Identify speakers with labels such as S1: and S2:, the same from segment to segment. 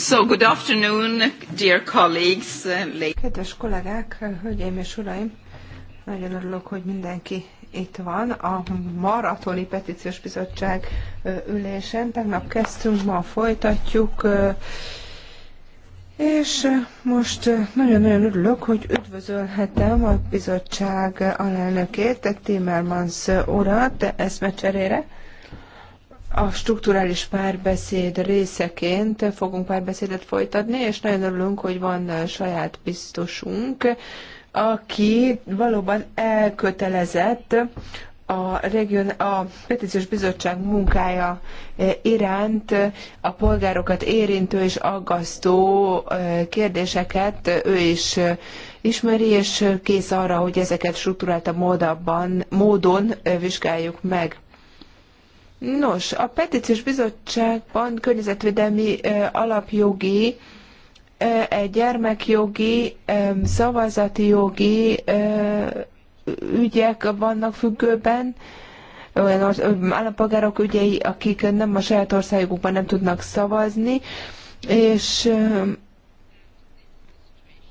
S1: So good afternoon, dear colleagues. Uh, Kedves kollégák, hölgyeim és uraim, nagyon örülök, hogy mindenki itt van a Maratoni Petíciós Bizottság ülésen. Tegnap kezdtünk, ma folytatjuk, és most nagyon-nagyon örülök, hogy üdvözölhetem a bizottság alelnökét, Timmermans urat eszmecserére a strukturális párbeszéd részeként fogunk párbeszédet folytatni, és nagyon örülünk, hogy van saját biztosunk, aki valóban elkötelezett a, region, a petíciós bizottság munkája e, iránt a polgárokat érintő és aggasztó e, kérdéseket ő is e, ismeri, és kész arra, hogy ezeket struktúrálta módabban, módon vizsgáljuk meg. Nos, a petíciós bizottságban környezetvédelmi alapjogi, gyermekjogi, szavazati jogi ügyek vannak függőben, olyan állampolgárok ügyei, akik nem a saját országukban nem tudnak szavazni, és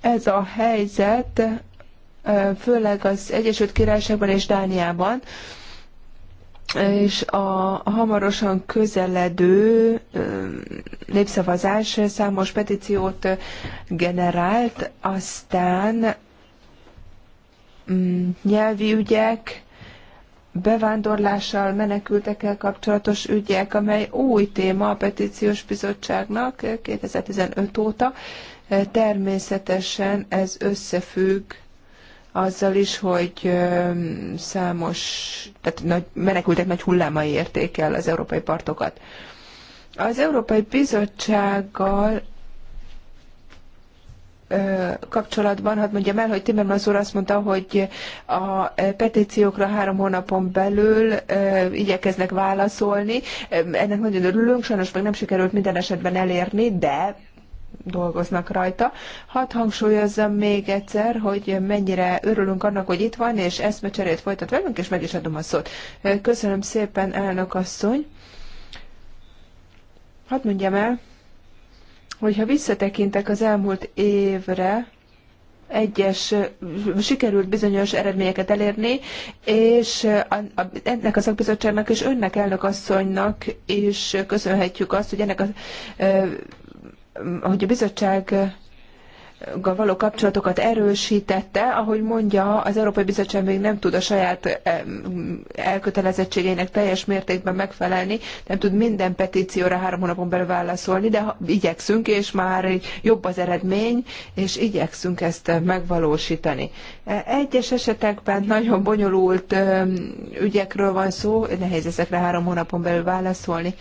S1: ez a helyzet főleg az Egyesült Királyságban és Dániában, és a hamarosan közeledő népszavazás számos petíciót generált, aztán mm, nyelvi ügyek, bevándorlással, menekültekkel kapcsolatos ügyek, amely új téma a petíciós bizottságnak 2015 óta. Természetesen ez összefügg azzal is, hogy számos, tehát nagy, menekültek nagy hullámai érték el az európai partokat. Az Európai Bizottsággal kapcsolatban, hát mondjam el, hogy Timmermans úr azt mondta, hogy a petíciókra három hónapon belül igyekeznek válaszolni. Ennek nagyon örülünk, sajnos meg nem sikerült minden esetben elérni, de dolgoznak rajta. Hadd hangsúlyozzam még egyszer, hogy mennyire örülünk annak, hogy itt van, és eszmecserét folytat velünk, és meg is adom a szót. Köszönöm szépen, elnök asszony. Hadd mondjam el, hogy ha visszatekintek az elmúlt évre, egyes sikerült bizonyos eredményeket elérni, és a, a, ennek a szakbizottságnak és önnek elnök asszonynak is köszönhetjük azt, hogy ennek a hogy a bizottság való kapcsolatokat erősítette, ahogy mondja, az Európai Bizottság még nem tud a saját eh, elkötelezettségeinek teljes mértékben megfelelni, nem tud minden petícióra három hónapon belül válaszolni, de igyekszünk, és már jobb az eredmény, és igyekszünk ezt megvalósítani. Egyes esetekben nagyon bonyolult eh, ügyekről van szó, nehéz ezekre három hónapon belül válaszolni.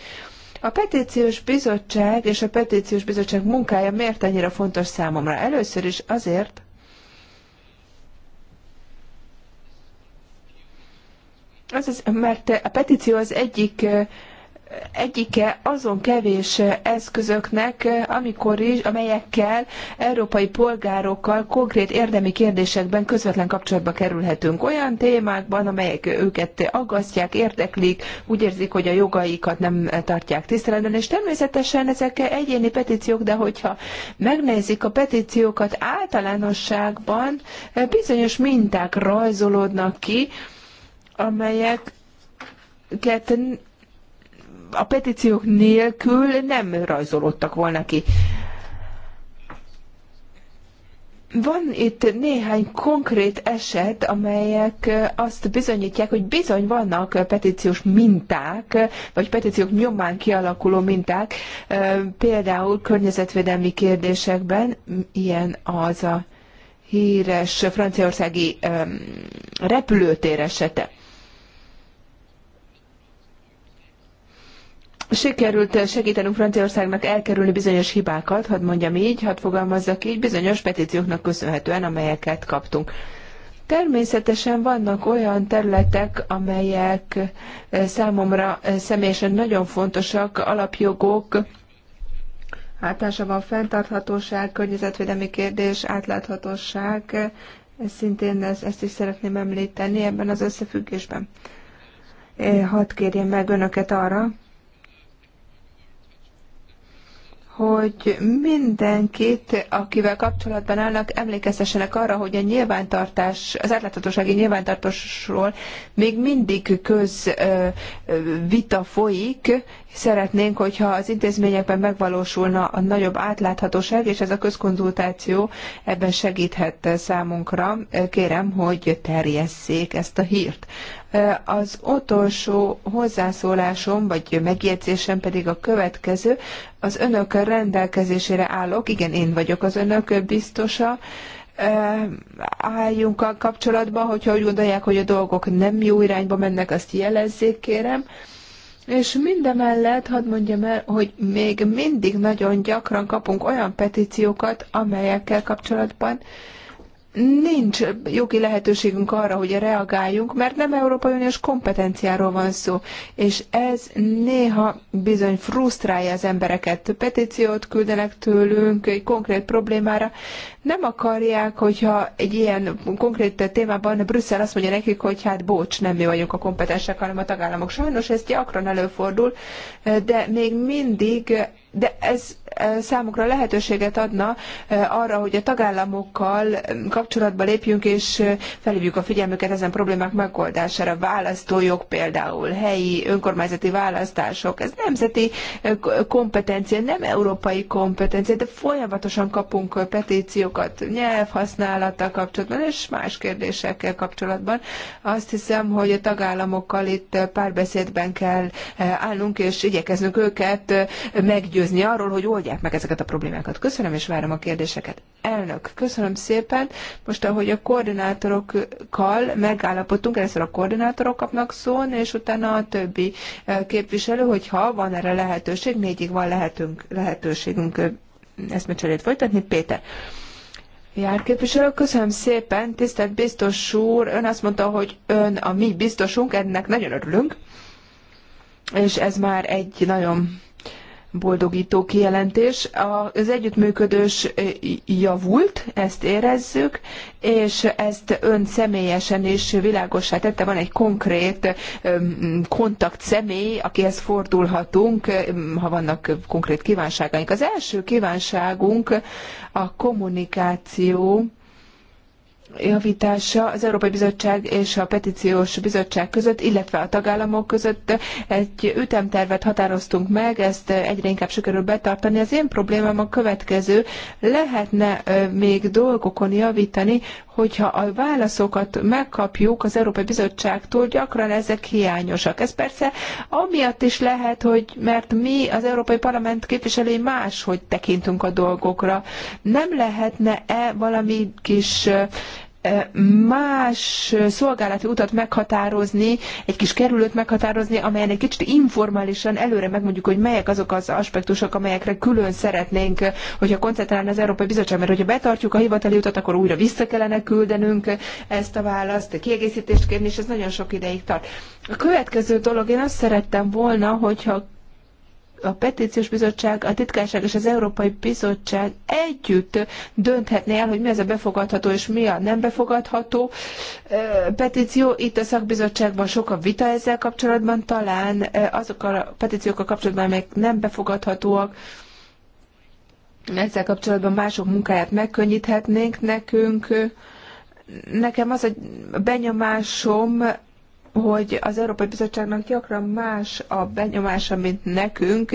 S1: A petíciós bizottság és a petíciós bizottság munkája miért annyira fontos számomra? Először is azért, az, mert a petíció az egyik egyike azon kevés eszközöknek, amikor is, amelyekkel európai polgárokkal konkrét érdemi kérdésekben közvetlen kapcsolatba kerülhetünk. Olyan témákban, amelyek őket aggasztják, érdeklik, úgy érzik, hogy a jogaikat nem tartják tiszteletben, és természetesen ezek egyéni petíciók, de hogyha megnézik a petíciókat általánosságban, bizonyos minták rajzolódnak ki, amelyek a petíciók nélkül nem rajzolódtak volna ki. Van itt néhány konkrét eset, amelyek azt bizonyítják, hogy bizony vannak petíciós minták, vagy petíciók nyomán kialakuló minták, például környezetvédelmi kérdésekben, ilyen az a híres franciaországi repülőtér esete. sikerült segítenünk Franciaországnak elkerülni bizonyos hibákat, hadd mondjam így, hadd fogalmazzak így, bizonyos petícióknak köszönhetően, amelyeket kaptunk. Természetesen vannak olyan területek, amelyek eh, számomra eh, személyesen nagyon fontosak, alapjogok, általában van fenntarthatóság, környezetvédelmi kérdés, átláthatóság, eh, szintén ezt, ezt is szeretném említeni ebben az összefüggésben. Hadd kérjem meg önöket arra, hogy mindenkit, akivel kapcsolatban állnak, emlékeztessenek arra, hogy a nyilvántartás, az átláthatósági nyilvántartásról még mindig köz vita folyik. Szeretnénk, hogyha az intézményekben megvalósulna a nagyobb átláthatóság, és ez a közkonzultáció ebben segíthet számunkra. Kérem, hogy terjesszék ezt a hírt. Az utolsó hozzászólásom, vagy megjegyzésem pedig a következő. Az önök rendelkezésére állok, igen, én vagyok az önök biztosa, álljunk a kapcsolatban, hogyha úgy gondolják, hogy a dolgok nem jó irányba mennek, azt jelezzék, kérem. És mindemellett, hadd mondjam el, hogy még mindig nagyon gyakran kapunk olyan petíciókat, amelyekkel kapcsolatban uh, nincs jogi lehetőségünk arra, hogy reagáljunk, mert nem Európai Uniós kompetenciáról van szó, és ez néha bizony frusztrálja az embereket. Petíciót küldenek tőlünk egy konkrét problémára, nem akarják, hogyha egy ilyen konkrét témában Brüsszel azt mondja nekik, hogy hát bocs, nem mi vagyunk a kompetensek, hanem a tagállamok. Sajnos ez gyakran előfordul, de még mindig de ez e, számukra lehetőséget adna e, arra, hogy a tagállamokkal kapcsolatba lépjünk, és e, felhívjuk a figyelmüket ezen problémák megoldására. Választójog például, helyi önkormányzati választások, ez nemzeti kompetencia, nem európai kompetencia, de folyamatosan kapunk petíciót szabályokat nyelvhasználata kapcsolatban és más kérdésekkel kapcsolatban. Azt hiszem, hogy a tagállamokkal itt párbeszédben kell eh, állnunk, és igyekeznünk őket eh, meggyőzni arról, hogy oldják meg ezeket a problémákat. Köszönöm, és várom a kérdéseket. Elnök, köszönöm szépen. Most, ahogy a koordinátorokkal megállapodtunk, először a koordinátorok kapnak szón, és utána a többi eh, képviselő, hogyha van erre lehetőség, négyig van lehetünk, lehetőségünk eszmecserét folytatni. Péter. Jár köszönöm szépen, tisztelt biztos úr, ön azt mondta, hogy ön a mi biztosunk, ennek nagyon örülünk, és ez már egy nagyon boldogító kijelentés. Az együttműködés eh, javult, ezt érezzük, és ezt ön személyesen is világosá tette. Van egy konkrét kontakt személy, akihez fordulhatunk, ha vannak konkrét kívánságaink. Az első kívánságunk a kommunikáció javítása az Európai Bizottság és a Petíciós Bizottság között, illetve a tagállamok között egy ütemtervet határoztunk meg, ezt egyre inkább sikerül betartani. Az én problémám a következő, lehetne még dolgokon javítani, hogyha a válaszokat megkapjuk az Európai Bizottságtól, gyakran ezek hiányosak. Ez persze amiatt is lehet, hogy mert mi az Európai Parlament képviselői máshogy tekintünk a dolgokra. Nem lehetne-e valami kis más szolgálati utat meghatározni, egy kis kerülőt meghatározni, amelyen egy kicsit informálisan előre megmondjuk, hogy melyek azok az aspektusok, amelyekre külön szeretnénk, hogyha koncentrálna az Európai Bizottság, mert hogyha betartjuk a hivatali utat, akkor újra vissza kellene küldenünk ezt a választ, kiegészítést kérni, és ez nagyon sok ideig tart. A következő dolog, én azt szerettem volna, hogyha a petíciós bizottság, a titkárság és az Európai Bizottság együtt dönthetné el, hogy mi az a befogadható és mi a nem befogadható petíció. Itt a szakbizottságban sok a vita ezzel kapcsolatban, talán azok a petíciókkal kapcsolatban, amelyek nem befogadhatóak, ezzel kapcsolatban mások munkáját megkönnyíthetnénk nekünk. Nekem az a benyomásom, hogy az Európai Bizottságnak gyakran más a benyomása, mint nekünk,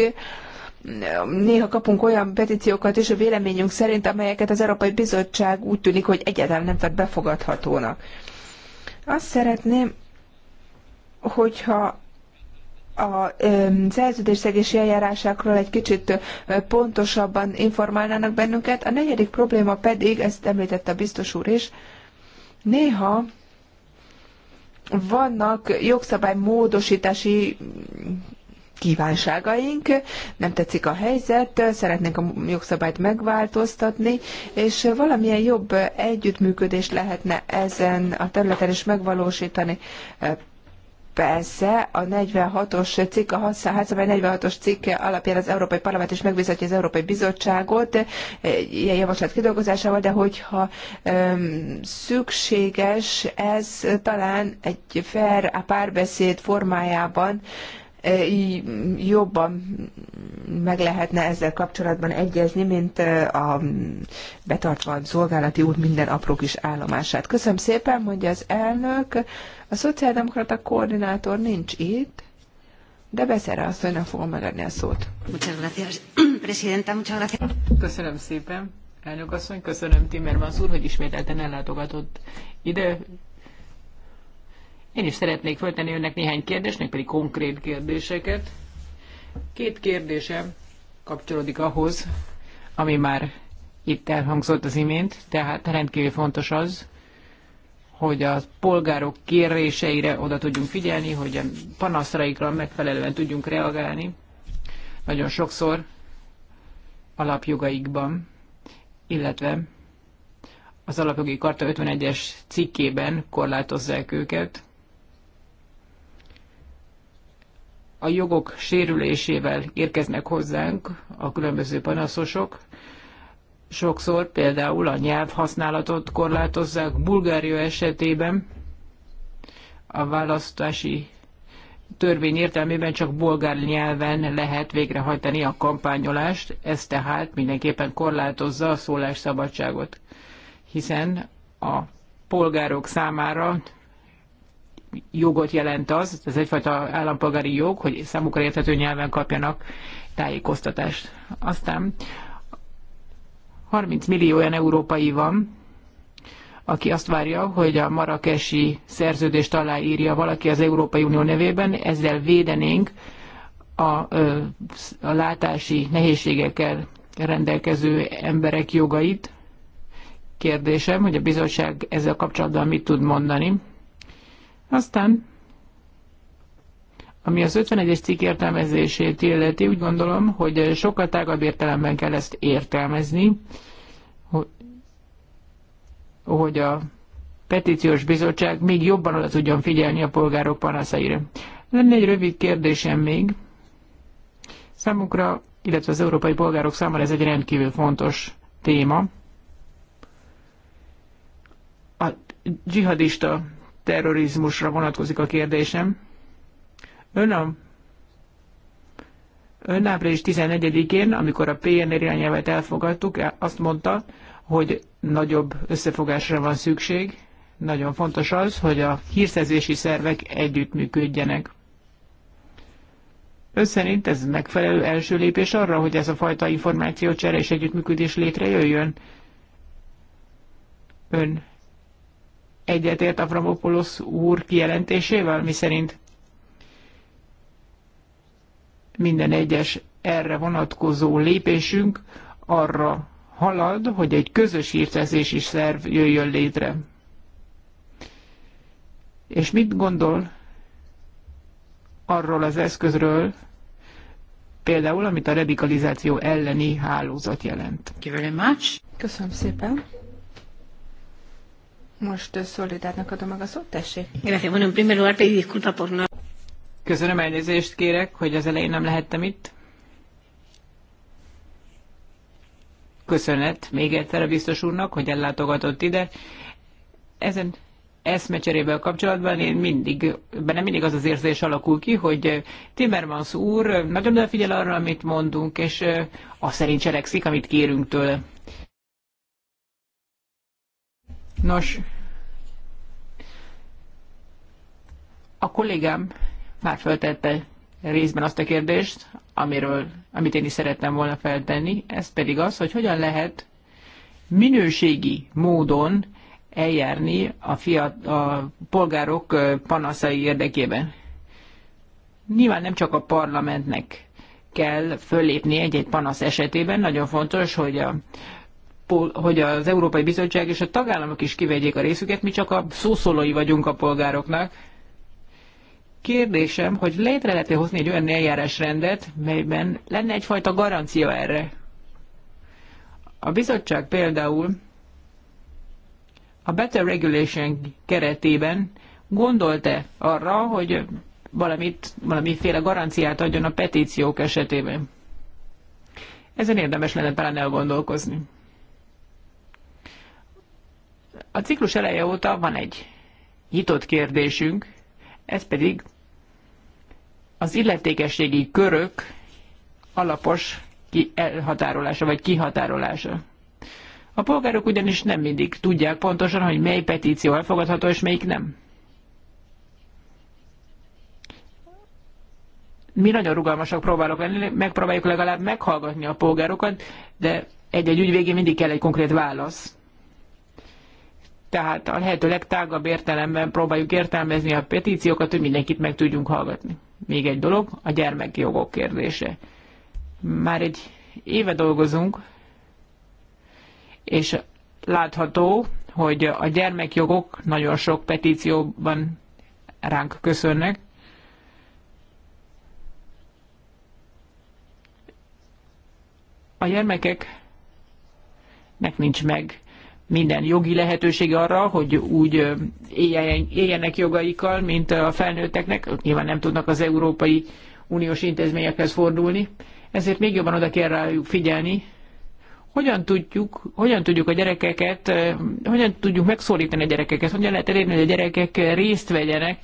S1: néha kapunk olyan petíciókat és a véleményünk szerint, amelyeket az Európai Bizottság úgy tűnik, hogy egyáltalán nem tart befogadhatónak. Azt szeretném, hogyha a szerződésszegési eljárásákról egy kicsit pontosabban informálnának bennünket. A negyedik probléma pedig, ezt említette a biztos úr is, néha vannak jogszabály módosítási kívánságaink, nem tetszik a helyzet, szeretnénk a jogszabályt megváltoztatni, és valamilyen jobb együttműködést lehetne ezen a területen is megvalósítani. Persze, a 46-os cikk, a házszabály 46-os cikke alapján az Európai Parlament is megbízhatja az Európai Bizottságot e, ilyen javaslat kidolgozásával, de hogyha öm, szükséges, ez talán egy fair a párbeszéd formájában E, jobban meg lehetne ezzel kapcsolatban egyezni, mint e, a betartva a szolgálati út minden apró kis állomását. Köszönöm szépen, mondja az elnök. A szociáldemokrata koordinátor nincs itt, de Beszere nem fogom megadni a szót.
S2: Köszönöm szépen, elnök asszony, köszönöm Timmermans úr, hogy ismételten ellátogatott ide. Én is szeretnék föltenni önnek néhány kérdést, még pedig konkrét kérdéseket. Két kérdésem kapcsolódik ahhoz, ami már itt elhangzott az imént, tehát rendkívül fontos az, hogy a polgárok kérdéseire oda tudjunk figyelni, hogy a panaszraikra megfelelően tudjunk reagálni. Nagyon sokszor alapjogaikban, illetve az alapjogi karta 51-es cikkében korlátozzák őket. a jogok sérülésével érkeznek hozzánk a különböző panaszosok. Sokszor például a nyelvhasználatot korlátozzák. Bulgária esetében a választási törvény értelmében csak bolgár nyelven lehet végrehajtani a kampányolást, ez tehát mindenképpen korlátozza a szólásszabadságot, hiszen a polgárok számára jogot jelent az, ez egyfajta állampolgári jog, hogy számukra érthető nyelven kapjanak tájékoztatást. Aztán 30 millió olyan európai van, aki azt várja, hogy a marakesi szerződést aláírja valaki az Európai Unió nevében, ezzel védenénk a, a látási nehézségekkel rendelkező emberek jogait. Kérdésem, hogy a bizottság ezzel kapcsolatban mit tud mondani. Aztán, ami az 51-es cikk értelmezését illeti, úgy gondolom, hogy sokkal tágabb értelemben kell ezt értelmezni, hogy a petíciós bizottság még jobban oda tudjon figyelni a polgárok panaszaira. Lenne egy rövid kérdésem még. Számukra, illetve az európai polgárok számára ez egy rendkívül fontos téma. A dzsihadista terrorizmusra vonatkozik a kérdésem. Ön a Ön április 11-én, amikor a PNR irányelvet elfogadtuk, e- azt mondta, hogy nagyobb összefogásra van szükség. Nagyon fontos az, hogy a hírszerzési szervek együttműködjenek. Ön szerint ez megfelelő első lépés arra, hogy ez a fajta információcsere és együttműködés létrejöjjön? Ön egyetért Avramopoulos úr kijelentésével, miszerint minden egyes erre vonatkozó lépésünk arra halad, hogy egy közös hírszerzési szerv jöjjön létre. És mit gondol arról az eszközről, például, amit a radikalizáció elleni hálózat jelent?
S1: Köszönöm szépen. Most Szolidárnak adom meg a szót, tessék.
S2: Köszönöm, elnézést kérek, hogy az elején nem lehettem itt. Köszönet még egyszer a biztos úrnak, hogy ellátogatott ide. Ezen eszmecserével kapcsolatban én mindig, bennem mindig az az érzés alakul ki, hogy Timmermans úr nagyon odafigyel arra, amit mondunk, és azt szerint cselekszik, amit kérünk tőle. Nos, a kollégám már feltette részben azt a kérdést, amiről, amit én is szerettem volna feltenni, ez pedig az, hogy hogyan lehet minőségi módon eljárni a, fiat, a polgárok panaszai érdekében. Nyilván nem csak a parlamentnek kell föllépni egy-egy panasz esetében, nagyon fontos, hogy a hogy az Európai Bizottság és a tagállamok is kivegyék a részüket, mi csak a szószólói vagyunk a polgároknak. Kérdésem, hogy létre lehet -e hozni egy olyan eljárásrendet, melyben lenne egyfajta garancia erre? A bizottság például a Better Regulation keretében gondolta e arra, hogy valamit, valamiféle garanciát adjon a petíciók esetében? Ezen érdemes lenne talán elgondolkozni. A ciklus eleje óta van egy nyitott kérdésünk, ez pedig az illetékességi körök alapos elhatárolása vagy kihatárolása. A polgárok ugyanis nem mindig tudják pontosan, hogy mely petíció elfogadható és melyik nem. Mi nagyon rugalmasak próbálok lenni, megpróbáljuk legalább meghallgatni a polgárokat, de egy-egy ügy végén mindig kell egy konkrét válasz. Tehát a lehető legtágabb értelemben próbáljuk értelmezni a petíciókat, hogy mindenkit meg tudjunk hallgatni. Még egy dolog, a gyermekjogok kérdése. Már egy éve dolgozunk, és látható, hogy a gyermekjogok nagyon sok petícióban ránk köszönnek. A gyermekeknek nincs meg minden jogi lehetőség arra, hogy úgy éljenek jogaikkal, mint a felnőtteknek, nyilván nem tudnak az Európai Uniós intézményekhez fordulni, ezért még jobban oda kell rájuk figyelni, hogyan tudjuk, hogyan tudjuk a gyerekeket, hogyan tudjuk megszólítani a gyerekeket, hogyan lehet elérni, hogy a gyerekek részt vegyenek,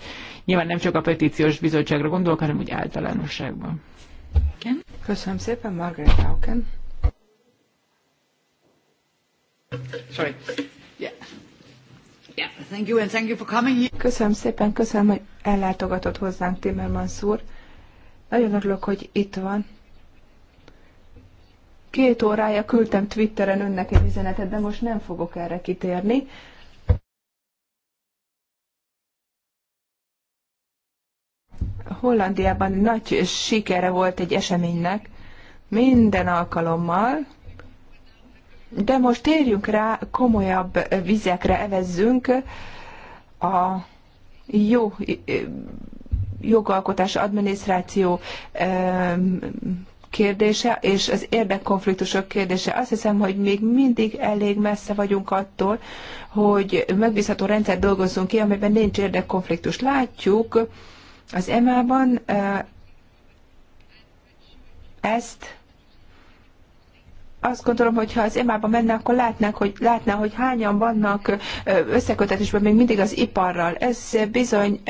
S2: nyilván nem csak a petíciós bizottságra gondolok, hanem úgy általánosságban.
S1: Köszönöm szépen, Margaret Hauken. Sorry. Yeah. Yeah. Thank you and thank you for coming here. Köszönöm szépen, köszönöm, hogy ellátogatott hozzánk Timmermans úr. Nagyon örülök, hogy itt van. Két órája küldtem Twitteren önnek egy üzenetet, de most nem fogok erre kitérni. Hollandiában nagy sikere volt egy eseménynek, minden alkalommal de most térjünk rá, komolyabb vizekre evezzünk a jó jogalkotás, adminisztráció kérdése és az érdekkonfliktusok kérdése. Azt hiszem, hogy még mindig elég messze vagyunk attól, hogy megbízható rendszer dolgozzunk ki, amiben nincs érdekkonfliktus. Látjuk az EMA-ban ezt azt gondolom, hogy ha az imába menne, akkor látnák, hogy, látná, hogy hányan vannak összekötetésben még mindig az iparral. Ez bizony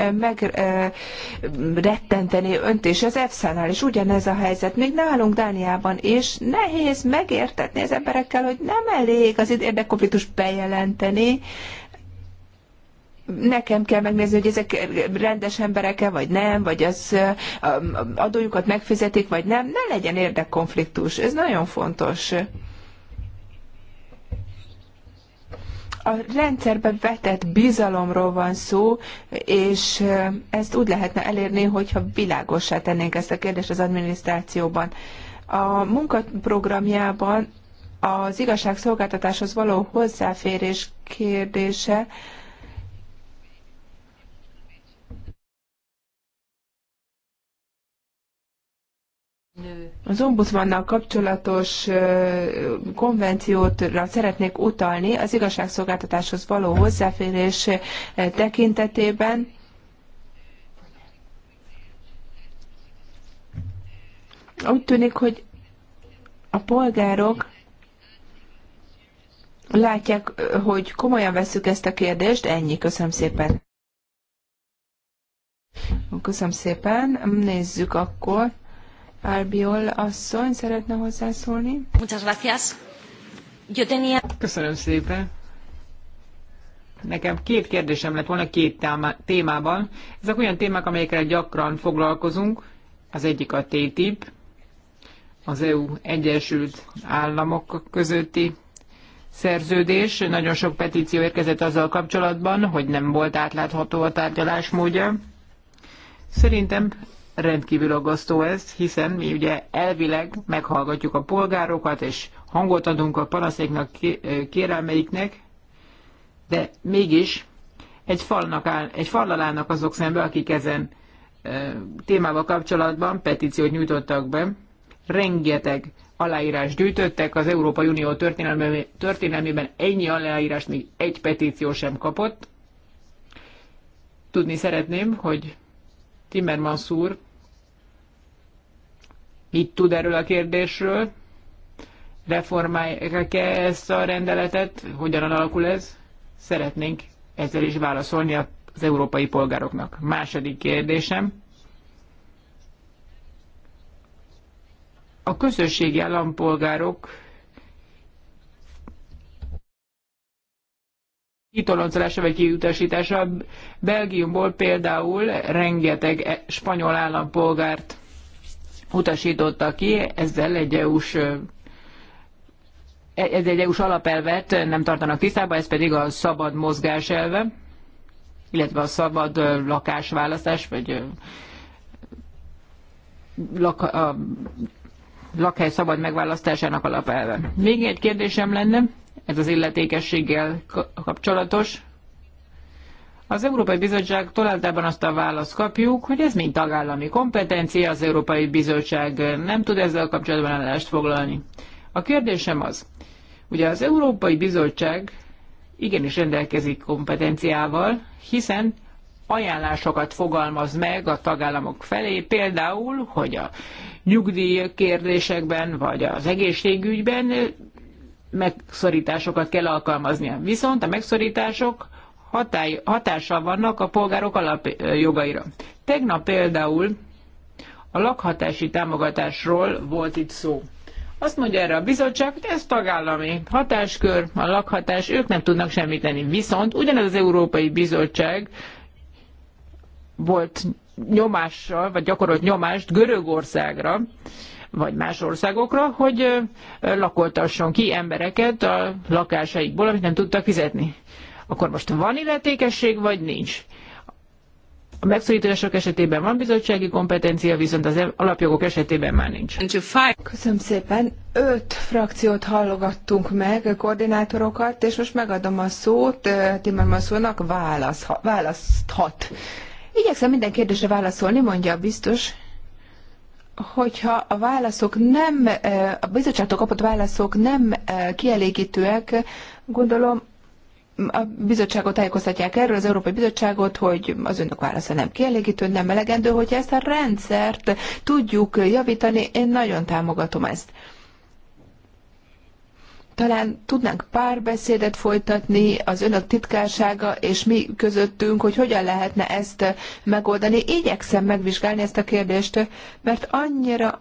S1: megrettenteni önt és az EFSA-nál is ugyanez a helyzet. Még nálunk Dániában is nehéz megértetni az emberekkel, hogy nem elég az érdekkonfliktus bejelenteni, nekem kell megnézni, hogy ezek rendes emberek-e, vagy nem, vagy az adójukat megfizetik, vagy nem. Ne legyen érdekkonfliktus. Ez nagyon fontos. a rendszerbe vetett bizalomról van szó, és ezt úgy lehetne elérni, hogyha világossá tennénk ezt a kérdést az adminisztrációban. A munkaprogramjában az igazságszolgáltatáshoz való hozzáférés kérdése Az ombudsmannal kapcsolatos konvenciótra szeretnék utalni az igazságszolgáltatáshoz való hozzáférés tekintetében. Úgy tűnik, hogy a polgárok látják, hogy komolyan veszük ezt a kérdést. Ennyi, köszönöm szépen. Köszönöm szépen. Nézzük akkor. Albiol asszony szeretne hozzászólni. Muchas gracias. Yo tenía...
S2: Köszönöm szépen. Nekem két kérdésem lett volna két témában. Ezek olyan témák, amelyekkel gyakran foglalkozunk. Az egyik a TTIP, az EU Egyesült Államok közötti szerződés. Nagyon sok petíció érkezett azzal kapcsolatban, hogy nem volt átlátható a tárgyalás módja. Szerintem rendkívül aggasztó ez, hiszen mi ugye elvileg meghallgatjuk a polgárokat, és hangot adunk a panaszéknak, kérelmeiknek, de mégis egy, falnak áll, egy fallal állnak azok szembe, akik ezen témával kapcsolatban petíciót nyújtottak be. Rengeteg aláírás gyűjtöttek, az Európai Unió történelmében ennyi aláírás még egy petíció sem kapott. Tudni szeretném, hogy Timmermans úr mit tud erről a kérdésről, reformálják-e ezt a rendeletet, hogyan alakul ez? Szeretnénk ezzel is válaszolni az európai polgároknak. Második kérdésem. A közösségi állampolgárok kitoloncolása vagy kiutasítása. Belgiumból például rengeteg e- spanyol állampolgárt utasította ki, ezzel egy EU-s e- ez egy EU-s alapelvet nem tartanak tisztában, ez pedig a szabad mozgás elve, illetve a szabad lakásválasztás, vagy lak, a lakhely szabad megválasztásának alapelve. Még egy kérdésem lenne, ez az illetékességgel kapcsolatos. Az Európai Bizottság toláltában azt a választ kapjuk, hogy ez mind tagállami kompetencia, az Európai Bizottság nem tud ezzel kapcsolatban állást foglalni. A kérdésem az, ugye az Európai Bizottság igenis rendelkezik kompetenciával, hiszen ajánlásokat fogalmaz meg a tagállamok felé, például, hogy a nyugdíj kérdésekben vagy az egészségügyben megszorításokat kell alkalmaznia. Viszont a megszorítások hatály, hatással vannak a polgárok alapjogaira. Tegnap például a lakhatási támogatásról volt itt szó. Azt mondja erre a bizottság, hogy ez tagállami hatáskör, a lakhatás, ők nem tudnak semmit tenni. Viszont ugyanez az Európai Bizottság volt nyomással, vagy gyakorolt nyomást Görögországra, vagy más országokra, hogy lakoltasson ki embereket a lakásaikból, amit nem tudtak fizetni. Akkor most van illetékesség, vagy nincs? A megszorítások esetében van bizottsági kompetencia, viszont az alapjogok esetében már nincs.
S1: Köszönöm szépen. Öt frakciót hallogattunk meg, koordinátorokat, és most megadom a szót Timmermans úrnak, választhat. Igyekszem minden kérdésre válaszolni, mondja a biztos hogyha a válaszok nem, eh, a bizottságtól kapott válaszok nem eh, kielégítőek, gondolom a bizottságot tájékoztatják erről, az Európai Bizottságot, hogy az önök válasza nem kielégítő, nem elegendő, hogyha ezt a rendszert tudjuk javítani, én nagyon támogatom ezt talán tudnánk pár beszédet folytatni az önök titkársága és mi közöttünk, hogy hogyan lehetne ezt megoldani. Igyekszem megvizsgálni ezt a kérdést, mert annyira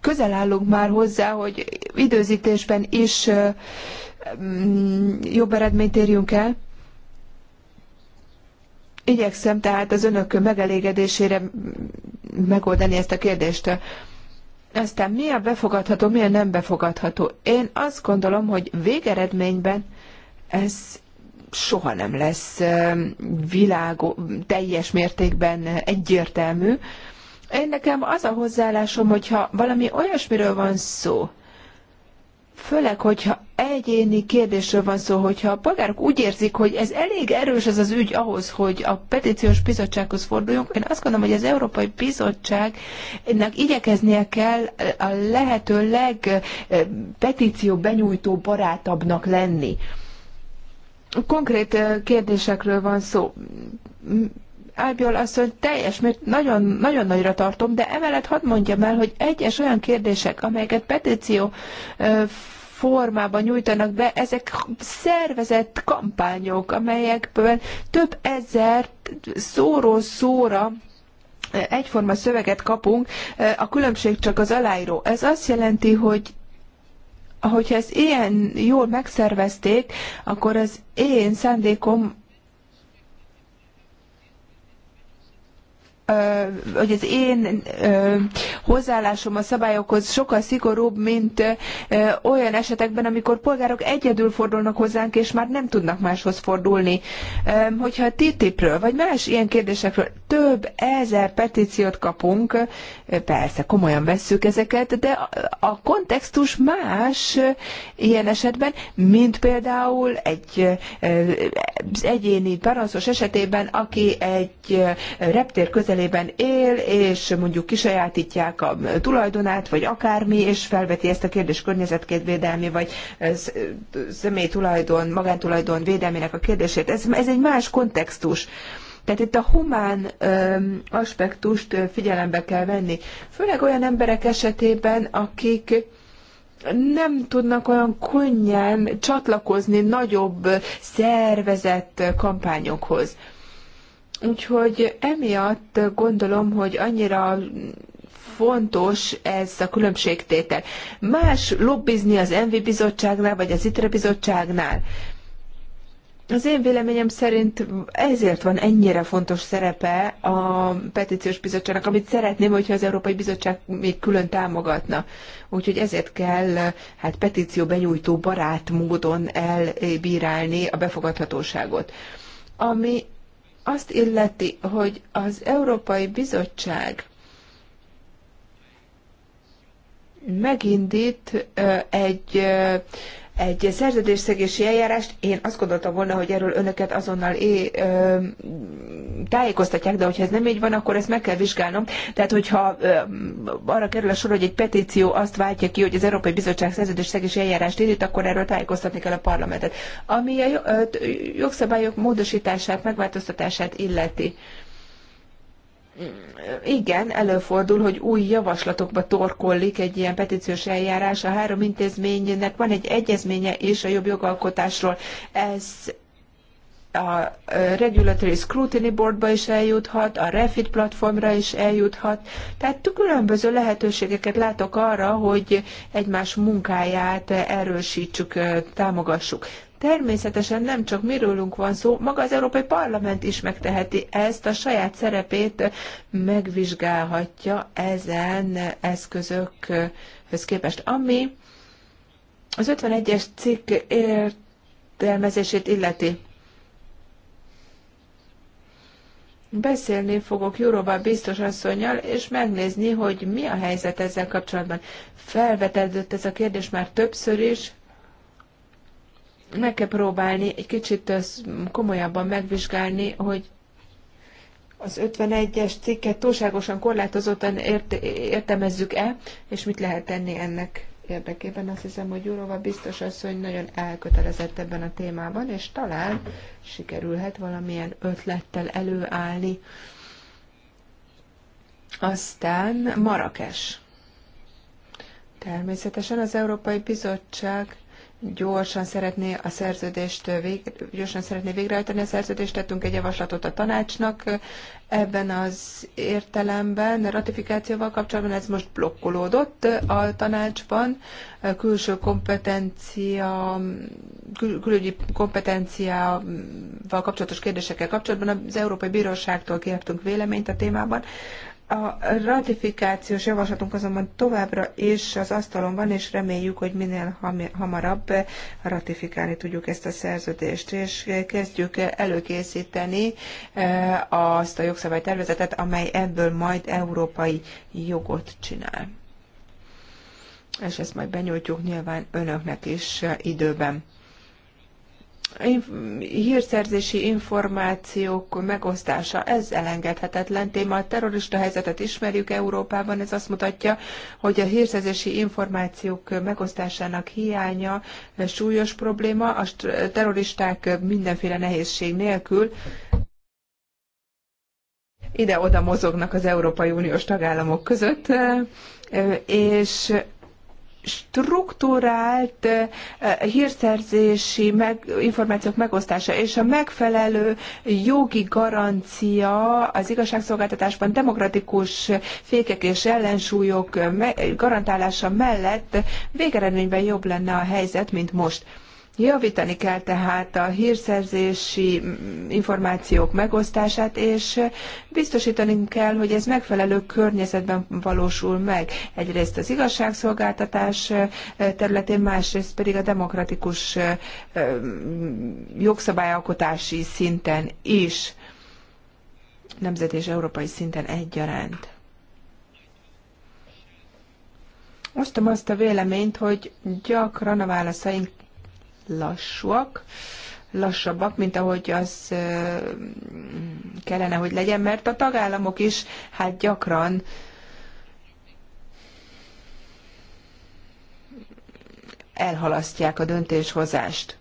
S1: közel állunk már hozzá, hogy időzítésben is mm, jobb eredményt érjünk el. Igyekszem tehát az önök megelégedésére megoldani ezt a kérdést. Aztán mi a befogadható, mi a nem befogadható? Én azt gondolom, hogy végeredményben ez soha nem lesz világos teljes mértékben egyértelmű. Én nekem az a hozzáállásom, hogyha valami olyasmiről van szó, Főleg, hogyha egyéni kérdésről van szó, hogyha a polgárok úgy érzik, hogy ez elég erős ez az ügy ahhoz, hogy a petíciós bizottsághoz forduljunk, én azt gondolom, hogy az Európai Bizottságnak igyekeznie kell a lehető legpetíció benyújtó barátabbnak lenni. Konkrét kérdésekről van szó Ábjol asszony teljes, mert nagyon, nagyon nagyra tartom, de emellett hadd mondjam el, hogy egyes olyan kérdések, amelyeket petíció formában nyújtanak be, ezek szervezett kampányok, amelyekből több ezer szóról szóra egyforma szöveget kapunk, a különbség csak az aláíró. Ez azt jelenti, hogy ahogyha ezt ilyen jól megszervezték, akkor az én szándékom hogy az én hozzáállásom a szabályokhoz sokkal szigorúbb, mint olyan esetekben, amikor polgárok egyedül fordulnak hozzánk, és már nem tudnak máshoz fordulni. Hogyha a TTIP-ről, vagy más ilyen kérdésekről több ezer petíciót kapunk, persze komolyan vesszük ezeket, de a kontextus más ilyen esetben, mint például egy egyéni panaszos esetében, aki egy reptér közel közelében él, és mondjuk kisajátítják a tulajdonát, vagy akármi, és felveti ezt a kérdést környezetvédelmi, vagy eh, eh, személytulajdon, magántulajdon védelmének a kérdését. Ez, ez egy más kontextus. Tehát itt a humán aspektust eh, figyelembe kell venni. Főleg olyan emberek esetében, akik nem tudnak olyan könnyen csatlakozni nagyobb szervezett kampányokhoz. Úgyhogy emiatt gondolom, hogy annyira fontos ez a különbségtétel. Más lobbizni az Envi bizottságnál, vagy az ITRE bizottságnál. Az én véleményem szerint ezért van ennyire fontos szerepe a petíciós bizottságnak, amit szeretném, hogyha az Európai Bizottság még külön támogatna. Úgyhogy ezért kell hát petíció benyújtó barát módon elbírálni a befogadhatóságot. Ami azt illeti, hogy az Európai Bizottság megindít egy egy szerződésszegési eljárást. Én azt gondoltam volna, hogy erről önöket azonnal é, ö, tájékoztatják, de hogyha ez nem így van, akkor ezt meg kell vizsgálnom. Tehát, hogyha ö, arra kerül a sor, hogy egy petíció azt váltja ki, hogy az Európai Bizottság szerződésszegési eljárást indít, akkor erről tájékoztatni kell a parlamentet. Ami a jogszabályok módosítását, megváltoztatását illeti. Ö, igen, előfordul, hogy új javaslatokba torkollik egy ilyen petíciós eljárás. A három intézménynek van egy egyezménye is a jobb jogalkotásról. Ez a Regulatory Scrutiny Boardba is eljuthat, a Refit platformra is eljuthat. Tehát különböző lehetőségeket látok arra, hogy egymás munkáját erősítsük, támogassuk. Természetesen nem csak mirőlünk van szó, maga az Európai Parlament is megteheti ezt, a saját szerepét megvizsgálhatja ezen eszközökhöz képest. Ami az 51-es cikk értelmezését illeti. Beszélni fogok Jóróba biztos asszonynal, és megnézni, hogy mi a helyzet ezzel kapcsolatban. Felvetődött ez a kérdés már többször is, meg kell próbálni egy kicsit komolyabban megvizsgálni, hogy az 51-es cikket túlságosan korlátozottan ért- értelmezzük-e, és mit lehet tenni ennek érdekében. Azt hiszem, hogy Jurova biztos az, hogy nagyon elkötelezett ebben a témában, és talán sikerülhet valamilyen ötlettel előállni. Aztán Marakes. Természetesen az Európai Bizottság gyorsan szeretné a szerződést vég, gyorsan szeretné végrehajtani a szerződést, tettünk egy javaslatot a tanácsnak ebben az értelemben, a ratifikációval kapcsolatban ez most blokkolódott a tanácsban, a külső kompetencia, kül- külügyi kompetenciával kapcsolatos kérdésekkel kapcsolatban az Európai Bíróságtól kértünk véleményt a témában, a ratifikációs javaslatunk azonban továbbra is az asztalon van, és reméljük, hogy minél hamarabb ratifikálni tudjuk ezt a szerződést, és kezdjük előkészíteni e, azt a jogszabálytervezetet, amely ebből majd európai jogot csinál. És ezt majd benyújtjuk nyilván önöknek is időben hírszerzési információk megosztása, ez elengedhetetlen téma. A terrorista helyzetet ismerjük Európában, ez azt mutatja, hogy a hírszerzési információk megosztásának hiánya súlyos probléma, a terroristák mindenféle nehézség nélkül ide-oda mozognak az Európai Uniós tagállamok között, és struktúrált hírszerzési meg, információk megosztása és a megfelelő jogi garancia az igazságszolgáltatásban demokratikus fékek és ellensúlyok garantálása mellett végeredményben jobb lenne a helyzet, mint most. Javítani kell tehát a hírszerzési információk megosztását, és biztosítani kell, hogy ez megfelelő környezetben valósul meg. Egyrészt az igazságszolgáltatás területén, másrészt pedig a demokratikus jogszabályalkotási szinten is, nemzet és európai szinten egyaránt. Osztom azt a véleményt, hogy gyakran a válaszaink lassúak, lassabbak, mint ahogy az kellene, hogy legyen, mert a tagállamok is hát gyakran elhalasztják a döntéshozást.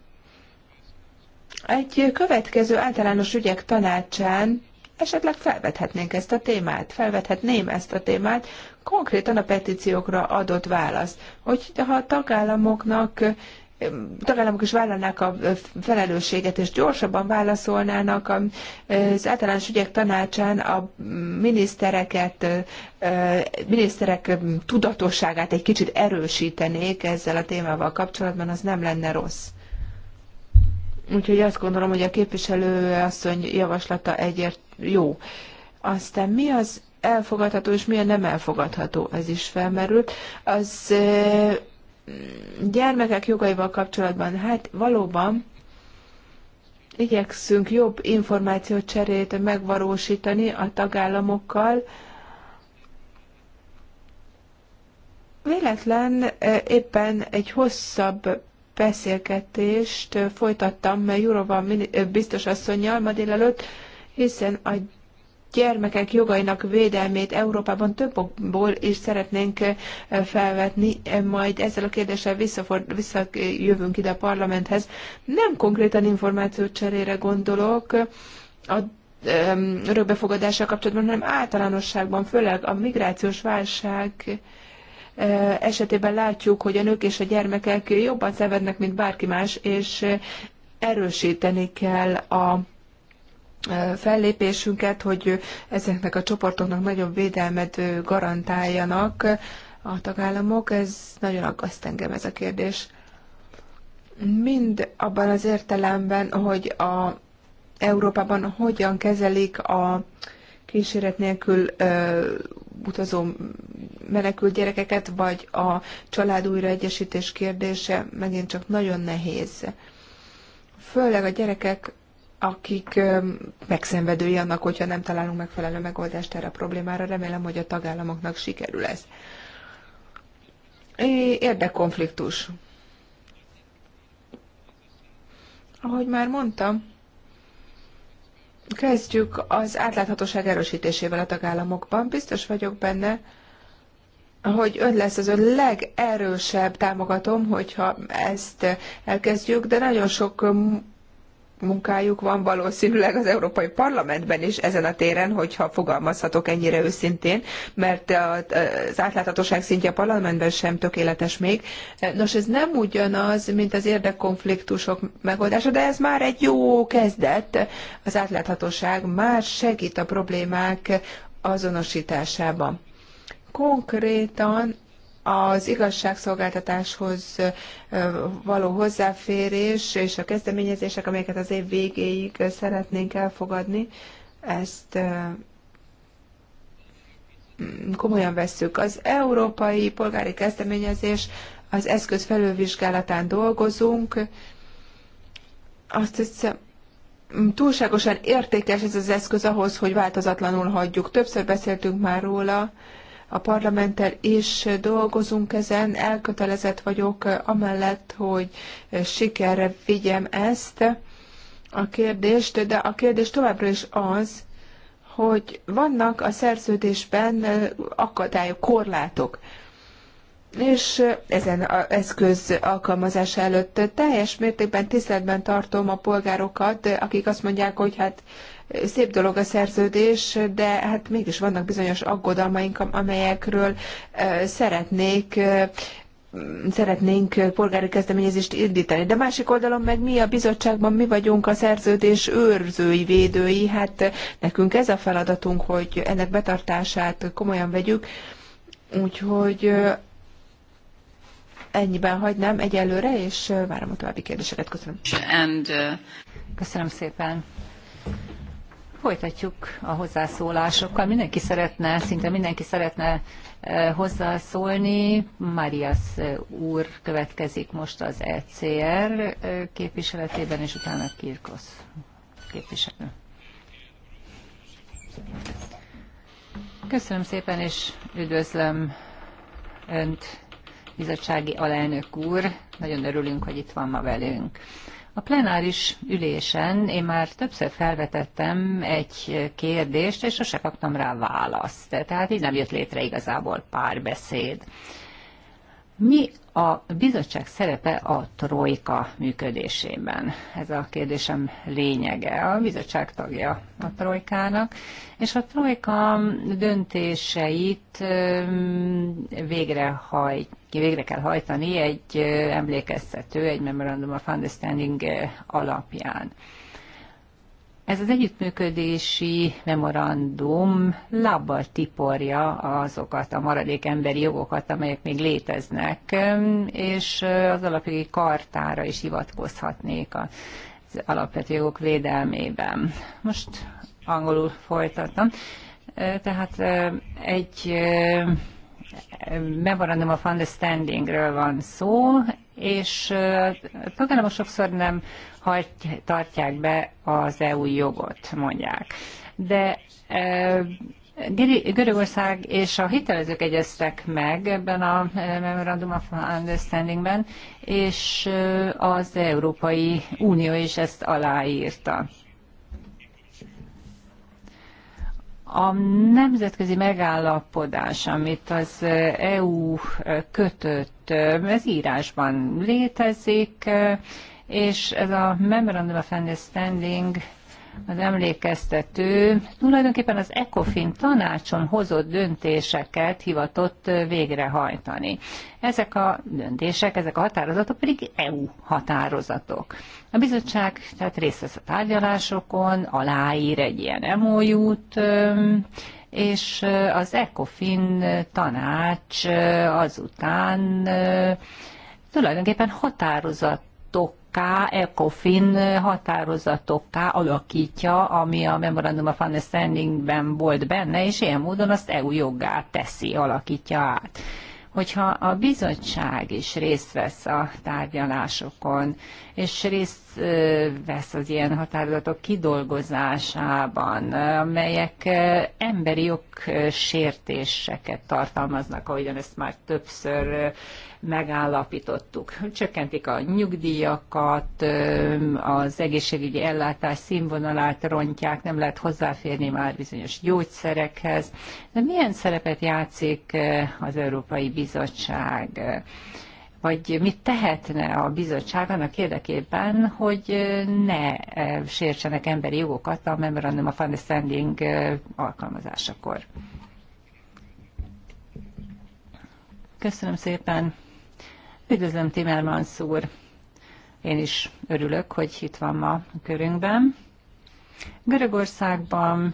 S1: Egy következő általános ügyek tanácsán esetleg felvethetnénk ezt a témát, felvethetném ezt a témát, konkrétan a petíciókra adott válasz, hogy ha a tagállamoknak tagállamok is vállalnák a felelősséget, és gyorsabban válaszolnának az általános ügyek tanácsán a minisztereket, miniszterek tudatosságát egy kicsit erősítenék ezzel a témával kapcsolatban, az nem lenne rossz. Úgyhogy azt gondolom, hogy a képviselő asszony javaslata egyért jó. Aztán mi az elfogadható, és mi a nem elfogadható, ez is felmerült. Az gyermekek jogaival kapcsolatban, hát valóban igyekszünk jobb információcserét megvalósítani a tagállamokkal. Véletlen e, éppen egy hosszabb beszélgetést e, folytattam Jurova e, biztos asszonynal ma délelőtt, hiszen a gyermekek jogainak védelmét Európában több okból is szeretnénk eh, felvetni, eh, majd ezzel a kérdéssel visszajövünk ide a parlamenthez. Nem konkrétan információcserére gondolok, eh, a örökbefogadással kapcsolatban, hanem általánosságban, főleg a migrációs válság esetében látjuk, hogy a nők és a gyermekek jobban szenvednek, mint bárki más, és erősíteni kell a fellépésünket, hogy ezeknek a csoportoknak nagyobb védelmet garantáljanak a tagállamok. Ez nagyon aggaszt engem ez a kérdés. Mind abban az értelemben, hogy a Európában hogyan kezelik a kíséret nélkül ö, utazó menekült gyerekeket, vagy a család újraegyesítés kérdése megint csak nagyon nehéz. Főleg a gyerekek akik megszenvedői annak, hogyha nem találunk megfelelő megoldást erre a problémára. Remélem, hogy a tagállamoknak sikerül ez. Érdekkonfliktus. Ahogy már mondtam, kezdjük az átláthatóság erősítésével a tagállamokban. Biztos vagyok benne, hogy ön lesz az ön legerősebb támogatom, hogyha ezt elkezdjük, de nagyon sok munkájuk van valószínűleg az Európai Parlamentben is ezen a téren, hogyha fogalmazhatok ennyire őszintén, mert az átláthatóság szintje a parlamentben sem tökéletes még. Nos, ez nem ugyanaz, mint az érdekkonfliktusok megoldása, de ez már egy jó kezdet. Az átláthatóság már segít a problémák azonosításában. Konkrétan az igazságszolgáltatáshoz való hozzáférés és a kezdeményezések, amelyeket az év végéig szeretnénk elfogadni, ezt mm, komolyan vesszük. Az európai polgári kezdeményezés az eszköz felülvizsgálatán dolgozunk. Azt hiszem, túlságosan értékes ez az eszköz ahhoz, hogy változatlanul hagyjuk. Többször beszéltünk már róla, a parlamenttel is dolgozunk ezen, elkötelezett vagyok amellett, hogy sikerre vigyem ezt a kérdést, de a kérdés továbbra is az, hogy vannak a szerződésben akadályok, korlátok és ezen az eszköz alkalmazása előtt teljes mértékben tiszteletben tartom a polgárokat, akik azt mondják, hogy hát szép dolog a szerződés, de hát mégis vannak bizonyos aggodalmaink, amelyekről szeretnék szeretnénk polgári kezdeményezést indítani. De másik oldalon meg mi a bizottságban, mi vagyunk a szerződés őrzői, védői, hát nekünk ez a feladatunk, hogy ennek betartását komolyan vegyük, úgyhogy ennyiben hagynám egyelőre, és várom a további kérdéseket. Köszönöm.
S3: And, uh...
S1: Köszönöm szépen.
S3: Folytatjuk a hozzászólásokkal. Mindenki szeretne, szinte mindenki szeretne hozzászólni. Marias úr következik most az ECR képviseletében, és utána Kirkosz képviselő. Köszönöm szépen, és üdvözlöm Önt, bizottsági alelnök úr, nagyon örülünk, hogy itt van ma velünk. A plenáris ülésen én már többször felvetettem egy kérdést, és sose kaptam rá választ. Tehát így nem jött létre igazából párbeszéd. Mi a bizottság szerepe a trojka működésében? Ez a kérdésem lényege. A bizottság tagja a trojkának, és a trojka döntéseit végrehajt, végre kell hajtani egy emlékeztető, egy Memorandum of Understanding alapján. Ez az együttműködési memorandum lábbal tiporja azokat a maradék emberi jogokat, amelyek még léteznek, és az alapjogi kartára is hivatkozhatnék az alapvető jogok védelmében. Most angolul folytatom. Tehát egy memorandum of understandingről van szó, és a tagállamok sokszor nem hagy, tartják be az EU jogot, mondják. De Görögország és a hitelezők egyeztek meg ebben a Memorandum of Understandingben, és az Európai Unió is ezt aláírta. A nemzetközi megállapodás, amit az EU kötött, ez írásban létezik, és ez a Memorandum of Understanding az emlékeztető tulajdonképpen az ECOFIN tanácson hozott döntéseket hivatott végrehajtani. Ezek a döntések, ezek a határozatok pedig EU határozatok. A bizottság tehát részt vesz a tárgyalásokon, aláír egy ilyen emójút, és az ECOFIN tanács azután tulajdonképpen határozatok ECOFIN határozatokká alakítja, ami a Memorandum of Understandingben volt benne, és ilyen módon azt EU joggá teszi, alakítja át. Hogyha a bizottság is részt vesz a tárgyalásokon, és részt vesz az ilyen határozatok kidolgozásában, amelyek emberi jogsértéseket tartalmaznak, ahogyan ezt már többször megállapítottuk. Csökkentik a nyugdíjakat, az egészségügyi ellátás színvonalát rontják, nem lehet hozzáférni már bizonyos gyógyszerekhez. De milyen szerepet játszik az Európai Bizottság? vagy mit tehetne a bizottság annak érdekében, hogy ne sértsenek emberi jogokat a Memorandum of Understanding alkalmazásakor. Köszönöm szépen! Üdvözlöm Timmermans úr! Én is örülök, hogy itt van ma a körünkben. Görögországban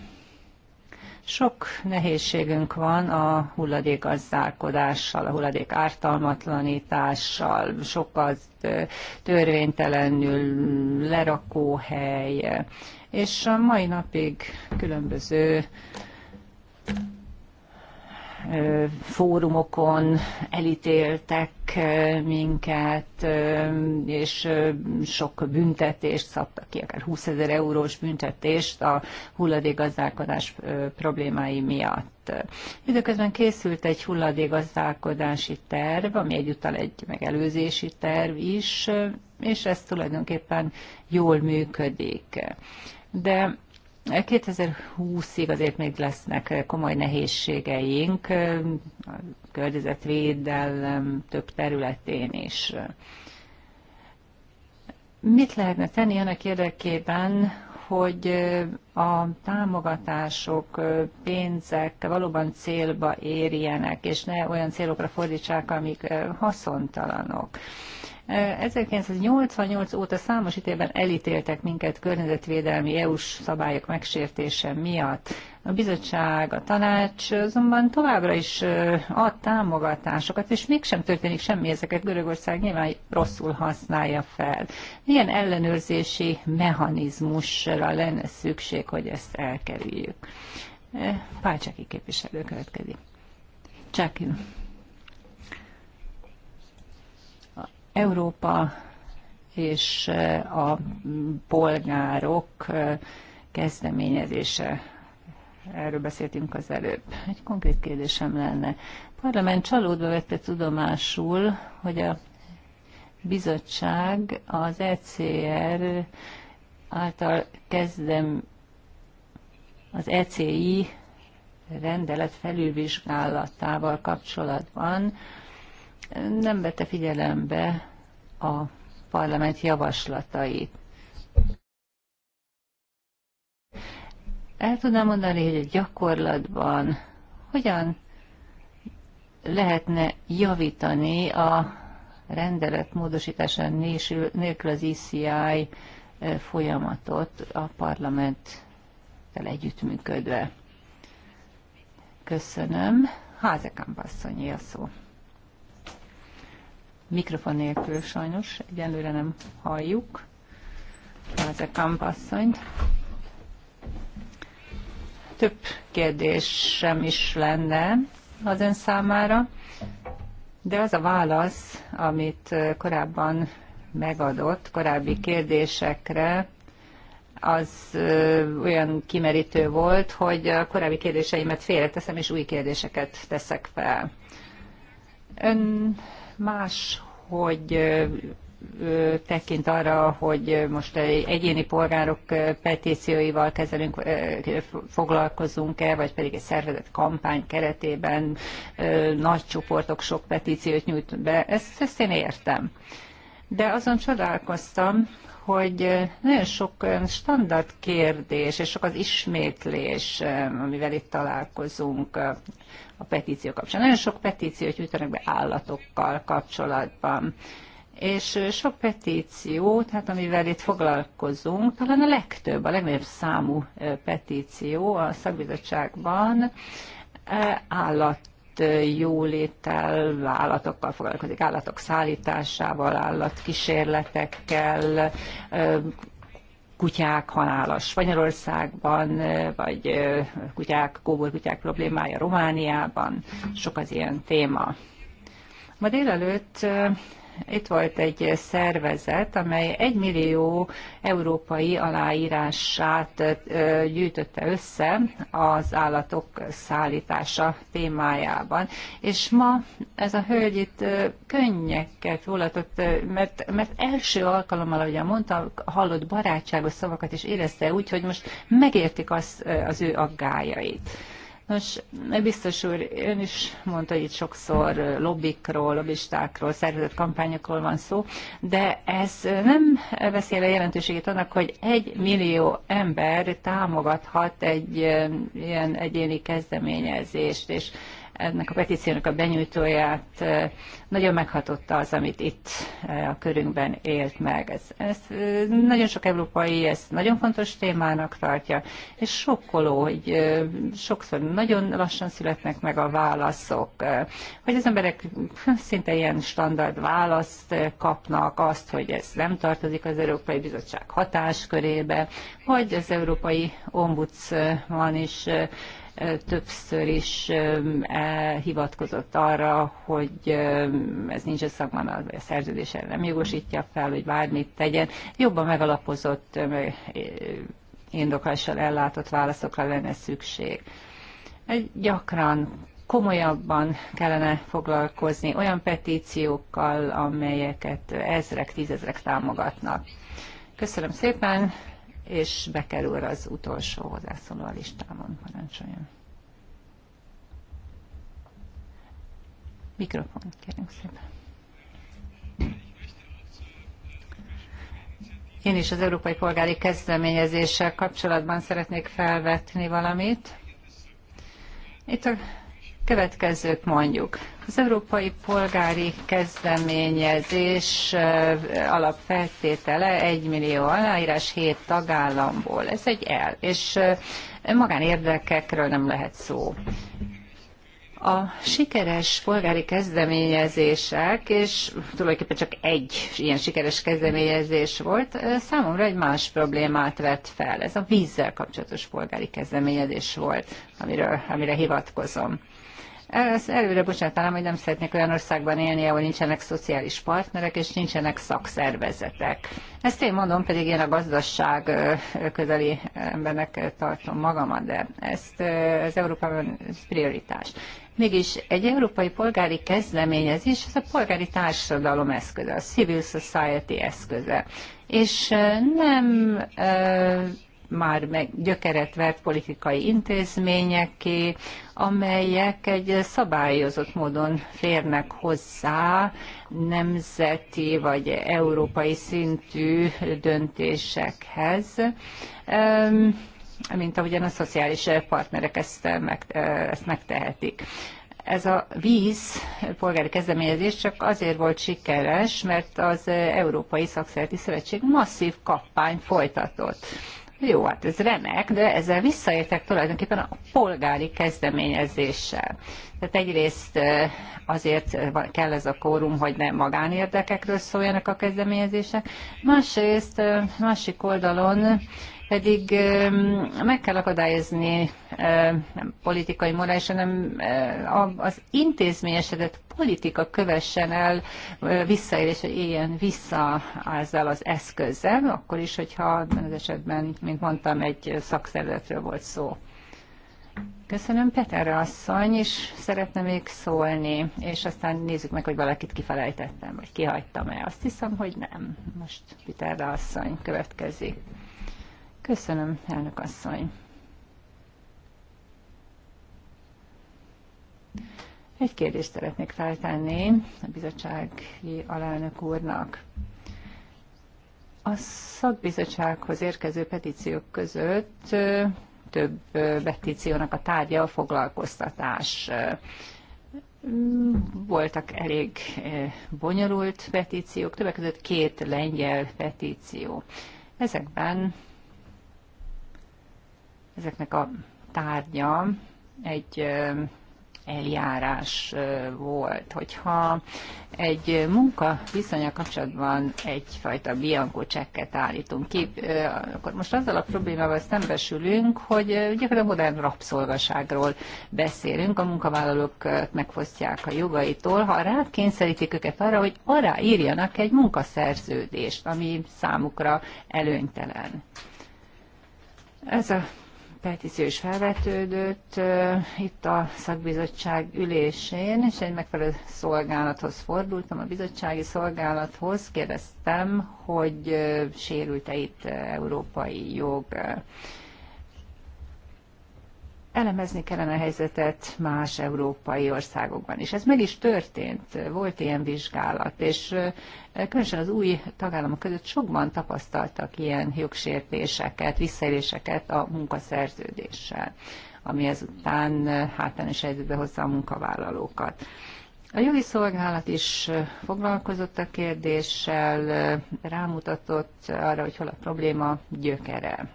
S3: sok nehézségünk van a hulladékazdálkodással, a hulladék ártalmatlanítással, sok az törvénytelenül lerakóhely, és a mai napig különböző fórumokon elítéltek minket, és sok büntetést szabtak ki, akár 20 ezer eurós büntetést a hulladékgazdálkodás problémái miatt. Időközben készült egy hulladékgazdálkodási terv, ami egyúttal egy megelőzési terv is, és ez tulajdonképpen jól működik. De 2020-ig azért még lesznek komoly nehézségeink a környezetvédelem több területén is. Mit lehetne tenni annak érdekében, hogy a támogatások, pénzek valóban célba érjenek, és ne olyan célokra fordítsák, amik haszontalanok. 1988 óta számos ítélben elítéltek minket környezetvédelmi EU-s szabályok megsértése miatt. A bizottság, a tanács azonban továbbra is ad támogatásokat, és mégsem történik semmi ezeket. Görögország nyilván rosszul használja fel. Milyen ellenőrzési mechanizmusra lenne szükség, hogy ezt elkerüljük? Pálcsaki képviselő következik. Csákin. Európa és eh, a polgárok eh, kezdeményezése. Erről beszéltünk az előbb. Egy konkrét kérdésem lenne. A parlament csalódva vette tudomásul, hogy a bizottság az ECR által kezdem az ECI rendelet felülvizsgálatával kapcsolatban nem vette figyelembe a parlament javaslatait. El tudnám mondani, hogy a gyakorlatban hogyan lehetne javítani a rendelet módosítása nélkül az ICI e folyamatot a parlamenttel együttműködve. Köszönöm. Házekám asszonyi a szó. Mikrofon nélkül sajnos, egyelőre nem halljuk. a kampasszonyt. Több kérdésem is lenne az ön számára, de az a válasz, amit korábban megadott korábbi kérdésekre, az olyan kimerítő volt, hogy a korábbi kérdéseimet félreteszem, és új kérdéseket teszek fel. Ön más, hogy tekint arra, hogy most egyéni polgárok petícióival kezelünk, foglalkozunk-e, vagy pedig egy szervezett kampány keretében nagy csoportok sok petíciót nyújt be. Ezt, ezt én értem. De azon csodálkoztam, hogy nagyon sok standard kérdés, és sok az ismétlés, amivel itt találkozunk a petíció kapcsán. Nagyon sok petíciót gyűjtenek be állatokkal kapcsolatban. És sok petíció, tehát amivel itt foglalkozunk, talán a legtöbb, a legnagyobb számú petíció a szakbizottságban állatjólétel, állatokkal foglalkozik, állatok szállításával, állatkísérletekkel, kutyák halála Spanyolországban, vagy kutyák, kóborkutyák problémája Romániában, sok az ilyen téma. Ma délelőtt itt volt egy szervezet, amely egy millió európai aláírását gyűjtötte össze az állatok szállítása témájában. És ma ez a hölgy itt könnyeket hullatott, mert, mert első alkalommal, ahogy mondta, hallott barátságos szavakat, és érezte úgy, hogy most megértik az, az ő aggájait. Nos, biztos úr, ön is mondta itt sokszor lobbikról, lobbistákról, szervezett kampányokról van szó, de ez nem el a jelentőségét annak, hogy egy millió ember támogathat egy ilyen egyéni kezdeményezést, és ennek a petíciónak a benyújtóját. Nagyon meghatotta az, amit itt a körünkben élt meg. Ez, ez nagyon sok európai ez nagyon fontos témának tartja, és sokkoló, hogy sokszor nagyon lassan születnek meg a válaszok, hogy az emberek szinte ilyen standard választ kapnak, azt, hogy ez nem tartozik az Európai Bizottság hatáskörébe, vagy az Európai Ombudsman is többször is e, hivatkozott arra, hogy ez nincs összhangban a szerződés nem jogosítja fel, hogy bármit tegyen. Jobban megalapozott indokással ellátott válaszokra lenne szükség. Gyakran komolyabban kellene foglalkozni olyan petíciókkal, amelyeket ezrek, tízezrek támogatnak. Köszönöm szépen, és bekerül az utolsó hozzászóló a listámon, parancsoljon. Mikrofon, kérünk szépen. Én is az Európai Polgári Kezdeményezéssel kapcsolatban szeretnék felvetni valamit. Itt a Következők mondjuk. Az európai polgári kezdeményezés alapfeltétele 1 millió aláírás 7 tagállamból. Ez egy el, és magánérdekekről nem lehet szó. A sikeres polgári kezdeményezések, és tulajdonképpen csak egy ilyen sikeres kezdeményezés volt, számomra egy más problémát vett fel. Ez a vízzel kapcsolatos polgári kezdeményezés volt, amiről, amire hivatkozom. Ez előre bocsátanám, hogy nem szeretnék olyan országban élni, ahol nincsenek szociális partnerek és nincsenek szakszervezetek. Ezt én mondom, pedig én a gazdaság közeli embernek tartom magamat, de ezt az Európában prioritás. Mégis egy európai polgári kezdeményezés, ez a polgári társadalom eszköze, a civil society eszköze. És nem már meg gyökeret vert politikai intézményeké, amelyek egy szabályozott módon férnek hozzá nemzeti vagy európai szintű döntésekhez mint ahogyan a szociális partnerek ezt, meg, ezt megtehetik. Ez a víz polgári kezdeményezés csak azért volt sikeres, mert az Európai Szakszereti Szövetség masszív kappány folytatott. Jó, hát ez remek, de ezzel visszaértek tulajdonképpen a polgári kezdeményezéssel. Tehát egyrészt azért kell ez a kórum, hogy ne magánérdekekről szóljanak a kezdeményezések, másrészt másik oldalon pedig meg kell akadályozni nem politikai morális, hanem az intézményesedett politika kövessen el visszaélés, hogy éljen vissza ezzel az eszközzel, akkor is, hogyha az esetben, mint mondtam, egy szakszervezetről volt szó. Köszönöm, Peter asszony, és szeretne még szólni, és aztán nézzük meg, hogy valakit kifelejtettem, vagy kihagytam-e. Azt hiszem, hogy nem. Most Peter asszony következik. Köszönöm, elnök asszony. Egy kérdést szeretnék feltenni a bizottsági alelnök úrnak. A szakbizottsághoz érkező petíciók között több petíciónak a tárgya a foglalkoztatás. Voltak elég bonyolult petíciók, többek között két lengyel petíció. Ezekben Ezeknek a tárgya egy eljárás volt. Hogyha egy munka viszonya kapcsolatban egyfajta bianco csekket állítunk ki, akkor most azzal a problémával szembesülünk, hogy gyakorlatilag modern rabszolgaságról beszélünk, a munkavállalók megfosztják a jogaitól, ha rá kényszerítik őket arra, hogy arra írjanak egy munkaszerződést, ami számukra előnytelen. Ez a petíció is felvetődött itt a szakbizottság ülésén, és egy megfelelő szolgálathoz fordultam, a bizottsági szolgálathoz, kérdeztem, hogy sérült-e itt európai jog elemezni kellene a helyzetet más európai országokban is. Ez meg is történt, volt ilyen vizsgálat, és különösen az új tagállamok között sokban tapasztaltak ilyen jogsértéseket, visszaéléseket a munkaszerződéssel, ami ezután hátrányos helyzetbe hozza a munkavállalókat. A jogi szolgálat is foglalkozott a kérdéssel, rámutatott arra, hogy hol a probléma gyökere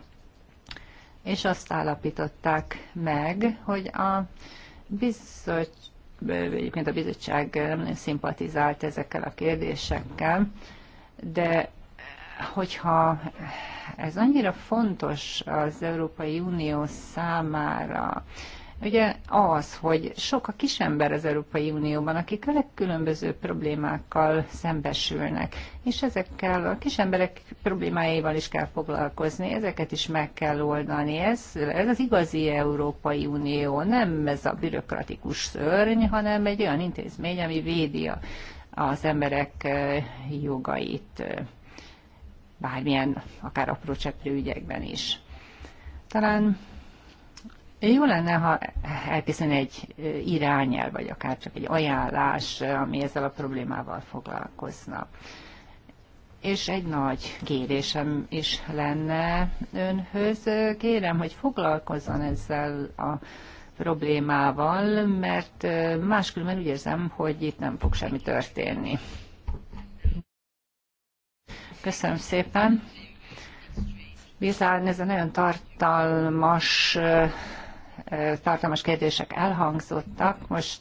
S3: és azt állapították meg, hogy a bizottság, egyébként a bizottság nem nagyon szimpatizált ezekkel a kérdésekkel, de hogyha ez annyira fontos az Európai Unió számára, ugye az, hogy sok a kisember az Európai Unióban, akik a legkülönbözőbb problémákkal szembesülnek, és ezekkel a kisemberek problémáival is kell foglalkozni, ezeket is meg kell oldani. Ez, ez az igazi Európai Unió, nem ez a bürokratikus szörny, hanem egy olyan intézmény, ami védi az emberek jogait bármilyen, akár apró cseprő ügyekben is. Talán jó lenne, ha elkészülne egy irányel, vagy akár csak egy ajánlás, ami ezzel a problémával foglalkozna. És egy nagy kérésem is lenne önhöz. Kérem, hogy foglalkozzon ezzel a problémával, mert máskülönben úgy érzem, hogy itt nem fog semmi történni. Köszönöm szépen. Bizán ez a nagyon tartalmas tartalmas kérdések elhangzottak. Most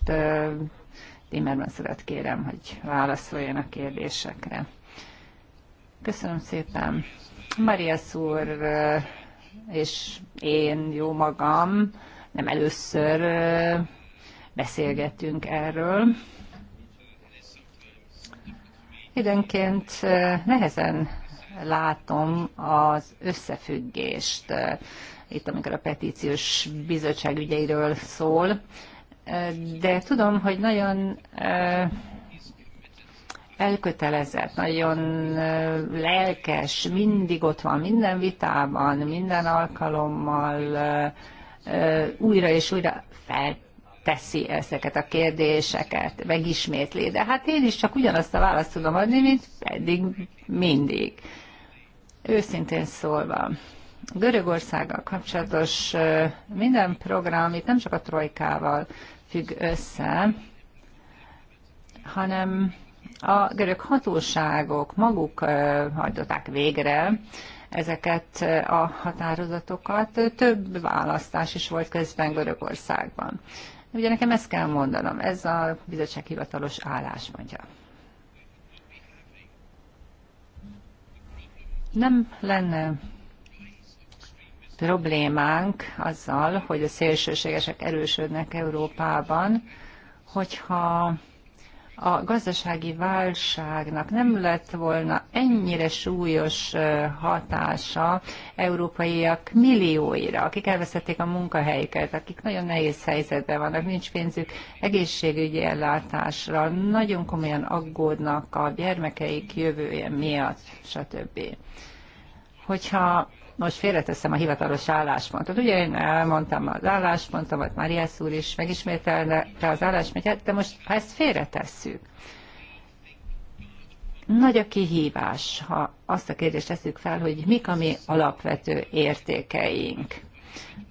S3: Timmermans urat kérem, hogy válaszoljon a kérdésekre. Köszönöm szépen. Maria Szúr és én, jó magam, nem először beszélgetünk erről. Időnként nehezen látom az összefüggést itt amikor a petíciós bizottság ügyeiről szól, de tudom, hogy nagyon elkötelezett, nagyon lelkes, mindig ott van minden vitában, minden alkalommal újra és újra fel teszi ezeket a kérdéseket, megismétli. De hát én is csak ugyanazt a választ tudom adni, mint pedig mindig. Őszintén szólva, Görögországgal kapcsolatos minden program itt nem csak a trojkával függ össze, hanem a görög hatóságok maguk hajtották végre ezeket a határozatokat. Több választás is volt közben Görögországban. Ugye nekem ezt kell mondanom, ez a bizottság hivatalos álláspontja. Nem lenne problémánk azzal, hogy a szélsőségesek erősödnek Európában, hogyha a gazdasági válságnak nem lett volna ennyire súlyos hatása európaiak millióira, akik elvesztették a munkahelyüket, akik nagyon nehéz helyzetben vannak, nincs pénzük egészségügyi ellátásra, nagyon komolyan aggódnak a gyermekeik jövője miatt, stb. Hogyha Nos, félreteszem a hivatalos álláspontot. Ugye én elmondtam az álláspontomat, Máriász úr is megismételte az álláspontját, de most ha ezt félretesszük, nagy a kihívás, ha azt a kérdést teszük fel, hogy mik a mi alapvető értékeink.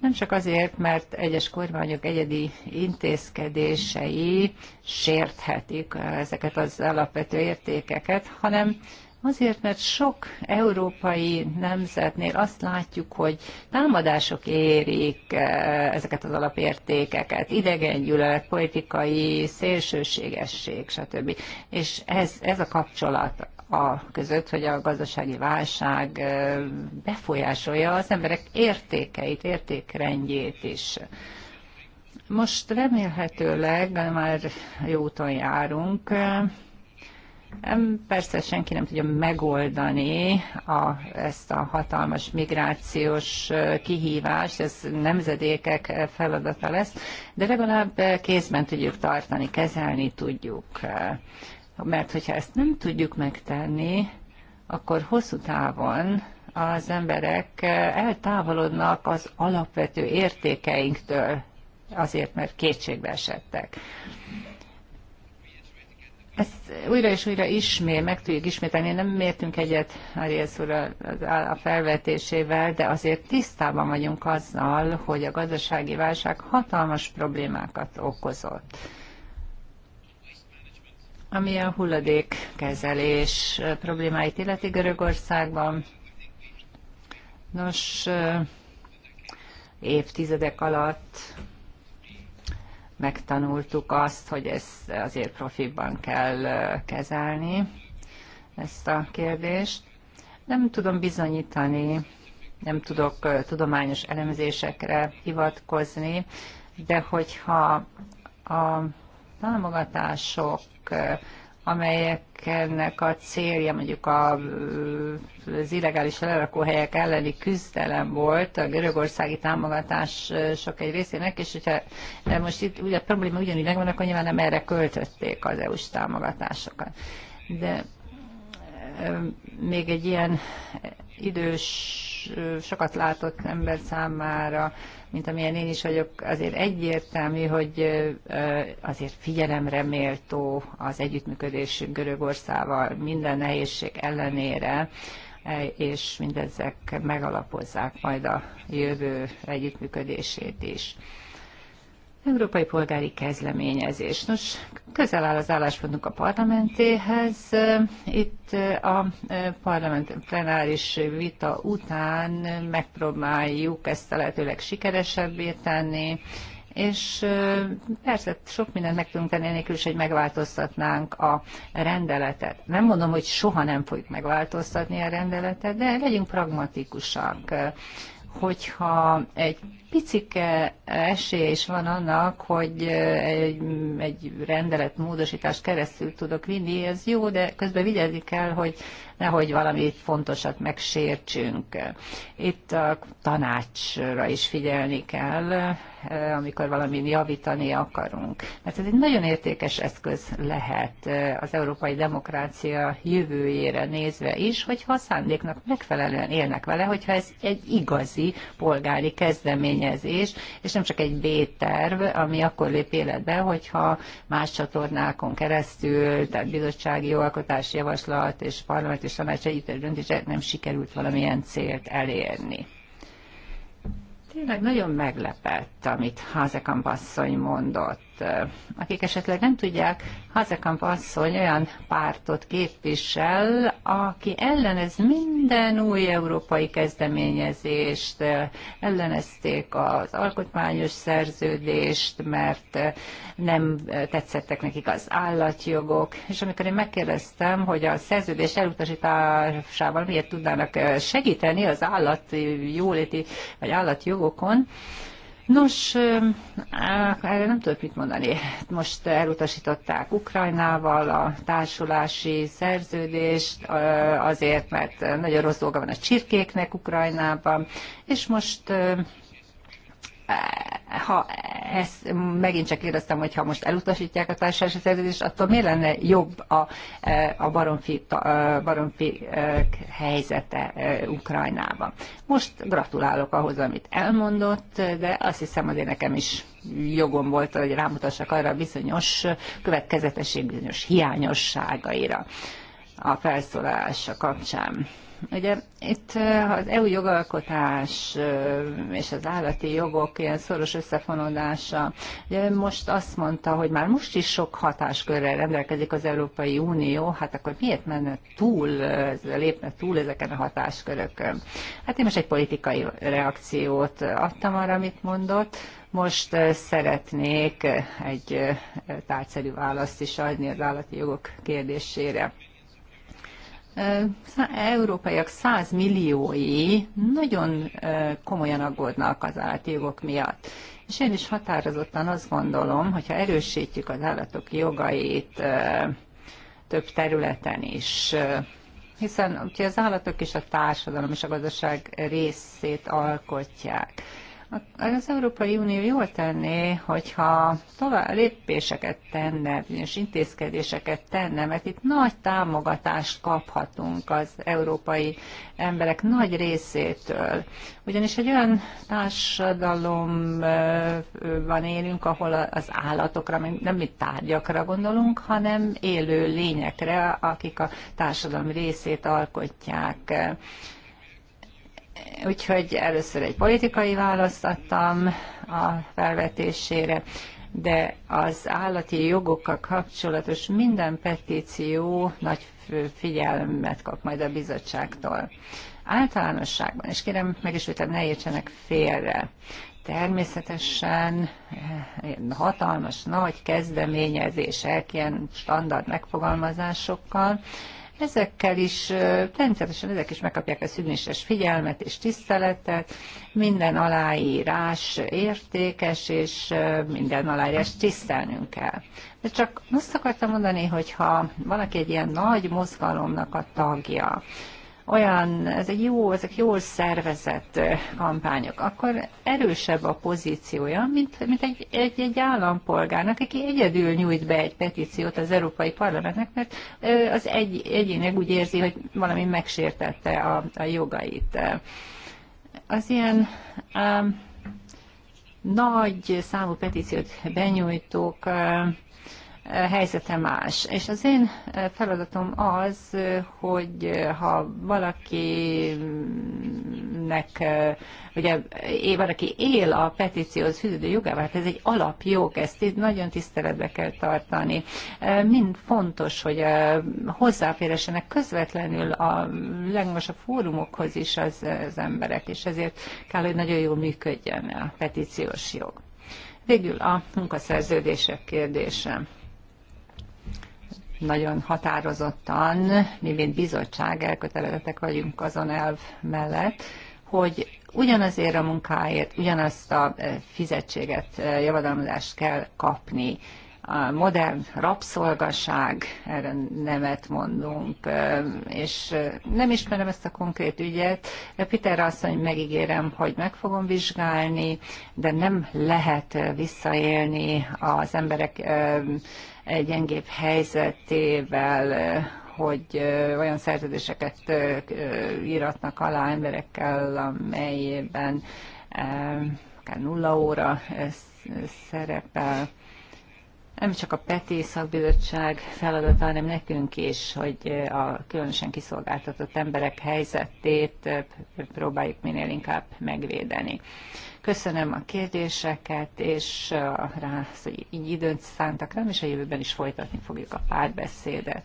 S3: Nem csak azért, mert egyes kormányok egyedi intézkedései sérthetik ezeket az alapvető értékeket, hanem Azért, mert sok európai nemzetnél azt látjuk, hogy támadások érik eh, ezeket az alapértékeket, idegen gyűlölet, politikai szélsőségesség, stb. És ez, ez a kapcsolat a között, hogy a gazdasági válság eh, befolyásolja az emberek értékeit, értékrendjét is. Most remélhetőleg már jó úton járunk, Persze senki nem tudja megoldani a, ezt a hatalmas migrációs kihívást, ez nemzedékek feladata lesz, de legalább kézben tudjuk tartani, kezelni tudjuk. Mert hogyha ezt nem tudjuk megtenni, akkor hosszú távon az emberek eltávolodnak az alapvető értékeinktől, azért, mert kétségbe esettek ezt újra és újra ismét meg tudjuk ismételni, nem mértünk egyet Arias a, a felvetésével, de azért tisztában vagyunk azzal, hogy a gazdasági válság hatalmas problémákat okozott. Ami a hulladékkezelés problémáit illeti Görögországban, nos, évtizedek alatt megtanultuk azt, hogy ez azért profiban kell kezelni, ezt a kérdést. Nem tudom bizonyítani, nem tudok tudományos elemzésekre hivatkozni, de hogyha a támogatások amelyeknek a célja mondjuk a, az illegális lerakóhelyek elleni küzdelem volt a görögországi támogatás sok egy részének, és hogyha de most itt ugye a probléma ugyanúgy megvan, akkor nyilván nem erre költötték az EU-s támogatásokat. De még egy ilyen idős sokat látott ember számára, mint amilyen én is vagyok, azért egyértelmű, hogy azért figyelemre méltó az együttműködés Görögországgal minden nehézség ellenére, e, és mindezek megalapozzák majd a jövő együttműködését is. Európai polgári kezdeményezés. Nos, közel áll az álláspontunk a parlamentéhez. Itt a parlament plenáris vita után megpróbáljuk ezt a lehetőleg sikeresebbé tenni, és persze sok mindent meg tudunk tenni, nélkül is, hogy megváltoztatnánk a rendeletet. Nem mondom, hogy soha nem fogjuk megváltoztatni a rendeletet, de legyünk pragmatikusak hogyha egy picike esély is van annak, hogy egy, egy rendelet módosítást keresztül tudok vinni, ez jó, de közben vigyázni kell, hogy nehogy valami fontosat megsértsünk. Itt a tanácsra is figyelni kell, Eh, amikor valamin javítani akarunk. Mert ez egy nagyon értékes eszköz lehet eh, az európai demokrácia jövőjére nézve is, hogyha a szándéknak megfelelően élnek vele, hogyha ez egy igazi polgári kezdeményezés, és nem csak egy B-terv, ami akkor lép életbe, hogyha más csatornákon keresztül, tehát bizottsági jogalkotási javaslat és parlament és tanács együttes döntése nem sikerült valamilyen célt elérni tényleg nagyon meglepett, amit Házekamp asszony mondott. Akik esetleg nem tudják, Hazekamp asszony olyan pártot képvisel, aki ellenez minden új európai kezdeményezést, ellenezték az alkotmányos szerződést, mert nem tetszettek nekik az állatjogok. És amikor én megkérdeztem, hogy a szerződés elutasításával miért tudnának segíteni az állati jóléti vagy állatjogokon, Nos, erre nem tudok mit mondani. Most elutasították Ukrajnával a társulási szerződést, azért, mert nagyon rossz dolga van a csirkéknek Ukrajnában, és most ha ezt megint csak kérdeztem, hogy ha most elutasítják a társasági szerződést, attól miért lenne jobb a, eh, a baromfi, a eh, baromfi eh, helyzete Ukrajnában. Most gratulálok ahhoz, amit elmondott, de azt hiszem azért nekem is jogom volt, hogy rámutassak arra a bizonyos következetesség bizonyos hiányosságaira a felszólalása kapcsán. Ugye itt az EU jogalkotás és az állati jogok ilyen szoros összefonódása, ugye most azt mondta, hogy már most is sok hatáskörrel rendelkezik az Európai Unió, hát akkor miért menne túl, lépne túl ezeken a hatáskörökön? Hát én most egy politikai reakciót adtam arra, amit mondott, most szeretnék egy tárgyszerű választ is adni az állati jogok kérdésére európaiak százmilliói nagyon komolyan aggódnak az jogok miatt. És én is határozottan azt gondolom, hogyha erősítjük az állatok jogait több területen is, hiszen ugye az állatok és a társadalom és a gazdaság részét alkotják. Az Európai Unió jól tenné, hogyha tovább lépéseket tenne, és intézkedéseket tenne, mert itt nagy támogatást kaphatunk az európai emberek nagy részétől. Ugyanis egy olyan társadalomban élünk, ahol az állatokra, nem mit tárgyakra gondolunk, hanem élő lényekre, akik a társadalom részét alkotják Úgyhogy először egy politikai választ adtam a felvetésére, de az állati jogokkal kapcsolatos minden petíció nagy figyelmet kap majd a bizottságtól. Általánosságban, és kérem meg is, hogy ne értsenek félre, természetesen eh, hatalmas, nagy kezdeményezések, ilyen standard megfogalmazásokkal, Ezekkel is, természetesen ezek is megkapják a szülnéses figyelmet és tiszteletet, minden aláírás értékes, és minden aláírás tisztelnünk kell. De csak azt akartam mondani, hogy ha valaki egy ilyen nagy mozgalomnak a tagja, olyan, ez egy jó, ezek jól szervezett kampányok, akkor erősebb a pozíciója, mint, mint egy, egy, egy állampolgárnak, aki egyedül nyújt be egy petíciót az Európai Parlamentnek, mert az egy, egyének úgy érzi, hogy valami megsértette a, a jogait. Az ilyen um, nagy számú petíciót benyújtók um, Eh, helyzete más. És az én eh, feladatom az, eh, hogy ha valakinek, ugye valaki él a petícióhoz fűződő jogával, hát ez egy alapjog, ezt itt nagyon tiszteletbe kell tartani. Mind fontos, hogy hozzáférhessenek közvetlenül a legmagasabb fórumokhoz is az, az emberek, és ezért kell, hogy nagyon jól működjön a petíciós jog. Végül a munkaszerződések kérdése nagyon határozottan, mi mint bizottság elkötelezettek vagyunk azon elv mellett, hogy ugyanazért a munkáért ugyanazt a e, fizetséget, e, javadalmazást kell kapni. A modern rabszolgaság, erre nemet mondunk, e, és nem ismerem ezt a konkrét ügyet. Peter asszony megígérem, hogy meg fogom vizsgálni, de nem lehet visszaélni az emberek gyengébb helyzetével, hogy olyan szerződéseket íratnak alá emberekkel, amelyben akár nulla óra szerepel. Nem csak a PETI szakbizottság feladata, hanem nekünk is, hogy a különösen kiszolgáltatott emberek helyzetét próbáljuk minél inkább megvédeni. Köszönöm a kérdéseket, és eh, rá, hogy így időt szántak rám, és a jövőben is folytatni fogjuk a párbeszédet.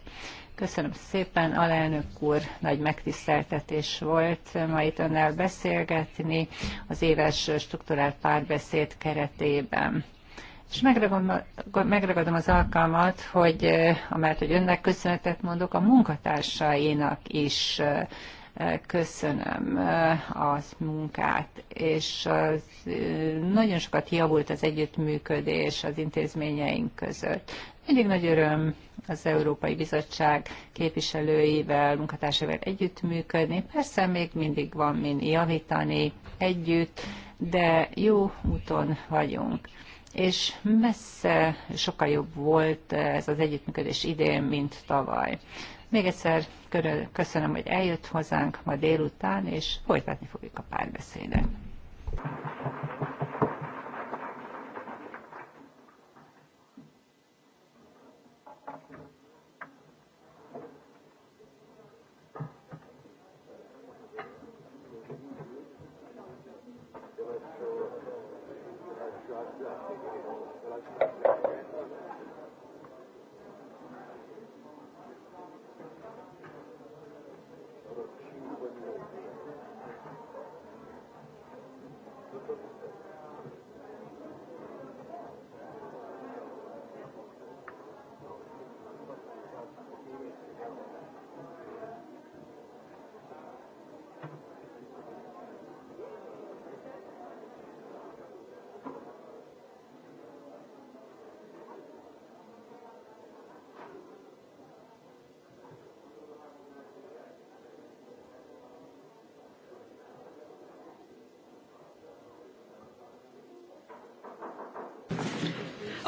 S3: Köszönöm szépen, alelnök úr, nagy megtiszteltetés volt ma itt önnel beszélgetni az éves struktúrált párbeszéd keretében. És megragadom, megragadom az alkalmat, hogy eh, amellett, hogy önnek köszönetet mondok, a munkatársainak is eh, köszönöm eh, az munkát, és az, eh, nagyon sokat javult az együttműködés az intézményeink között. Egyik nagy öröm az Európai Bizottság képviselőivel, munkatársaival együttműködni. Persze még mindig van min javítani együtt, de jó úton vagyunk. És messze sokkal jobb volt ez az együttműködés idén, mint tavaly. Még egyszer körül. Köszönöm, hogy eljött hozzánk ma délután, és folytatni fogjuk a párbeszédet.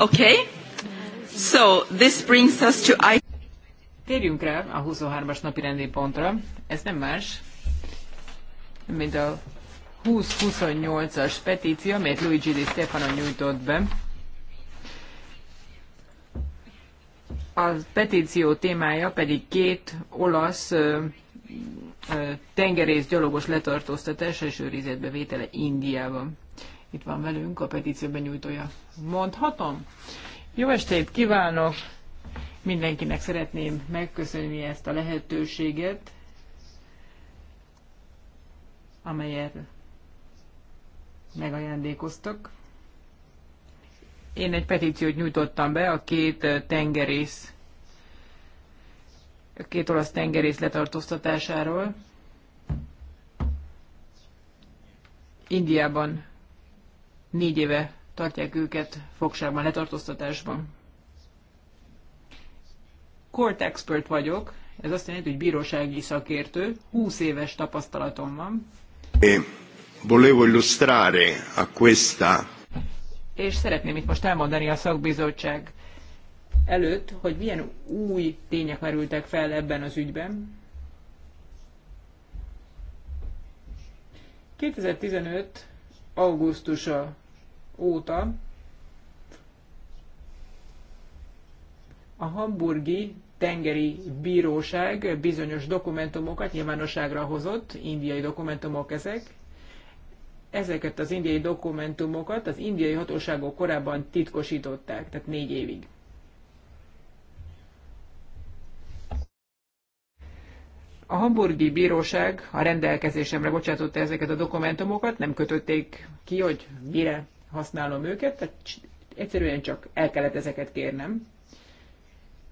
S1: Okay. So
S2: this brings us to I Térjünk rá a 23-as napi rendi pontra. Ez nem más, mint a 20-28-as petíció, amelyet Luigi Di Stefano nyújtott be. A petíció témája pedig két olasz ö, ö, tengerész gyalogos letartóztatása és őrizetbe vétele Indiában. Itt van velünk a petíció nyújtója. Mondhatom? Jó estét kívánok! Mindenkinek szeretném megköszönni ezt a lehetőséget, amelyet megajándékoztak. Én egy petíciót nyújtottam be a két tengerész, a két olasz tengerész letartóztatásáról. Indiában négy éve tartják őket fogságban, letartóztatásban. Court expert vagyok, ez azt jelenti, hogy bírósági szakértő, 20 éves tapasztalatom van.
S4: E volevo illustrare a questa.
S2: És szeretném itt most elmondani a szakbizottság előtt, hogy milyen új tények merültek fel ebben az ügyben. 2015. augusztusa óta a hamburgi tengeri bíróság bizonyos dokumentumokat nyilvánosságra hozott, indiai dokumentumok ezek. Ezeket az indiai dokumentumokat az indiai hatóságok korábban titkosították, tehát négy évig. A hamburgi bíróság a rendelkezésemre bocsátotta ezeket a dokumentumokat, nem kötötték ki, hogy mire használom őket, tehát egyszerűen csak el kellett ezeket kérnem.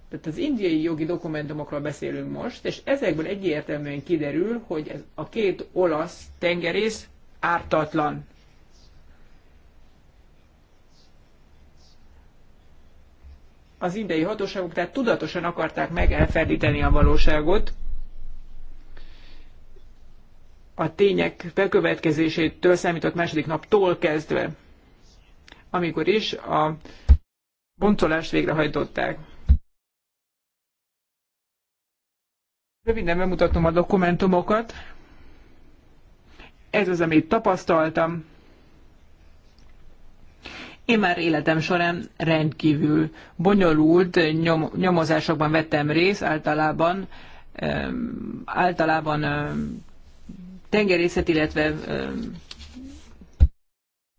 S2: Tehát az indiai jogi dokumentumokról beszélünk most, és ezekből egyértelműen kiderül, hogy ez a két olasz tengerész ártatlan. Az indiai hatóságok tehát tudatosan akarták elferdíteni a valóságot, a tények bekövetkezésétől számított második naptól kezdve amikor is a bontolást végrehajtották. Röviden bemutatom a dokumentumokat. Ez az, amit tapasztaltam. Én már életem során rendkívül bonyolult nyom, nyomozásokban vettem részt, általában, általában tengerészet, illetve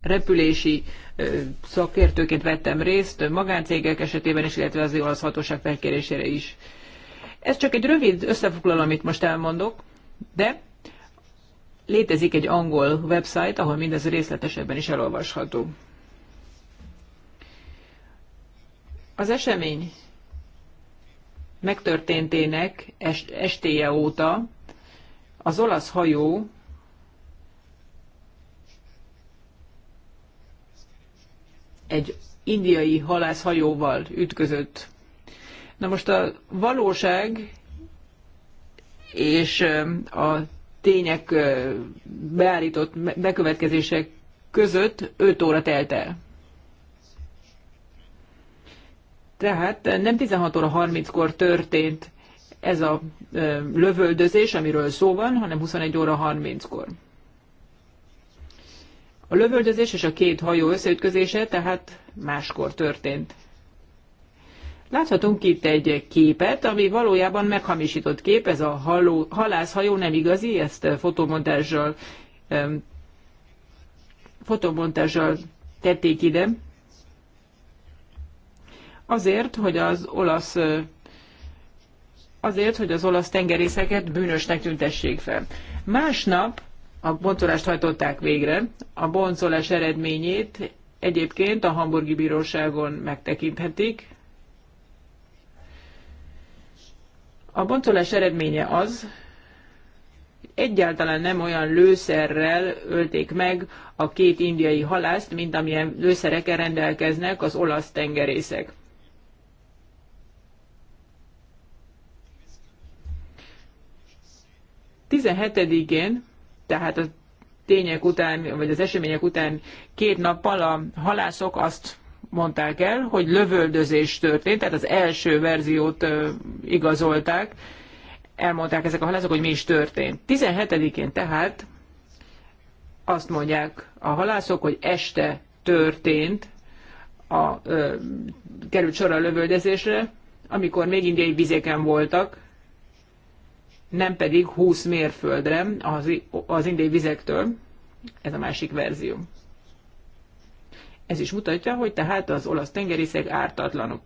S2: repülési szakértőként vettem részt magáncégek esetében is, illetve az olasz hatóság felkérésére is. Ez csak egy rövid összefoglaló, amit most elmondok, de létezik egy angol website, ahol mindez részletesebben is elolvasható. Az esemény megtörténtének estéje óta az olasz hajó egy indiai halászhajóval ütközött. Na most a valóság és a tények beállított bekövetkezések között 5 óra telt el. Tehát nem 16 óra 30-kor történt ez a lövöldözés, amiről szó van, hanem 21 óra 30-kor. A lövöldözés és a két hajó összeütközése tehát máskor történt. Láthatunk itt egy képet, ami valójában meghamisított kép, ez a haló, halászhajó nem igazi, ezt fotomontázsal, fotomontázsal tették ide. Azért, hogy az olasz azért, hogy az olasz tengerészeket bűnösnek tüntessék fel. Másnap a boncolást hajtották végre. A boncolás eredményét egyébként a hamburgi bíróságon megtekinthetik. A boncolás eredménye az, hogy egyáltalán nem olyan lőszerrel ölték meg a két indiai halászt, mint amilyen lőszerekkel rendelkeznek az olasz tengerészek. Tizenhetedikén tehát a tények után, vagy az események után két nappal a halászok azt mondták el, hogy lövöldözés történt, tehát az első verziót igazolták, elmondták ezek a halászok, hogy mi is történt. 17-én tehát azt mondják a halászok, hogy este történt a, ö, került sor a lövöldezésre, amikor még indiai vizéken voltak, nem pedig 20 mérföldre az, az indiai vizektől. Ez a másik verzió. Ez is mutatja, hogy tehát az olasz tengerészek ártatlanok.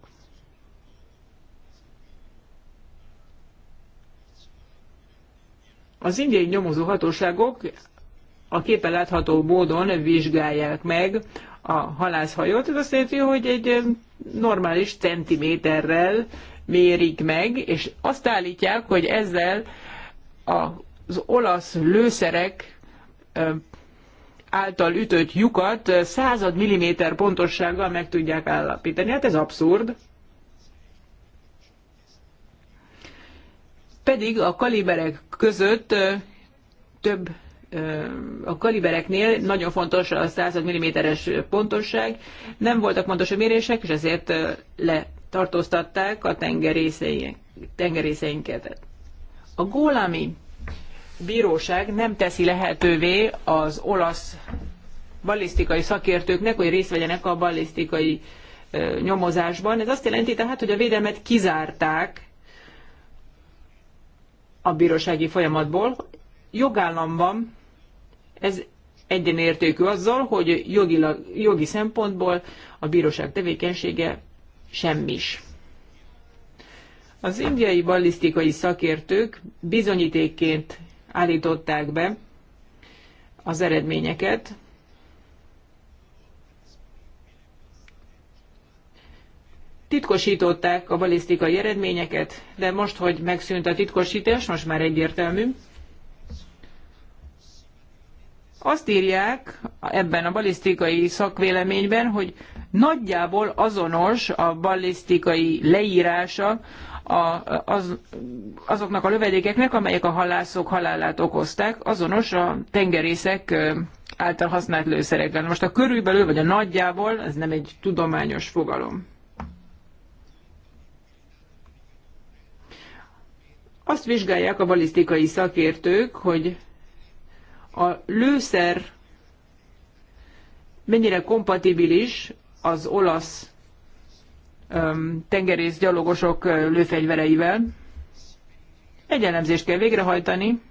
S2: Az indiai nyomozó hatóságok a képen látható módon vizsgálják meg a halászhajót. Ez azt jelenti, hogy egy normális centiméterrel mérik meg, és azt állítják, hogy ezzel az olasz lőszerek által ütött lyukat század milliméter pontossággal meg tudják állapítani. Hát ez abszurd. Pedig a kaliberek között több a kalibereknél nagyon fontos a 100 mm-es pontosság, nem voltak pontos a mérések, és ezért le tartóztatták a tengerészeinket. A gólami bíróság nem teszi lehetővé az olasz balisztikai szakértőknek, hogy részt vegyenek a ballisztikai nyomozásban. Ez azt jelenti tehát, hogy a védelmet kizárták a bírósági folyamatból. Jogállamban ez egyenértékű azzal, hogy jogilag, jogi szempontból a bíróság tevékenysége semmis. Az indiai ballisztikai szakértők bizonyítékként állították be az eredményeket, Titkosították a balisztikai eredményeket, de most, hogy megszűnt a titkosítás, most már egyértelmű. Azt írják ebben a balisztikai szakvéleményben, hogy nagyjából azonos a ballisztikai leírása a, az, azoknak a lövedékeknek, amelyek a halászok halálát okozták, azonos a tengerészek által használt lőszerekkel. Most a körülbelül vagy a nagyjából, ez nem egy tudományos fogalom. Azt vizsgálják a balisztikai szakértők, hogy a lőszer mennyire kompatibilis az olasz tengerész gyalogosok lőfegyvereivel. Egy elemzést kell végrehajtani,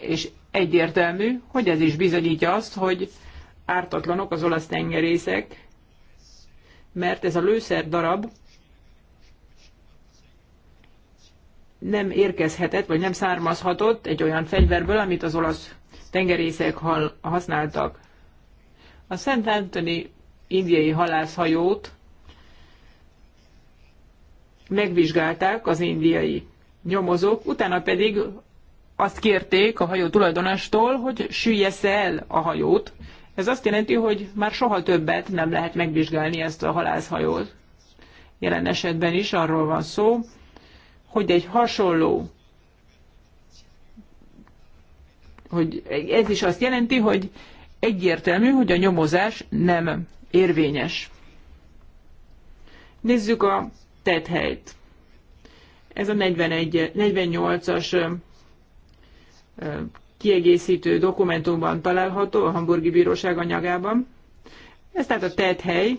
S2: és egyértelmű, hogy ez is bizonyítja azt, hogy ártatlanok az olasz tengerészek, mert ez a lőszer darab nem érkezhetett, vagy nem származhatott egy olyan fegyverből, amit az olasz tengerészek használtak. A Szent Anthony indiai halászhajót megvizsgálták az indiai nyomozók, utána pedig azt kérték a hajó tulajdonostól, hogy süllyesz el a hajót. Ez azt jelenti, hogy már soha többet nem lehet megvizsgálni ezt a halászhajót. Jelen esetben is arról van szó, hogy egy hasonló, hogy ez is azt jelenti, hogy egyértelmű, hogy a nyomozás nem érvényes. Nézzük a tethelyt. Ez a 41, 48-as kiegészítő dokumentumban található a Hamburgi Bíróság anyagában. Ez tehát a tethely.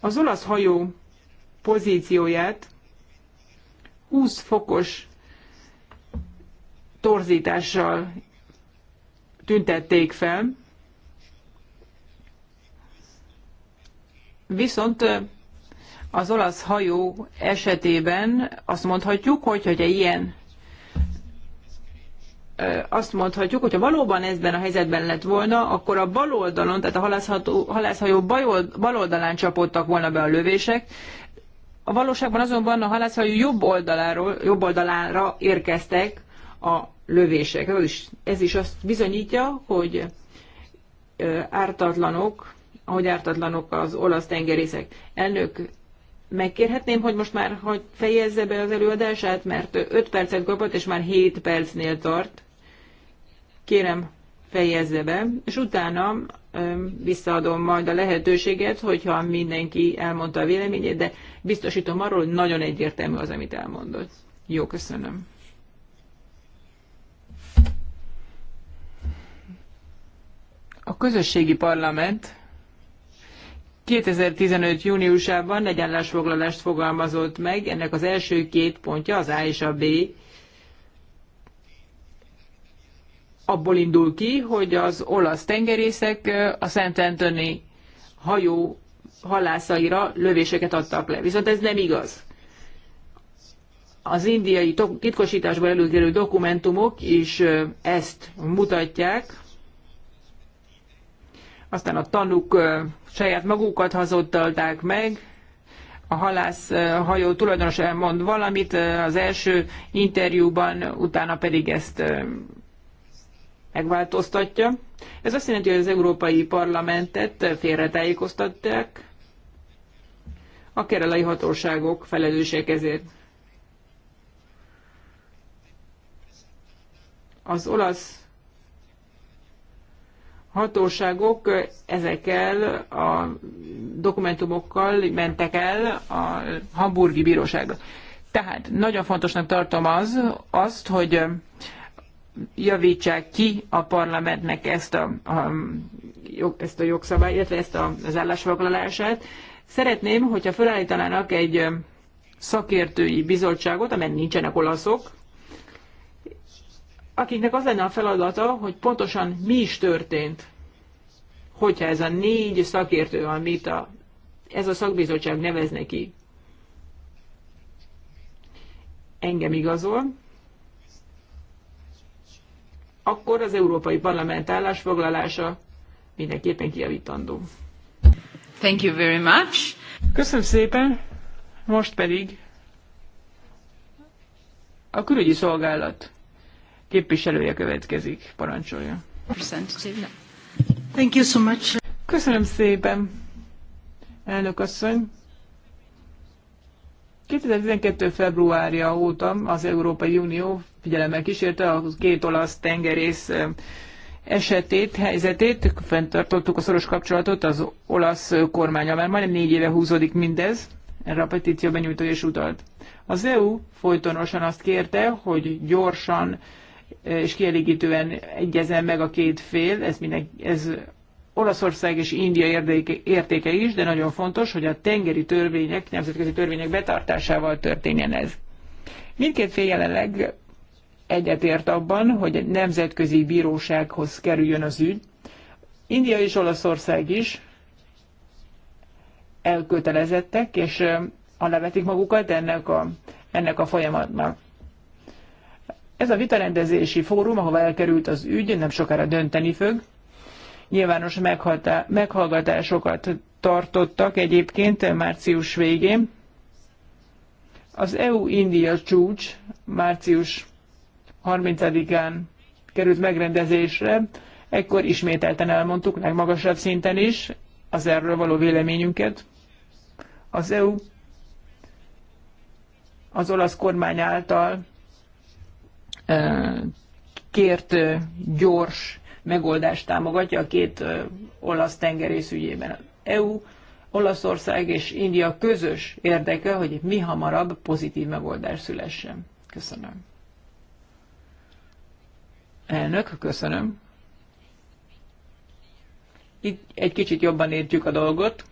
S2: Az olasz hajó pozícióját 20 fokos torzítással tüntették fel. Viszont az olasz hajó esetében azt mondhatjuk, hogy hogyha ilyen azt mondhatjuk, hogyha valóban ezben a helyzetben lett volna, akkor a bal oldalon, tehát a halászhajó bal oldalán csapódtak volna be a lövések, a valóságban azonban a halászhajó jobb, oldaláról, jobb oldalára érkeztek a lövések. Ez is, ez is azt bizonyítja, hogy ártatlanok, ahogy ártatlanok az olasz tengerészek. Elnök, megkérhetném, hogy most már hogy fejezze be az előadását, mert 5 percet kapott, és már 7 percnél tart. Kérem, fejezze be, és utána visszaadom majd a lehetőséget, hogyha mindenki elmondta a véleményét, de biztosítom arról, hogy nagyon egyértelmű az, amit elmondott. Jó, köszönöm. A közösségi parlament 2015. júniusában egy állásfoglalást fogalmazott meg, ennek az első két pontja, az A és a B, abból indul ki, hogy az olasz tengerészek a Szent Antoni hajó halászaira lövéseket adtak le. Viszont ez nem igaz. Az indiai titkosításban előkerülő dokumentumok is ezt mutatják aztán a tanuk saját magukat hazudtalták meg, a halász hajó tulajdonos elmond valamit az első interjúban, utána pedig ezt megváltoztatja. Ez azt jelenti, hogy az Európai Parlamentet félretájékoztatták a kerelai hatóságok felelősek ezért. Az olasz hatóságok ezekkel a dokumentumokkal mentek el a hamburgi bíróságra. Tehát nagyon fontosnak tartom az, azt, hogy javítsák ki a parlamentnek ezt a, a, ezt a jogszabályt, illetve ezt a, az állásfoglalását. Szeretném, hogyha felállítanának egy szakértői bizottságot, amelyen nincsenek olaszok, akiknek az lenne a feladata, hogy pontosan mi is történt, hogyha ez a négy szakértő, amit a, ez a szakbizottság nevez neki, engem igazol, akkor az Európai Parlament állásfoglalása mindenképpen kijavítandó. Thank you very much. Köszönöm szépen, most pedig a külügyi szolgálat képviselője következik. Parancsolja. Thank you so much. Köszönöm szépen, elnök asszony. 2012. februárja óta az Európai Unió figyelemmel kísérte a két olasz tengerész esetét, helyzetét, fenntartottuk a szoros kapcsolatot az olasz kormánya, már majdnem négy éve húzódik mindez, erre a petíció benyújtó és utalt. Az EU folytonosan azt kérte, hogy gyorsan és kielégítően egyezen meg a két fél, ez, minden, ez Olaszország és India érdeke, értéke is, de nagyon fontos, hogy a tengeri törvények, nemzetközi törvények betartásával történjen ez. Mindkét fél jelenleg egyetért abban, hogy a nemzetközi bírósághoz kerüljön az ügy. India és Olaszország is elkötelezettek, és alávetik magukat ennek a, ennek a folyamatnak. Ez a vitarendezési fórum, ahova elkerült az ügy, nem sokára dönteni fog. Nyilvános meghallgatásokat tartottak egyébként március végén. Az EU-India csúcs március 30-án került megrendezésre, ekkor ismételten elmondtuk legmagasabb szinten is az erről való véleményünket. Az EU az olasz kormány által kért gyors megoldást támogatja a két olasz tengerész ügyében. EU, Olaszország és India közös érdeke, hogy mi hamarabb pozitív megoldás szülessen. Köszönöm. Elnök, köszönöm. Itt egy kicsit jobban értjük a dolgot.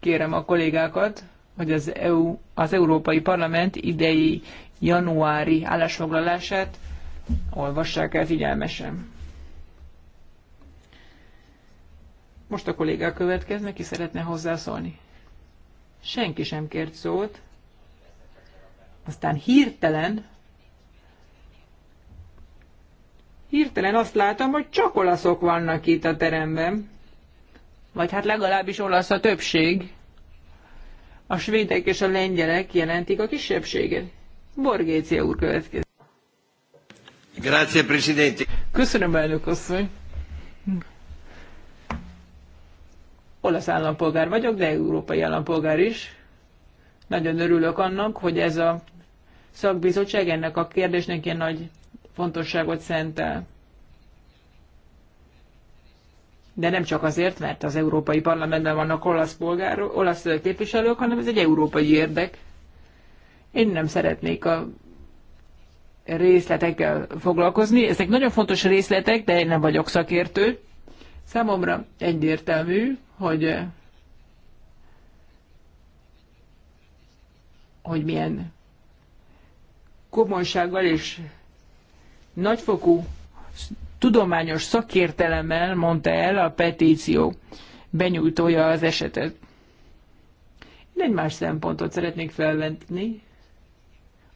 S2: Kérem a kollégákat, hogy az, EU, az Európai Parlament idei januári állásfoglalását, olvassák el figyelmesen. Most a kollégák következnek, ki szeretne hozzászólni. Senki sem kért szót. Aztán hirtelen, hirtelen azt látom, hogy csak olaszok vannak itt a teremben. Vagy hát legalábbis olasz a többség. A svédek és a lengyelek jelentik a kisebbséget. Borgécia úr következik.
S4: Grazie, Presidente.
S2: Köszönöm, elnök asszony. Olasz állampolgár vagyok, de európai állampolgár is. Nagyon örülök annak, hogy ez a szakbizottság ennek a kérdésnek ilyen nagy fontosságot szentel. De nem csak azért, mert az Európai Parlamentben vannak olasz, polgár, olasz képviselők, hanem ez egy európai érdek. Én nem szeretnék a részletekkel foglalkozni. Ezek nagyon fontos részletek, de én nem vagyok szakértő. Számomra egyértelmű, hogy hogy milyen komolysággal és nagyfokú tudományos szakértelemmel mondta el a petíció benyújtója az esetet. Én egy más szempontot szeretnék felvenni,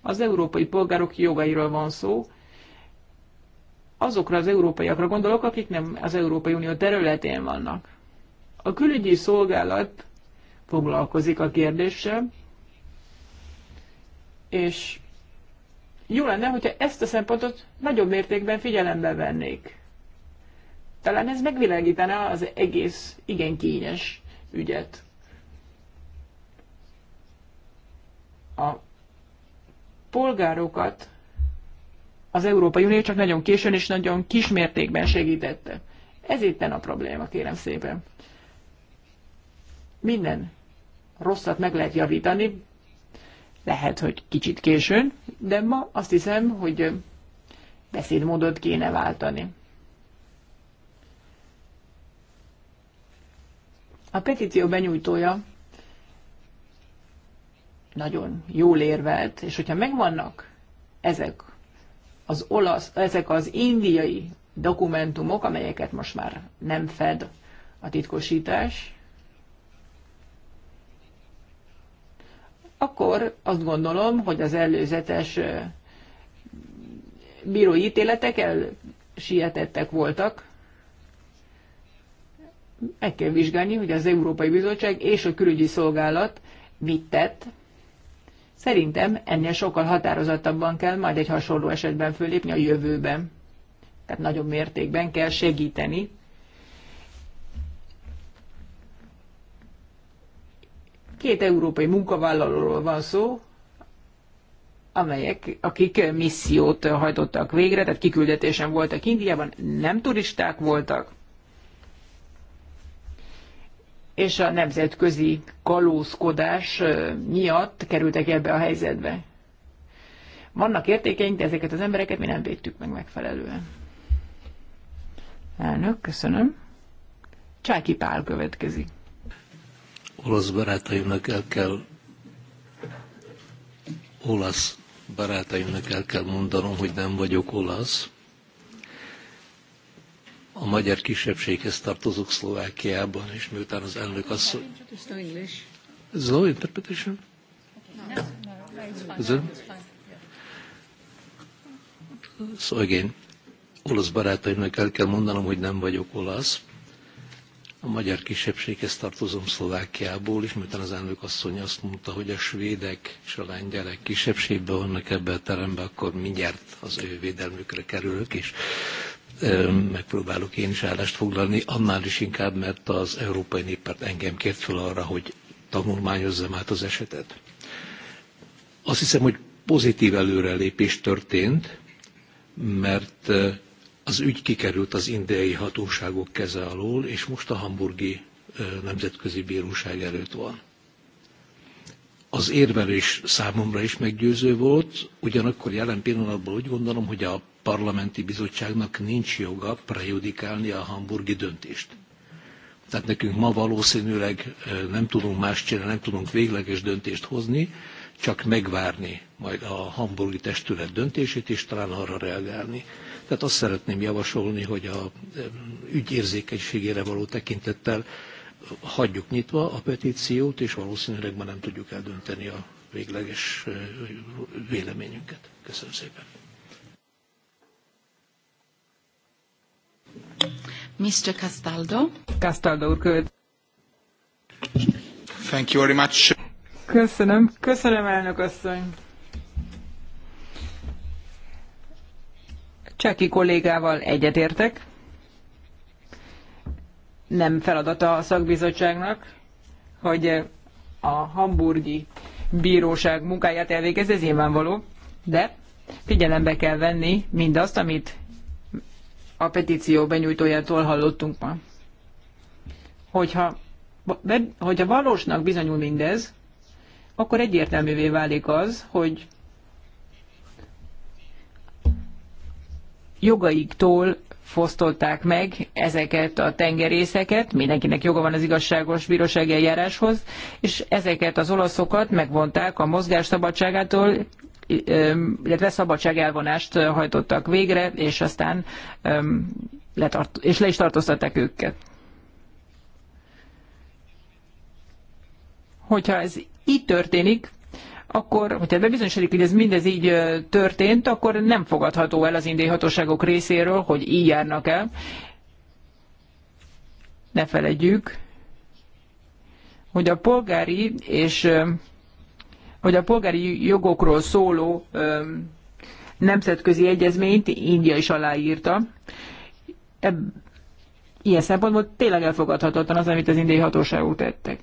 S2: az európai polgárok jogairól van szó, azokra az európaiakra gondolok, akik nem az Európai Unió területén vannak. A külügyi szolgálat foglalkozik a kérdéssel, és jó lenne, hogyha ezt a szempontot nagyobb mértékben figyelembe vennék. Talán ez megvilágítaná az egész igen kényes ügyet. A polgárokat az Európai Unió csak nagyon későn és nagyon kismértékben segítette. Ez itten a probléma, kérem szépen. Minden rosszat meg lehet javítani, lehet, hogy kicsit későn, de ma azt hiszem, hogy beszédmódot kéne váltani. A petíció benyújtója nagyon jól érvelt, és hogyha megvannak ezek az olasz, ezek az indiai dokumentumok, amelyeket most már nem fed a titkosítás, akkor azt gondolom, hogy az előzetes bírói ítéletek elsietettek voltak. Meg kell vizsgálni, hogy az Európai Bizottság és a Külügyi Szolgálat mit tett Szerintem ennél sokkal határozottabban kell majd egy hasonló esetben fölépni a jövőben. Tehát nagyobb mértékben kell segíteni. Két európai munkavállalóról van szó, amelyek, akik missziót hajtottak végre, tehát kiküldetésen voltak Indiában, nem turisták voltak, és a nemzetközi kalózkodás miatt kerültek ebbe a helyzetbe. Vannak értékeink, de ezeket az embereket mi nem védtük meg megfelelően. Elnök, köszönöm. Csáki Pál következik.
S4: Olasz barátaimnak el kell olasz barátaimnak el kell mondanom, hogy nem vagyok olasz, a magyar kisebbséghez tartozók Szlovákiában, és miután az elnök asszony... Is interpretation? No. Is it? olasz barátaimnak el kell mondanom, hogy nem vagyok olasz. A magyar kisebbséghez tartozom Szlovákiából, és miután az elnök asszony azt mondta, hogy a svédek és a lengyelek kisebbségben vannak ebben a teremben, akkor mindjárt az ő védelmükre kerülök, és megpróbálok én is állást foglalni, annál is inkább, mert az Európai Néppárt engem kért fel arra, hogy tanulmányozzam át az esetet. Azt hiszem, hogy pozitív előrelépés történt, mert az ügy kikerült az indiai hatóságok keze alól, és most a hamburgi nemzetközi bíróság előtt van. Az érvelés számomra is meggyőző volt, ugyanakkor jelen pillanatban úgy gondolom, hogy a parlamenti bizottságnak nincs joga prejudikálni a hamburgi döntést. Tehát nekünk ma valószínűleg nem tudunk más csinálni, nem tudunk végleges döntést hozni, csak megvárni majd a hamburgi testület döntését, és talán arra reagálni. Tehát azt szeretném javasolni, hogy a ügyérzékenységére való tekintettel hagyjuk nyitva a petíciót, és valószínűleg ma nem tudjuk eldönteni a végleges véleményünket. Köszönöm szépen.
S2: Mr. Castaldo. Castaldo úr követ.
S4: Thank you very much.
S2: Köszönöm, köszönöm elnök asszony. Cseki kollégával egyetértek. Nem feladata a szakbizottságnak, hogy a hamburgi bíróság munkáját elvégezze ez nyilvánvaló, de figyelembe kell venni mindazt, amit a petíció benyújtójától hallottunk ma. Hogyha, hogyha valósnak bizonyul mindez, akkor egyértelművé válik az, hogy jogaiktól fosztolták meg ezeket a tengerészeket, mindenkinek joga van az igazságos bírósági eljáráshoz, és ezeket az olaszokat megvonták a mozgás szabadságától, illetve elvonást hajtottak végre, és aztán letart, és le is tartóztatták őket. Hogyha ez így történik, akkor, hogyha bebizonyosodik, hogy ez mindez így történt, akkor nem fogadható el az indiai hatóságok részéről, hogy így járnak el. Ne feledjük, hogy a polgári és hogy a polgári jogokról szóló nemzetközi egyezményt India is aláírta. Ebb, ilyen szempontból tényleg elfogadhatatlan az, amit az indiai hatóságok tettek.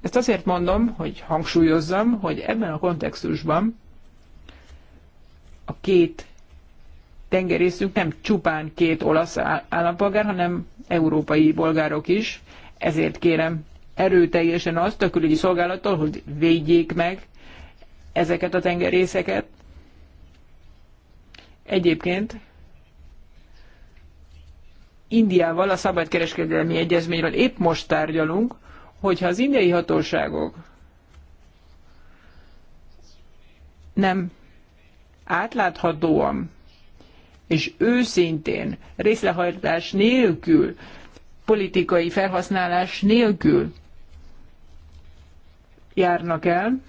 S2: Ezt azért mondom, hogy hangsúlyozzam, hogy ebben a kontextusban a két tengerészünk nem csupán két olasz állampolgár, hanem európai polgárok is. Ezért kérem erőteljesen azt a külügyi szolgálattal, hogy védjék meg ezeket a tengerészeket. Egyébként Indiával a szabadkereskedelmi egyezményről épp most tárgyalunk, hogyha az indiai hatóságok nem átláthatóan és őszintén, részlehajtás nélkül, politikai felhasználás nélkül járnak el.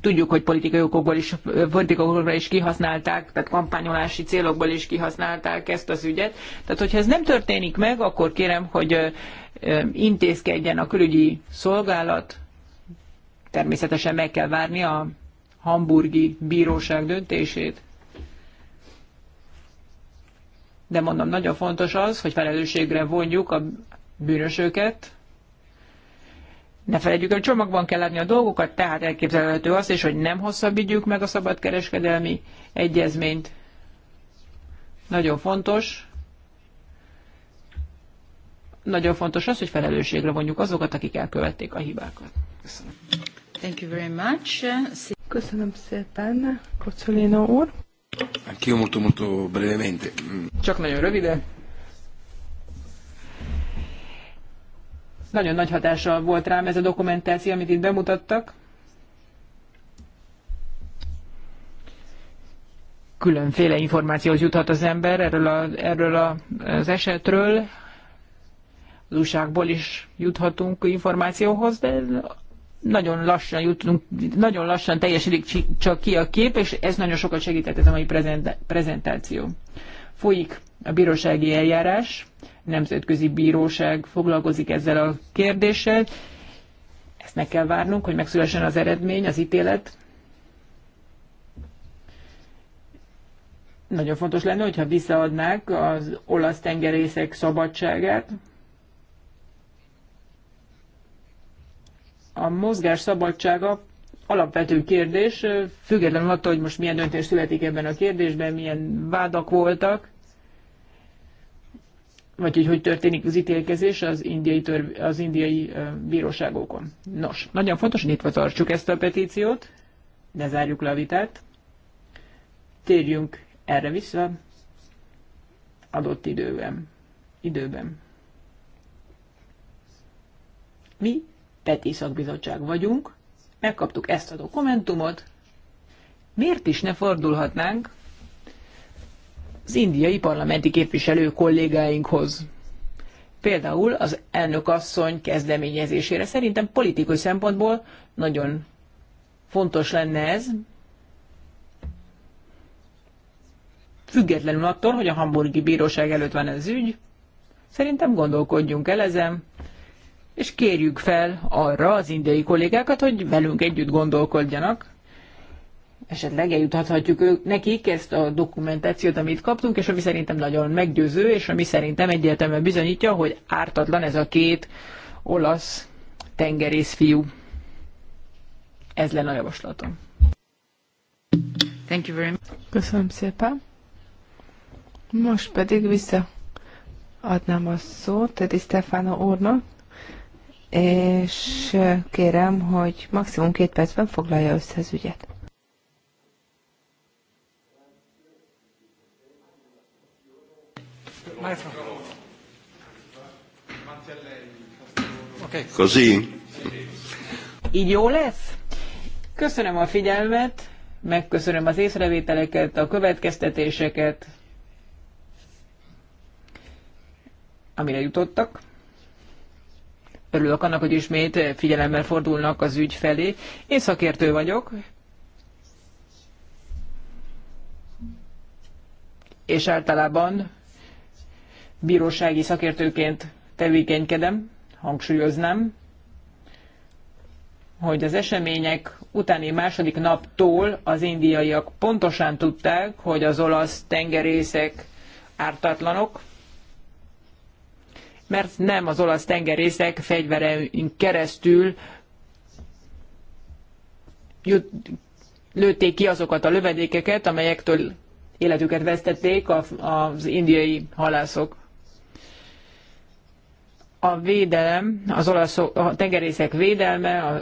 S2: Tudjuk, hogy politikai okokból is, politikai okokból is kihasználták, tehát kampányolási célokból is kihasználták ezt az ügyet. Tehát, hogyha ez nem történik meg, akkor kérem, hogy intézkedjen a külügyi szolgálat. Természetesen meg kell várni a hamburgi bíróság döntését. De mondom, nagyon fontos az, hogy felelősségre vonjuk a bűnösöket, ne felejtjük el, csomagban kell adni a dolgokat, tehát elképzelhető az is, hogy nem hosszabbítjuk meg a szabadkereskedelmi egyezményt. Nagyon fontos. Nagyon fontos az, hogy
S4: felelősségre
S2: vonjuk azokat, akik elkövették a hibákat. Köszönöm.
S1: Thank you very much. Köszönöm szépen, Kocolino úr.
S2: Csak nagyon röviden. Nagyon nagy hatással volt rám ez a dokumentáció, amit itt bemutattak. Különféle információhoz juthat az ember erről, a, erről a, az esetről. Az újságból is juthatunk információhoz, de nagyon lassan jutunk, nagyon lassan teljesedik csak ki a kép, és ez nagyon sokat segített ez a mai prezentáció. Folyik a bírósági eljárás, nemzetközi bíróság foglalkozik ezzel a kérdéssel. Ezt meg kell várnunk, hogy megszülessen az eredmény, az ítélet. Nagyon fontos lenne, hogyha visszaadnák az olasz tengerészek szabadságát. A mozgás szabadsága alapvető kérdés, függetlenül attól, hogy most milyen döntés születik ebben a kérdésben, milyen vádak voltak, vagy hogy hogy történik az ítélkezés az indiai, törv, az indiai bíróságokon. Nos, nagyon fontos, hogy nyitva tartsuk ezt a petíciót, ne zárjuk le a vitát, térjünk erre vissza adott időben. időben. Mi Peti Szakbizottság vagyunk, megkaptuk ezt a dokumentumot, miért is ne fordulhatnánk az indiai parlamenti képviselő kollégáinkhoz? Például az elnök asszony kezdeményezésére. Szerintem politikai szempontból nagyon fontos lenne ez, függetlenül attól, hogy a hamburgi bíróság előtt van ez ügy, szerintem gondolkodjunk el ezen, és kérjük fel arra az indiai kollégákat, hogy velünk együtt gondolkodjanak. Esetleg eljuthathatjuk ők, nekik ezt a dokumentációt, amit kaptunk, és ami szerintem nagyon meggyőző, és ami szerintem egyértelműen bizonyítja, hogy ártatlan ez a két olasz fiú. Ez lenne a javaslatom.
S1: Thank you very much. Köszönöm szépen. Most pedig visszaadnám a szót Teddy Stefano úrnak és kérem, hogy maximum két percben foglalja össze az ügyet.
S4: Così.
S2: Így jó lesz? Köszönöm a figyelmet, megköszönöm az észrevételeket, a következtetéseket, amire jutottak. Örülök annak, hogy ismét figyelemmel fordulnak az ügy felé. Én szakértő vagyok, és általában bírósági szakértőként tevékenykedem, hangsúlyoznám, hogy az események utáni második naptól az indiaiak pontosan tudták, hogy az olasz tengerészek ártatlanok, mert nem az olasz tengerészek fegyverein keresztül jut, lőtték ki azokat a lövedékeket, amelyektől életüket vesztették az indiai halászok. A védelem, az olasz a tengerészek védelme, a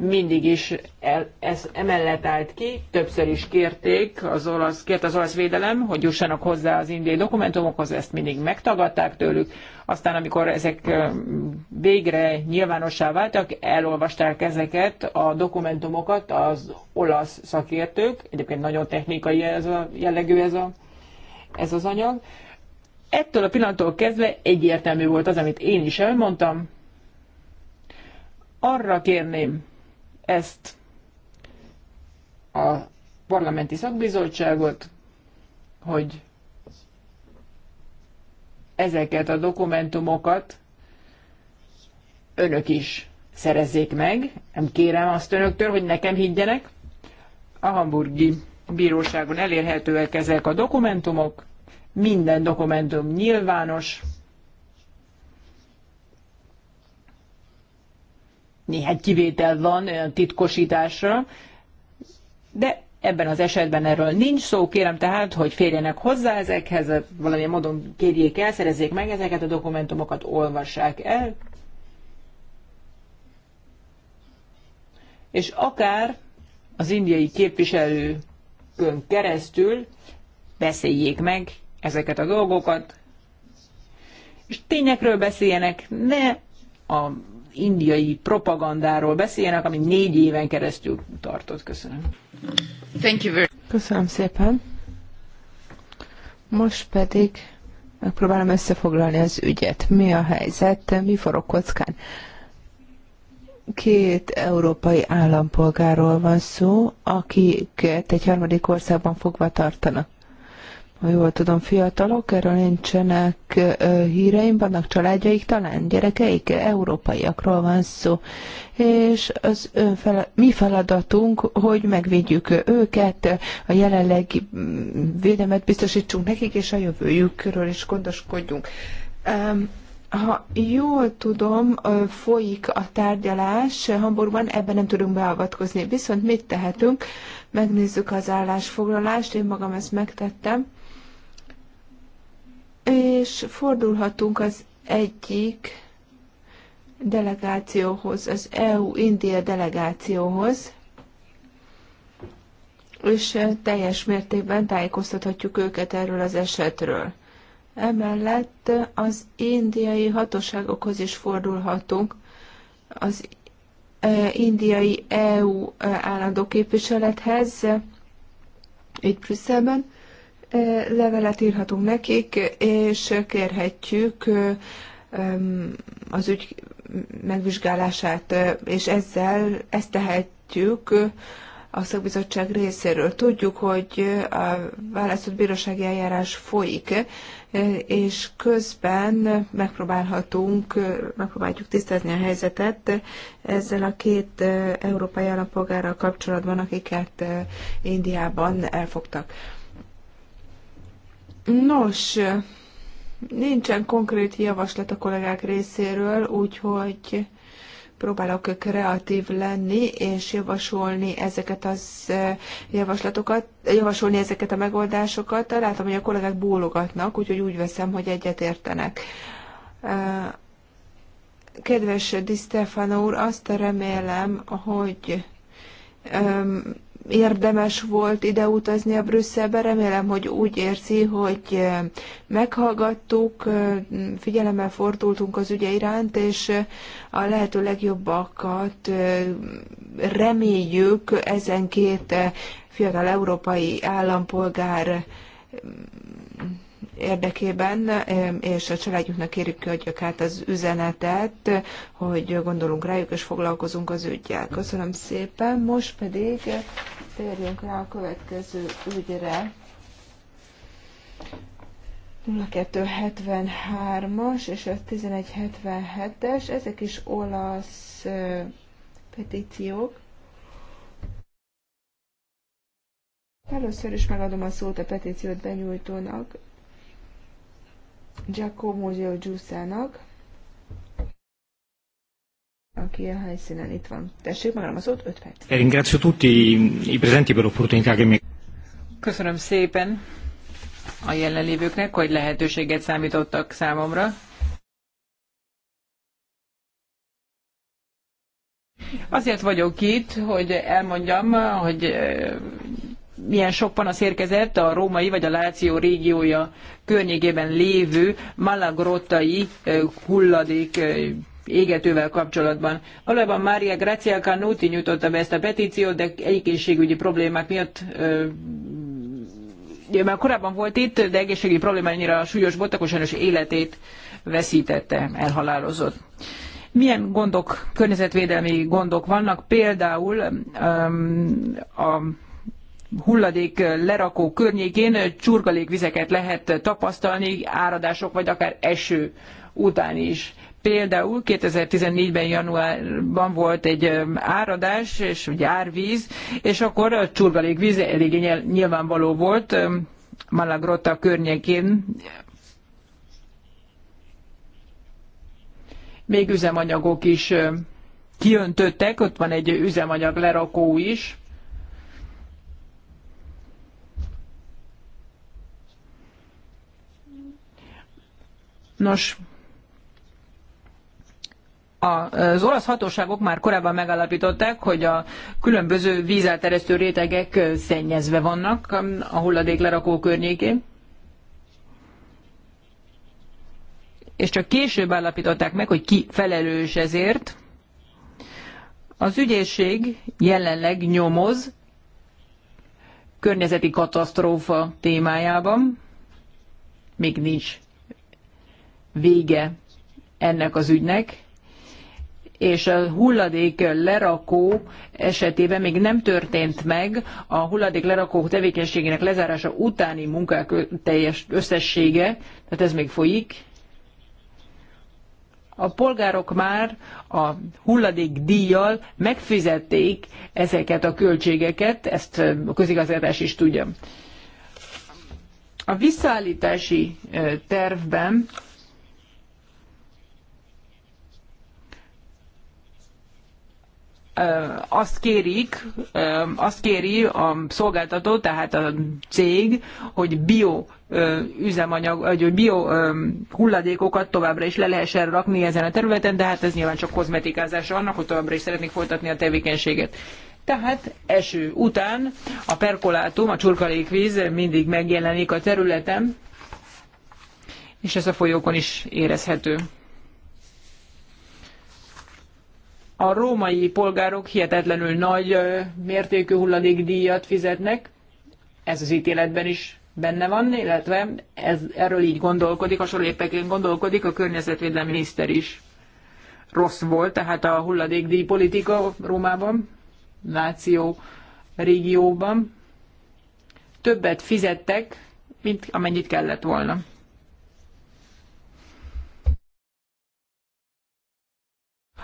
S2: mindig is el, ez emellett állt ki, többször is kérték az olasz, kért az olasz védelem, hogy jussanak hozzá az indiai dokumentumokhoz, ezt mindig megtagadták tőlük. Aztán, amikor ezek végre nyilvánossá váltak, elolvasták ezeket a dokumentumokat az olasz szakértők, egyébként nagyon technikai ez a, jellegű ez, a, ez az anyag. Ettől a pillanattól kezdve egyértelmű volt az, amit én is elmondtam, arra kérném ezt a parlamenti szakbizottságot, hogy ezeket a dokumentumokat önök is szerezzék meg. Nem kérem azt önöktől, hogy nekem higgyenek. A hamburgi bíróságon elérhetőek ezek a dokumentumok. Minden dokumentum nyilvános. néhány kivétel van olyan titkosításra, de ebben az esetben erről nincs szó, kérem tehát, hogy férjenek hozzá ezekhez, valamilyen módon kérjék el, szerezzék meg ezeket a dokumentumokat, olvassák el, és akár az indiai képviselőkön keresztül beszéljék meg ezeket a dolgokat, és tényekről beszéljenek, ne a indiai propagandáról beszéljenek, ami négy éven keresztül tartott. Köszönöm. Thank you very
S1: Köszönöm szépen. Most pedig megpróbálom összefoglalni az ügyet. Mi a helyzet, mi forog kockán? Két európai állampolgáról van szó, akiket egy harmadik országban fogva tartanak ha jól tudom, fiatalok, erről nincsenek híreim, vannak családjaik, talán gyerekeik, európaiakról van szó. És az önfele, mi feladatunk, hogy megvédjük őket, a jelenlegi mm, védelmet biztosítsunk nekik, és a jövőjükről is gondoskodjunk. Ha jól tudom, folyik a tárgyalás Hamburgban, ebben nem tudunk beavatkozni. Viszont mit tehetünk? Megnézzük az állásfoglalást, én magam ezt megtettem és fordulhatunk az egyik delegációhoz, az EU-India delegációhoz, és teljes mértékben tájékoztathatjuk őket erről az esetről. Emellett az indiai hatóságokhoz is fordulhatunk, az indiai EU állandó képviselethez, itt Brüsszelben, levelet írhatunk nekik, és kérhetjük az ügy megvizsgálását, és ezzel ezt tehetjük a szakbizottság részéről. Tudjuk, hogy a választott bírósági eljárás folyik, és közben megpróbálhatunk, megpróbáljuk tisztázni a helyzetet ezzel a két európai állampolgárral kapcsolatban, akiket Indiában elfogtak. Nos, nincsen konkrét javaslat a kollégák részéről, úgyhogy próbálok kreatív lenni, és javasolni ezeket az eh, javaslatokat, javasolni ezeket a megoldásokat. Látom, hogy a kollégák bólogatnak, úgyhogy úgy veszem, hogy egyet értenek. Eh, kedves Di Stefano úr, azt remélem, hogy érdemes volt ide utazni a Brüsszelbe. Remélem, hogy úgy érzi, hogy eh, meghallgattuk, eh, figyelemmel fordultunk az ügye iránt, és eh, a lehető legjobbakat reméljük ezen két fiatal európai állampolgár érdekében, és a családjuknak kérjük, hogy adjak át az üzenetet, hogy gondolunk rájuk és foglalkozunk az ügyjel. Köszönöm szépen. Most pedig térjünk rá a következő ügyre. 0273-as és a 1177-es, ezek is olasz petíciók. Először is megadom a szót a petíciót benyújtónak, Giacomo Giussának aki a helyszínen itt van. Tessék, megadom az ott, 5 perc.
S4: Eh, ringrazio tutti i presenti per l'opportunità che mi...
S1: Köszönöm szépen a jelenlévőknek,
S2: hogy lehetőséget számítottak számomra. Azért vagyok itt, hogy elmondjam, hogy eh, milyen sok panasz érkezett a római vagy a Láció régiója környékében lévő malagrottai eh, hulladék égetővel kapcsolatban. Valójában Mária Grazia Canuti nyújtotta be ezt a petíciót, de egészségügyi problémák miatt ö, ugye már korábban volt itt, de egészségügyi problémák annyira súlyos volt, akkor sajnos életét veszítette, elhalálozott. Milyen gondok, környezetvédelmi gondok vannak? Például um, a hulladék lerakó környékén csurgalékvizeket lehet tapasztalni áradások vagy akár eső után is. Például 2014-ben januárban volt egy áradás, és ugye árvíz, és akkor a csurgalék víz eléggé nyilvánvaló volt Malagrotta környékén. Még üzemanyagok is kiöntöttek, ott van egy üzemanyag lerakó is. Nos, az olasz hatóságok már korábban megalapították, hogy a különböző vízelteresztő rétegek szennyezve vannak a hulladéklerakó környékén. És csak később állapították meg, hogy ki felelős ezért. Az ügyészség jelenleg nyomoz környezeti katasztrófa témájában. Még nincs vége ennek az ügynek és a hulladék lerakó esetében még nem történt meg a hulladék lerakó tevékenységének lezárása utáni munkák teljes összessége, tehát ez még folyik. A polgárok már a hulladék díjjal megfizették ezeket a költségeket, ezt a közigazgatás is tudja. A visszaállítási eh, tervben azt kérik, azt kéri a szolgáltató, tehát a cég, hogy bio üzemanyag, vagy bio hulladékokat továbbra is le lehessen rakni ezen a területen, de hát ez nyilván csak kozmetikázása annak, hogy továbbra is szeretnék folytatni a tevékenységet. Tehát eső után a perkolátum, a csurkalékvíz mindig megjelenik a területen, és ez a folyókon is érezhető. a római polgárok hihetetlenül nagy mértékű hulladékdíjat fizetnek, ez az ítéletben is benne van, illetve ez, erről így gondolkodik, a lépekén gondolkodik a környezetvédelmi miniszter is. Rossz volt, tehát a hulladékdíj politika Rómában, náció régióban. Többet fizettek, mint amennyit kellett volna.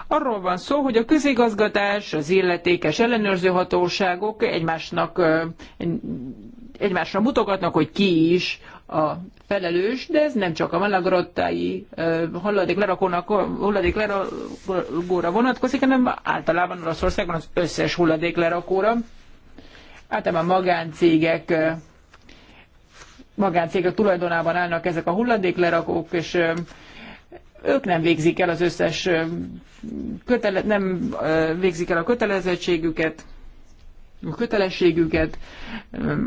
S2: Arról van szó, hogy a közigazgatás, az illetékes ellenőrző hatóságok egymásnak, egymásra mutogatnak, hogy ki is a felelős, de ez nem csak a malagrottai hulladék lerakóra vonatkozik, hanem általában Oroszországban az összes hulladék lerakóra. Általában magáncégek magáncégek tulajdonában állnak ezek a hulladéklerakók, és ők nem végzik el az összes kötele, nem végzik el a kötelezettségüket, a kötelességüket,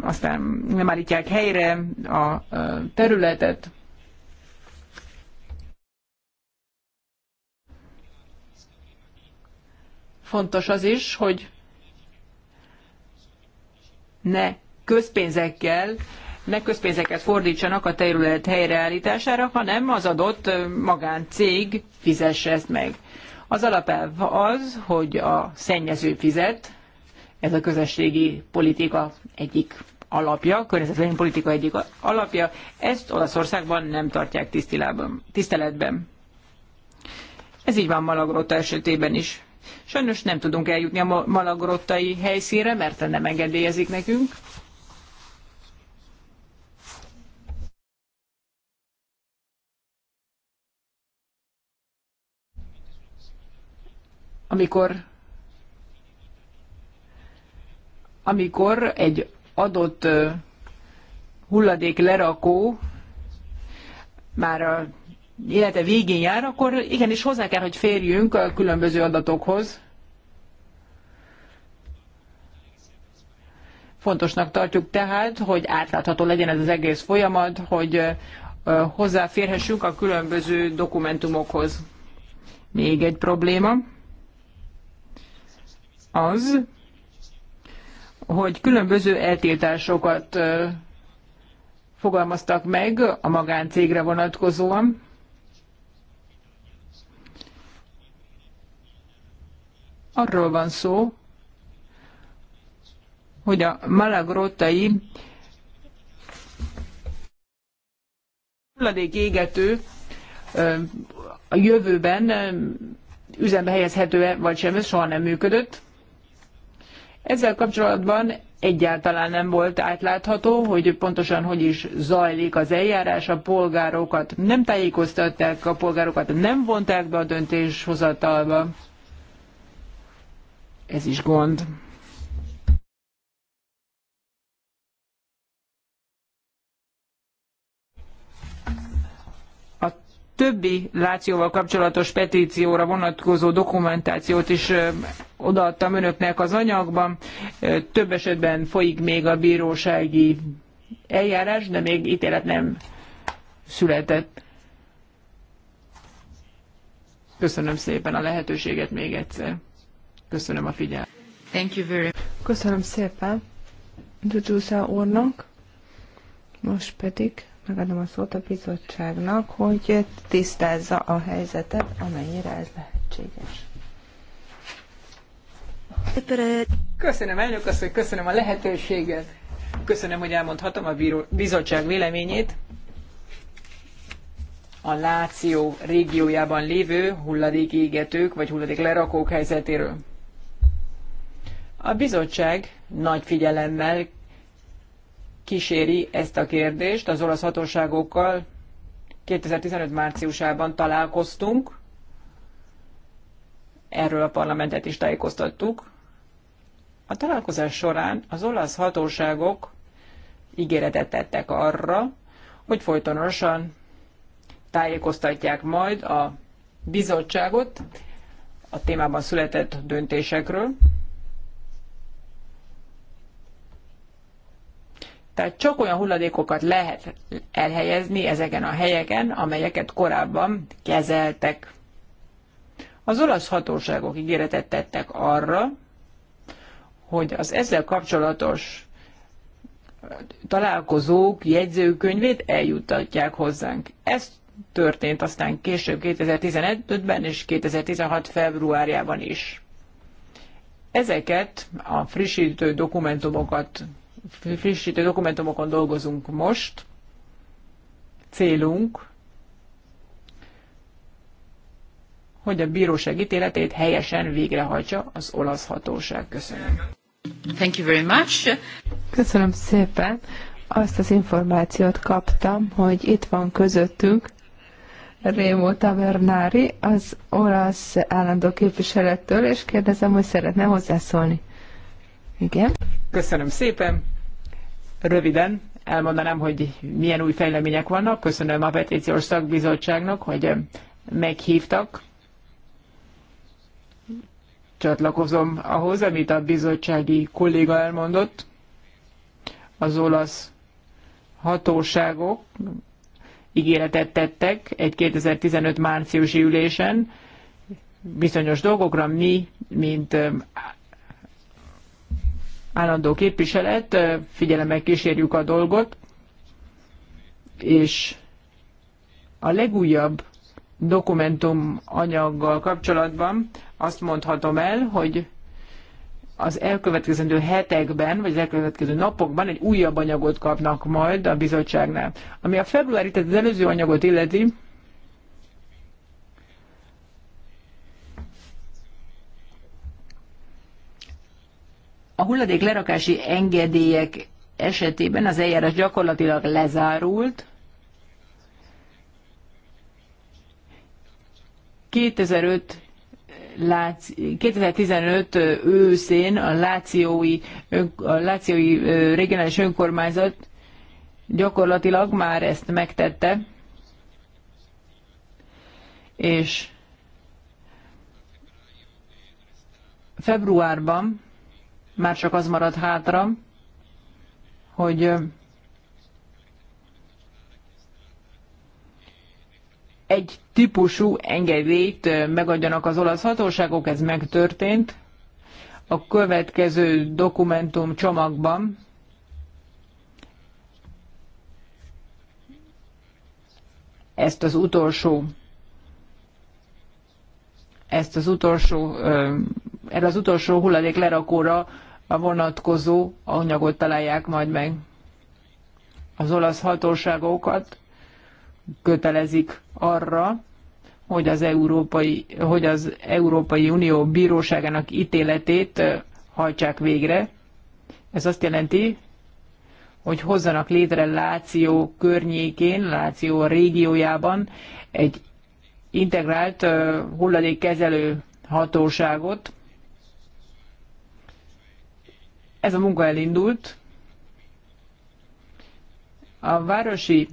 S2: aztán nem állítják helyre a területet. Fontos az is, hogy ne közpénzekkel ne közpénzeket fordítsanak a terület helyreállítására, hanem az adott magáncég fizesse ezt meg. Az alapelv az, hogy a szennyező fizet, ez a közösségi politika egyik alapja, környezetvédelmi politika egyik alapja, ezt Olaszországban nem tartják tiszteletben. Ez így van Malagrotta esetében is. Sajnos nem tudunk eljutni a malagrottai helyszínre, mert nem engedélyezik nekünk. amikor, amikor egy adott hulladék lerakó már a élete végén jár, akkor igenis hozzá kell, hogy férjünk a különböző adatokhoz. Fontosnak tartjuk tehát, hogy átlátható legyen ez az egész folyamat, hogy hozzáférhessünk a különböző dokumentumokhoz. Még egy probléma az, hogy különböző eltiltásokat fogalmaztak meg a magáncégre vonatkozóan. Arról van szó, hogy a malagrottai hulladék égető a jövőben üzembe helyezhető-e vagy sem, ez soha nem működött. Ezzel kapcsolatban egyáltalán nem volt átlátható, hogy pontosan hogy is zajlik az eljárás, a polgárokat nem tájékoztatták, a polgárokat nem vonták be a döntéshozatalba. Ez is gond. többi lációval kapcsolatos petícióra vonatkozó dokumentációt is odaadtam önöknek az anyagban. Több esetben folyik még a bírósági eljárás, de még ítélet nem született. Köszönöm szépen a lehetőséget még egyszer. Köszönöm a figyelmet.
S1: Thank you very Köszönöm szépen Dudusza úrnak. Most pedig megadom a szót a bizottságnak, hogy tisztázza a helyzetet, amennyire ez lehetséges.
S2: Köszönöm, elnök asszony, köszönöm a lehetőséget. Köszönöm, hogy elmondhatom a bíró, bizottság véleményét. A Láció régiójában lévő égetők vagy hulladék lerakók helyzetéről. A bizottság nagy figyelemmel kíséri ezt a kérdést az olasz hatóságokkal. 2015 márciusában találkoztunk, erről a parlamentet is tájékoztattuk. A találkozás során az olasz hatóságok ígéretet tettek arra, hogy folytonosan tájékoztatják majd a bizottságot a témában született döntésekről. Tehát csak olyan hulladékokat lehet elhelyezni ezeken a helyeken, amelyeket korábban kezeltek. Az olasz hatóságok ígéretet tettek arra, hogy az ezzel kapcsolatos találkozók jegyzőkönyvét eljuttatják hozzánk. Ez történt aztán később 2015-ben és 2016 februárjában is. Ezeket a frissítő dokumentumokat frissítő dokumentumokon dolgozunk most. Célunk, hogy a bíróság ítéletét helyesen végrehajtsa az olasz hatóság. Köszönöm. Thank you very much.
S1: Köszönöm szépen. Azt az információt kaptam, hogy itt van közöttünk Rémo Tavernári az olasz állandó képviselettől, és kérdezem, hogy szeretne hozzászólni. Igen. Köszönöm
S2: szépen. Röviden elmondanám, hogy milyen új fejlemények vannak. Köszönöm a petíciós szakbizottságnak, hogy meghívtak. Csatlakozom ahhoz, amit a bizottsági kolléga elmondott. Az olasz hatóságok ígéretet tettek egy 2015 márciusi ülésen bizonyos dolgokra. Mi, mint állandó képviselet, figyelemmel kísérjük a dolgot, és a legújabb dokumentum anyaggal kapcsolatban azt mondhatom el, hogy az elkövetkezendő hetekben, vagy az elkövetkező napokban egy újabb anyagot kapnak majd a bizottságnál. Ami a februári, tehát az előző anyagot illeti, a hulladék lerakási engedélyek esetében az eljárás gyakorlatilag lezárult. 2005 2015 őszén a Lációi, a Lációi regionális önkormányzat gyakorlatilag már ezt megtette, és februárban már csak az marad hátra, hogy egy típusú engedélyt megadjanak az olasz hatóságok, ez megtörtént. A következő dokumentum csomagban ezt az utolsó ezt az utolsó erre az utolsó hulladék lerakóra a vonatkozó anyagot találják majd meg. Az olasz hatóságokat kötelezik arra, hogy az Európai, hogy az Európai Unió bíróságának ítéletét hajtsák végre. Ez azt jelenti, hogy hozzanak létre Láció környékén, Láció régiójában egy integrált hulladékkezelő hatóságot, ez a munka elindult. A városi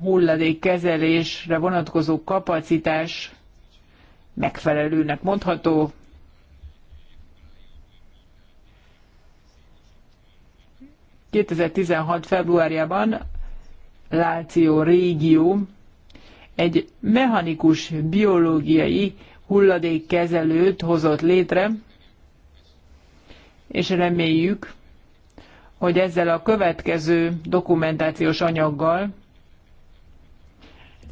S2: hulladékkezelésre vonatkozó kapacitás megfelelőnek mondható. ...2016. februárjában Láció régió egy mechanikus biológiai hulladékkezelőt hozott létre, és reméljük, hogy ezzel a következő dokumentációs anyaggal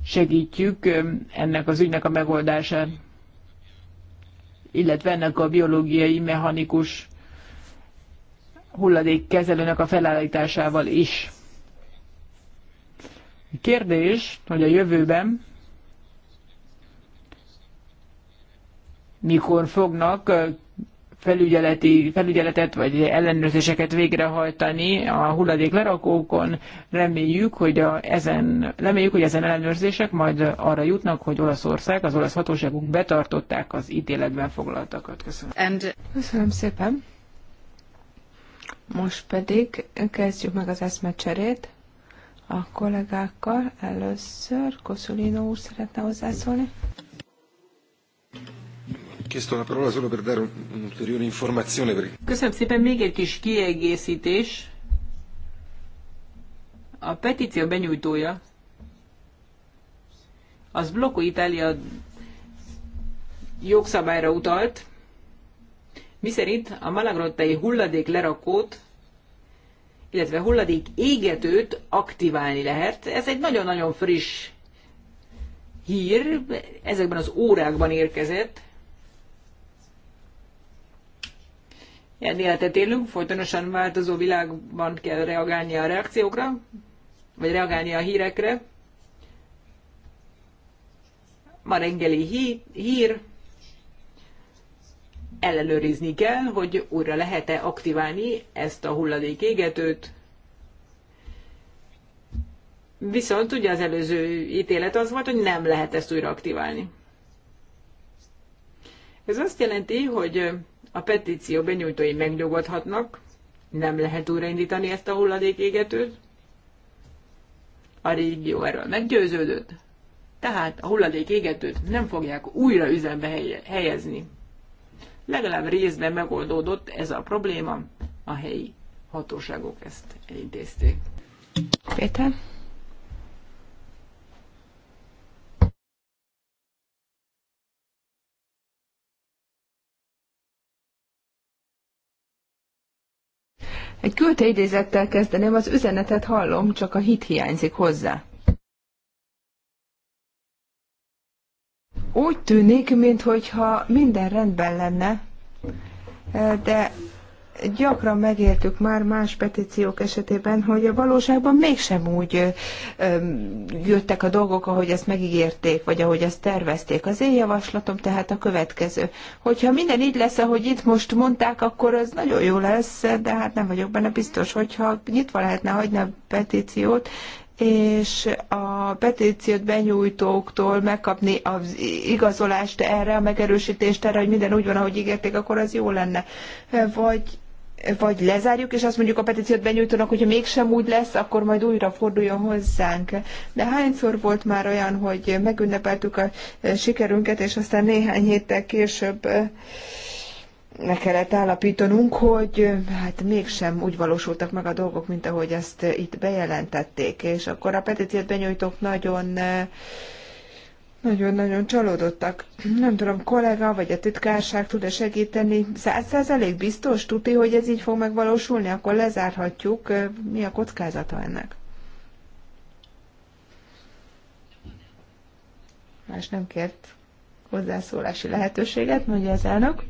S2: segítjük ennek az ügynek a megoldását, illetve ennek a biológiai mechanikus hulladékkezelőnek a felállításával is. Kérdés, hogy a jövőben mikor fognak felügyeleti, felügyeletet vagy ellenőrzéseket végrehajtani a hulladék lerakókon. Reméljük, hogy a, ezen, reméljük, hogy ezen ellenőrzések majd arra jutnak, hogy Olaszország, az olasz hatóságok betartották az ítéletben foglaltakat. Köszönöm.
S1: And... Köszönöm szépen. Most pedig kezdjük meg az eszmecserét a kollégákkal. Először Koszulino úr szeretne hozzászólni.
S2: Köszönöm szépen, még egy kis kiegészítés. A petíció benyújtója az Blocco Italia jogszabályra utalt, miszerint a malagrottai hulladék lerakót, illetve hulladék égetőt aktiválni lehet. Ez egy nagyon-nagyon friss hír, ezekben az órákban érkezett, életet élünk, folytonosan változó világban kell reagálni a reakciókra, vagy reagálni a hírekre. Ma reggeli hí hír, ellenőrizni kell, hogy újra lehet-e aktiválni ezt a hulladékégetőt. Viszont ugye az előző ítélet az volt, hogy nem lehet ezt újra aktiválni. Ez azt jelenti, hogy a petíció benyújtói megnyugodhatnak, nem lehet újraindítani ezt a hulladékégetőt. A régió erről meggyőződött, tehát a hulladékégetőt nem fogják újra üzembe helyezni. Legalább részben megoldódott ez a probléma, a helyi hatóságok ezt elintézték.
S1: Péter? Egy költő idézettel kezdeném, az üzenetet hallom, csak a hit hiányzik hozzá. Úgy tűnik, mintha minden rendben lenne, de gyakran megértük már más petíciók esetében, hogy a valóságban mégsem úgy jöttek a dolgok, ahogy ezt megígérték, vagy ahogy ezt tervezték. Az én javaslatom tehát a következő. Hogyha minden így lesz, ahogy itt most mondták, akkor az nagyon jó lesz, de hát nem vagyok benne biztos, hogyha nyitva lehetne hagyni a petíciót, és a petíciót benyújtóktól megkapni az igazolást erre, a megerősítést erre, hogy minden úgy van, ahogy ígérték, akkor az jó lenne. Vagy vagy lezárjuk, és azt mondjuk a petíciót benyújtanak, hogyha mégsem úgy lesz, akkor majd újra forduljon hozzánk. De hányszor volt már olyan, hogy megünnepeltük a sikerünket, és aztán néhány héttel később ne kellett állapítanunk, hogy hát mégsem úgy valósultak meg a dolgok, mint ahogy ezt itt bejelentették. És akkor a petíciót benyújtók nagyon nagyon-nagyon csalódottak. Nem tudom, kollega vagy a titkárság tud-e segíteni? Száz százalék biztos? Tuti, hogy ez így fog megvalósulni? Akkor lezárhatjuk. Mi a kockázata ennek? Más nem kért hozzászólási lehetőséget, mondja az elnök.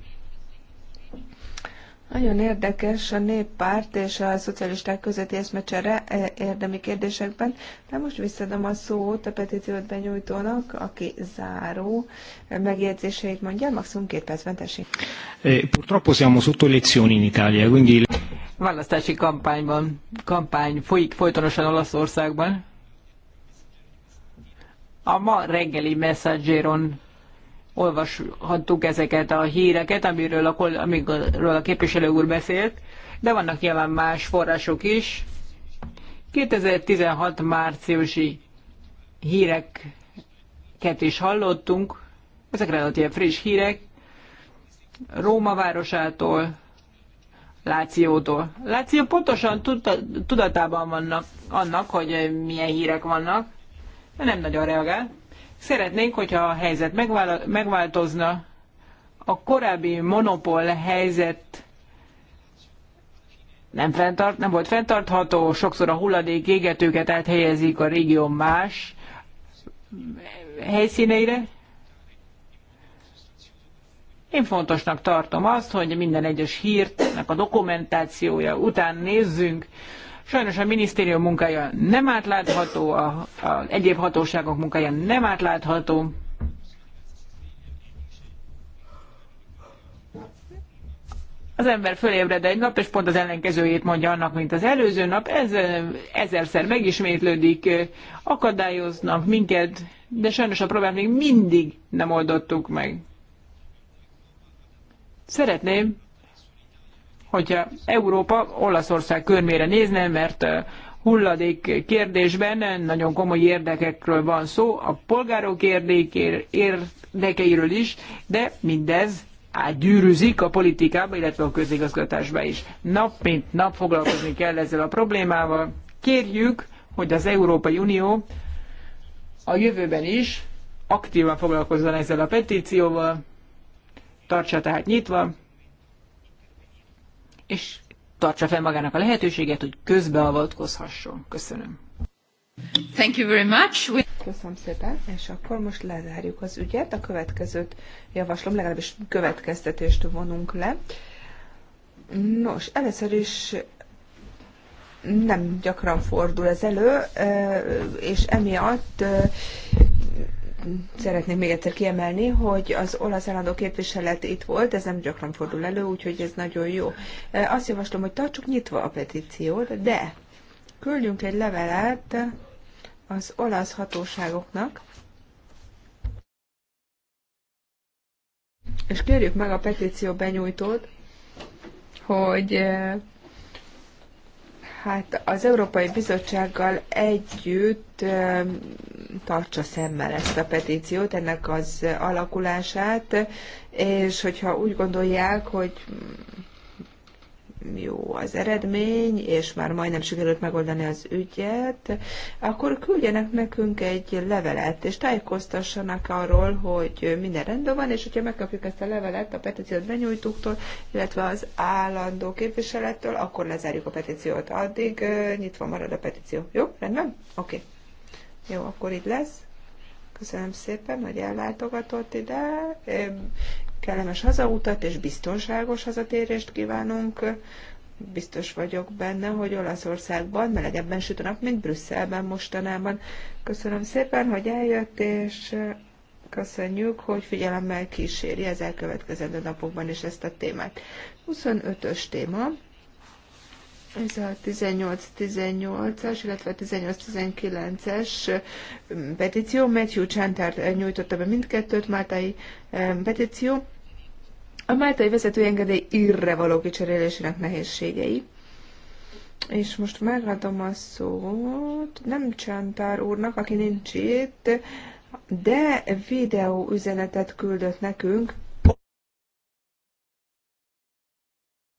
S1: Nagyon érdekes a néppárt és a szocialisták közötti eszmecsere e, érdemi kérdésekben, de most visszadom a szót a petíciót benyújtónak, aki záró megjegyzéseit mondja, maximum két percben tessék.
S4: Eh, purtroppo siamo sotto elezioni in Italia, quindi...
S2: Választási kampányban, kampány folyik folytonosan Olaszországban. A ma reggeli messaggeron olvashattuk ezeket a híreket, amiről a, amiről a képviselő úr beszélt, de vannak nyilván más források is. 2016 márciusi híreket is hallottunk, ezek relatív friss hírek, Róma városától, Lációtól. Láció pontosan tudta, tudatában vannak annak, hogy milyen hírek vannak, de nem nagyon reagál. Szeretnénk, hogyha a helyzet megvál, megváltozna, a korábbi monopól helyzet nem, fenntart, nem volt fenntartható, sokszor a hulladék égetőket áthelyezik a régió más helyszíneire. Én fontosnak tartom azt, hogy minden egyes hírtnek a dokumentációja után nézzünk, Sajnos a minisztérium munkája nem átlátható, a, a egyéb hatóságok munkája nem átlátható. Az ember fölébred egy nap, és pont az ellenkezőjét mondja annak, mint az előző nap. Ez ezerszer megismétlődik, akadályoznak minket, de sajnos a problémát még mindig nem oldottuk meg. Szeretném, hogyha Európa Olaszország körmére nézne, mert eh, hulladék kérdésben nagyon komoly érdekekről van szó, a polgárok érdekeiről is, de mindez átgyűrűzik a politikába, illetve a közigazgatásba is. Nap mint nap foglalkozni kell ezzel a problémával. Kérjük, hogy az Európai Unió a jövőben is aktívan foglalkozzon ezzel a petícióval, tartsa tehát nyitva, és tartsa fel magának a lehetőséget, hogy közbeavatkozhasson. Köszönöm.
S1: Thank you very much. We... Köszönöm szépen, és akkor most lezárjuk az ügyet. A következőt javaslom, legalábbis következtetést vonunk le. Nos, először is nem gyakran fordul ez elő, és emiatt szeretnék még egyszer kiemelni, hogy az olasz állandó képviselet itt volt, ez nem gyakran fordul elő, úgyhogy ez nagyon jó. E, azt javaslom, hogy tartsuk nyitva a petíciót, de küldjünk egy levelet az olasz hatóságoknak, és kérjük meg a petíció benyújtót, hogy e, hát az Európai Bizottsággal együtt tartsa szemmel ezt a petíciót, ennek az alakulását, és hogyha úgy gondolják, hogy jó az eredmény, és már majdnem sikerült megoldani az ügyet, akkor küldjenek nekünk egy levelet, és tájékoztassanak arról, hogy minden rendben van, és hogyha megkapjuk ezt a levelet a petíciót benyújtóktól, illetve az állandó képviselettől, akkor lezárjuk a petíciót. Addig nyitva marad a petíció. Jó? Rendben? Oké. Okay. Jó, akkor így lesz. Köszönöm szépen, hogy ellátogatott ide. Kellemes hazautat és biztonságos hazatérést kívánunk. Biztos vagyok benne, hogy Olaszországban melegebben süt a nap, mint Brüsszelben mostanában. Köszönöm szépen, hogy eljött, és eh, köszönjük, hogy figyelemmel kíséri az elkövetkezendő napokban is ezt a témát. 25-ös téma. Ez a 18-18-as, illetve 18-19-es um, petíció. Matthew Csántár nyújtotta be mindkettőt, Máltai um, petíció. A Máltai engedély írre való kicserélésének nehézségei. És most megadom a szót nem Csántár úrnak, aki nincs itt, de videó üzenetet küldött nekünk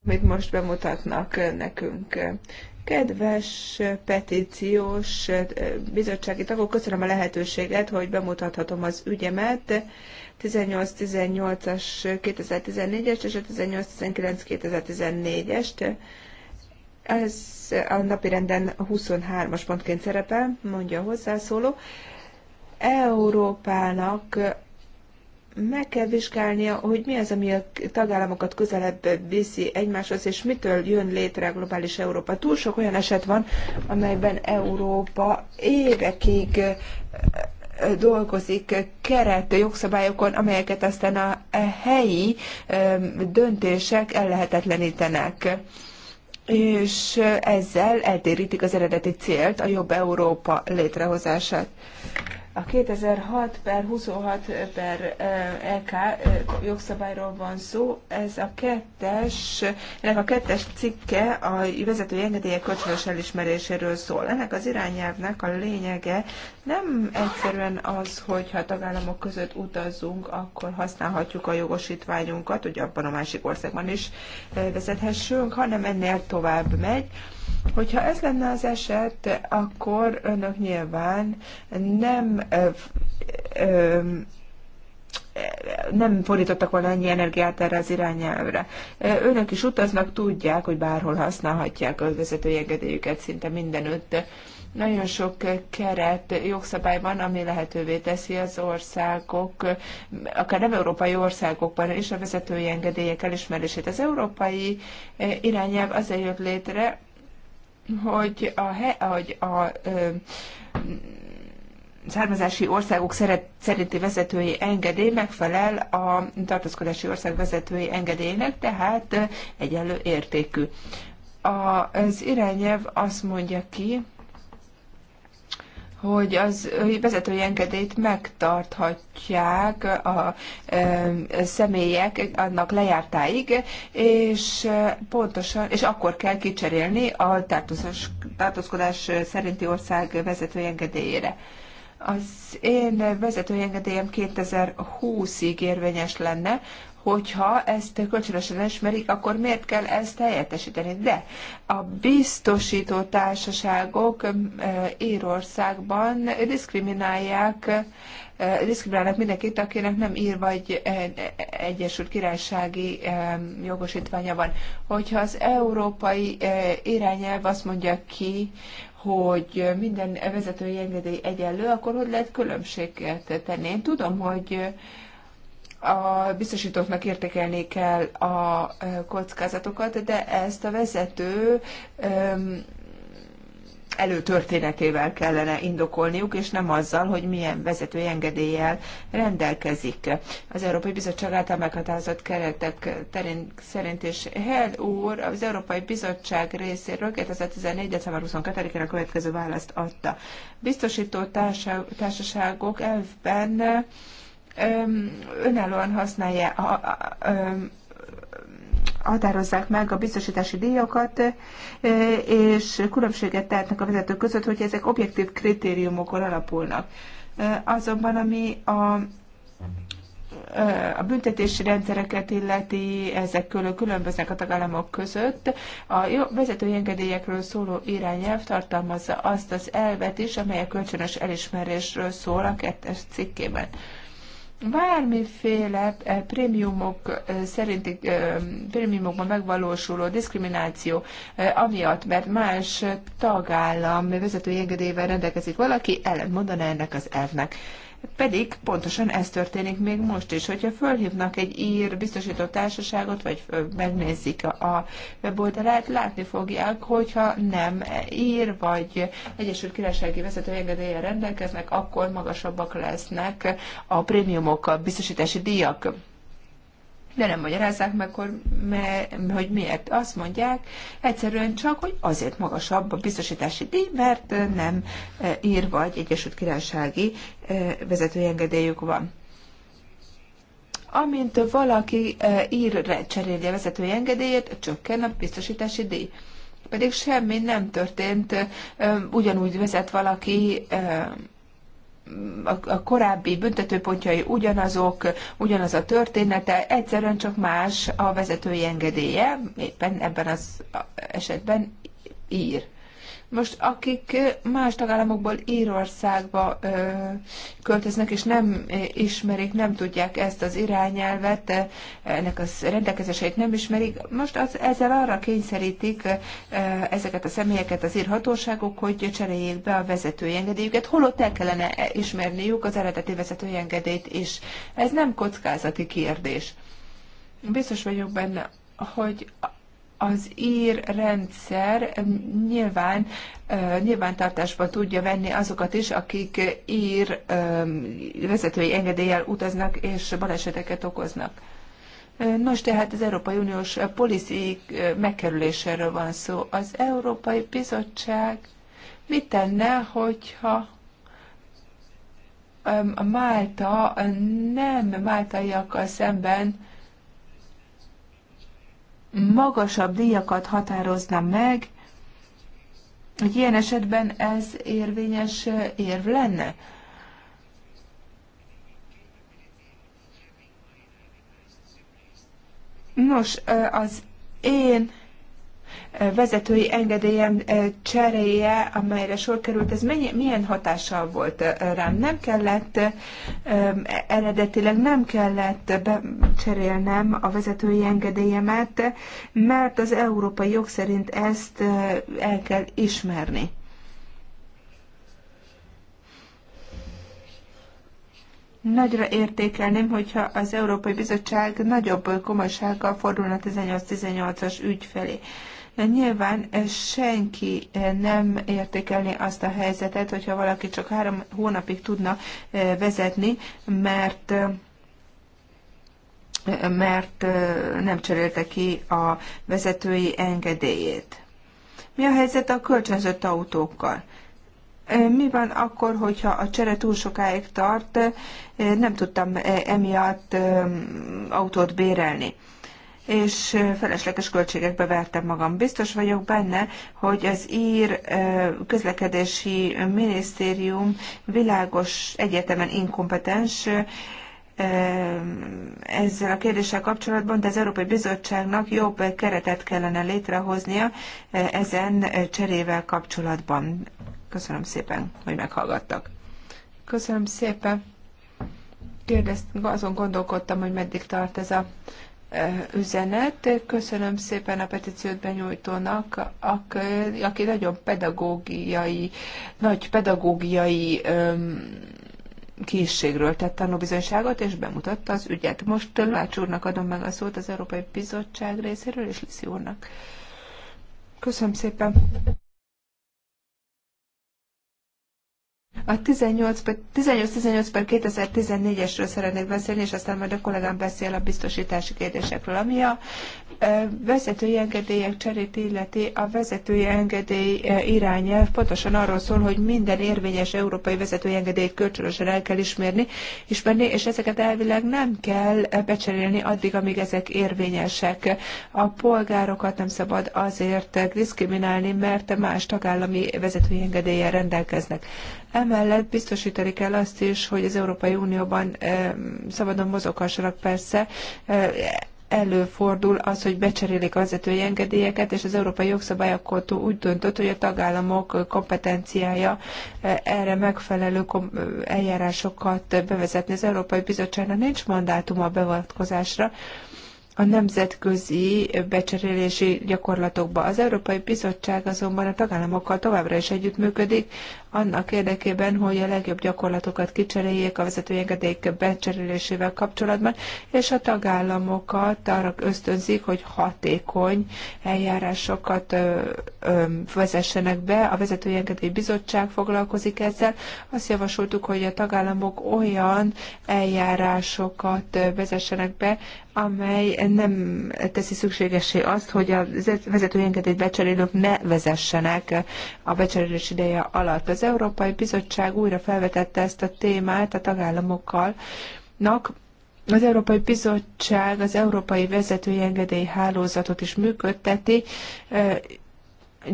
S1: amit most bemutatnak nekünk. Kedves petíciós bizottsági tagok, köszönöm a lehetőséget, hogy bemutathatom az ügyemet. 18-18-as 2014-est és a 18-19-2014-est. Ez a napi renden 23-as pontként szerepel, mondja a hozzászóló. Európának meg kell vizsgálnia, hogy mi az, ami a tagállamokat közelebb viszi egymáshoz, és mitől jön létre a globális Európa. Túl sok olyan eset van, amelyben Európa évekig dolgozik keret jogszabályokon, amelyeket aztán a helyi döntések ellehetetlenítenek és ezzel eltérítik az eredeti célt, a jobb Európa létrehozását. A 2006 per 26 per EK eh, eh, jogszabályról van szó. Ez a kettes, ennek a kettes cikke a vezetői engedélyek kölcsönös elismeréséről szól. Ennek az irányelvnek a lényege nem egyszerűen az, hogy a tagállamok között utazunk, akkor használhatjuk a jogosítványunkat, hogy abban a másik országban is eh, vezethessünk, hanem ennél tovább megy. Hogyha ez lenne az eset, akkor önök nyilván nem nem fordítottak volna ennyi energiát erre az irányelvre. Önök is utaznak, tudják, hogy bárhol használhatják a vezetői engedélyüket szinte mindenütt. Nagyon sok keret jogszabály van, ami lehetővé teszi az országok, akár nem európai országokban is a vezetői engedélyek elismerését. Az európai irányelv azért jött létre, hogy a, hogy a, a származási országok szerinti vezetői engedély megfelel a tartózkodási ország vezetői engedélynek, tehát egyenlő értékű. Az irányelv azt mondja ki, hogy az vezetői engedélyt megtarthatják a személyek annak lejártáig, és pontosan, és akkor kell kicserélni a tartózkodás szerinti ország vezetői engedélyére. Az én vezetői engedélyem 2020-ig érvényes lenne, hogyha ezt kölcsönösen ismerik, akkor miért kell ezt helyettesíteni? De a biztosító társaságok Írországban diszkriminálják diszkriminálnak mindenkit, akinek nem ír vagy Egyesült Királysági jogosítványa van. Hogyha az európai irányelv azt mondja ki, hogy minden vezetői engedély egyenlő, akkor hogy lehet különbséget tenni? Én tudom, hogy a biztosítóknak értékelni kell a kockázatokat, de ezt a vezető előtörténetével kellene indokolniuk, és nem azzal, hogy milyen vezetői engedéllyel rendelkezik. Az Európai Bizottság által meghatározott keretek terén, szerint is Hell úr az Európai Bizottság részéről 2014. december 22-én a következő választ adta. Biztosító társa, társaságok elvben önállóan használja a, a, határozzák meg a biztosítási díjakat, e, és különbséget tehetnek a vezetők között, hogy ezek objektív kritériumokon alapulnak. E, azonban, ami a e, a büntetési rendszereket illeti, ezek külön különböznek a tagállamok között. A jó vezetői engedélyekről szóló irányelv tartalmazza azt az elvet is, amely a kölcsönös elismerésről szól a kettes cikkében bármiféle eh, prémiumok eh, szerinti eh, prémiumokban megvalósuló diszkrimináció amiatt, mert más tagállam vezetői engedélyvel rendelkezik valaki, ellent mondaná ennek az elvnek pedig pontosan ez történik még most is. Hogyha fölhívnak egy ír biztosító társaságot, vagy megnézik a weboldalát, látni fogják, hogyha nem ír, vagy Egyesült Királysági vezető engedélye rendelkeznek, akkor magasabbak lesznek a a biztosítási díjak de nem magyarázzák meg, akkor, hogy miért. Azt mondják egyszerűen csak, hogy azért magasabb a biztosítási díj, mert nem ír vagy Egyesült Királysági vezetői engedélyük van. Amint valaki írre cseréli a vezetői engedélyét, csökken a biztosítási díj. Pedig semmi nem történt, ugyanúgy vezet valaki a korábbi büntetőpontjai ugyanazok, ugyanaz a története, egyszerűen csak más a vezetői engedélye, éppen ebben az esetben ír. Most akik más tagállamokból Írországba ö, költöznek, és nem ismerik, nem tudják ezt az irányelvet, ennek az rendelkezéseit nem ismerik, most az, ezzel arra kényszerítik ö, ezeket a személyeket az írhatóságok, hogy cseréljék be a vezetői engedélyüket, holott el kellene e, ismerniük az eredeti vezetői engedélyt is. Ez nem kockázati kérdés. Biztos vagyok benne, hogy az ír rendszer nyilván nyilvántartásba tudja venni azokat is, akik ír vezetői engedéllyel utaznak és baleseteket okoznak. Nos, tehát az Európai Uniós policy megkerüléséről van szó. Az Európai Bizottság mit tenne, hogyha Málta nem máltaiakkal szemben magasabb díjakat határozna meg, hogy ilyen esetben ez érvényes érv lenne. Nos, az én vezetői engedélyem cseréje, amelyre sor került, ez mennyi, milyen hatással volt rám? Nem kellett, eredetileg nem kellett cserélnem a vezetői engedélyemet, mert az európai jog szerint ezt el kell ismerni. Nagyra értékelném, hogyha az Európai Bizottság nagyobb komolysággal fordulna 18-18-as ügy felé. Nyilván eh, senki eh, nem értékelni azt a helyzetet, hogyha valaki csak három hónapig tudna eh, vezetni, mert mert nem cserélte ki a vezetői engedélyét. Mi a helyzet a kölcsönzött autókkal? Mi van akkor, hogyha a csere túl sokáig tart, nem tudtam emiatt autót bérelni? és felesleges költségekbe vertem magam. Biztos vagyok benne, hogy az ír közlekedési minisztérium világos, egyetemen inkompetens, ezzel a kérdéssel kapcsolatban, de az Európai Bizottságnak jobb keretet kellene létrehoznia ezen cserével kapcsolatban. Köszönöm szépen, hogy meghallgattak. Köszönöm szépen. Kérdezt, azon gondolkodtam, hogy meddig tart ez a üzenet. Köszönöm szépen a petíciót benyújtónak, aki nagyon pedagógiai, nagy pedagógiai készségről tett tanúbizonyságot, és bemutatta az ügyet. Most Lács úrnak adom meg a szót az Európai Bizottság részéről, és Liszi úrnak. Köszönöm szépen! A 18-18 per 2014-esről szeretnék beszélni, és aztán majd a kollégám beszél a biztosítási kérdésekről. Ami a vezetői engedélyek cserét illeti, a vezetői engedély irányelv pontosan arról szól, hogy minden érvényes európai vezetői engedélyt kölcsönösen el kell ismerni, ismerni, és ezeket elvileg nem kell becserélni addig, amíg ezek érvényesek. A polgárokat nem szabad azért diszkriminálni, mert más tagállami vezetői engedéllyel rendelkeznek. Emellett biztosítani kell azt is, hogy az Európai Unióban szabadon mozoghassanak persze, előfordul az, hogy becserélik az vezetői engedélyeket, és az Európai Jogszabályalkotó úgy döntött, hogy a tagállamok kompetenciája erre megfelelő eljárásokat bevezetni. Az Európai Bizottságnak nincs mandátuma a bevatkozásra a nemzetközi becserélési gyakorlatokba. Az Európai Bizottság azonban a tagállamokkal továbbra is együttműködik annak érdekében, hogy a legjobb gyakorlatokat kicseréljék a vezetői engedélyek becserélésével kapcsolatban, és a tagállamokat arra ösztönzik, hogy hatékony eljárásokat vezessenek be. A vezetői engedély bizottság foglalkozik ezzel. Azt javasoltuk, hogy a tagállamok olyan eljárásokat vezessenek be, amely nem teszi szükségesé azt, hogy a vezetői engedélyt becserélők ne vezessenek a becserélés ideje alatt. Az az Európai Bizottság újra felvetette ezt a témát a tagállamokkal, az Európai Bizottság az Európai Vezetői engedélyhálózatot is működteti,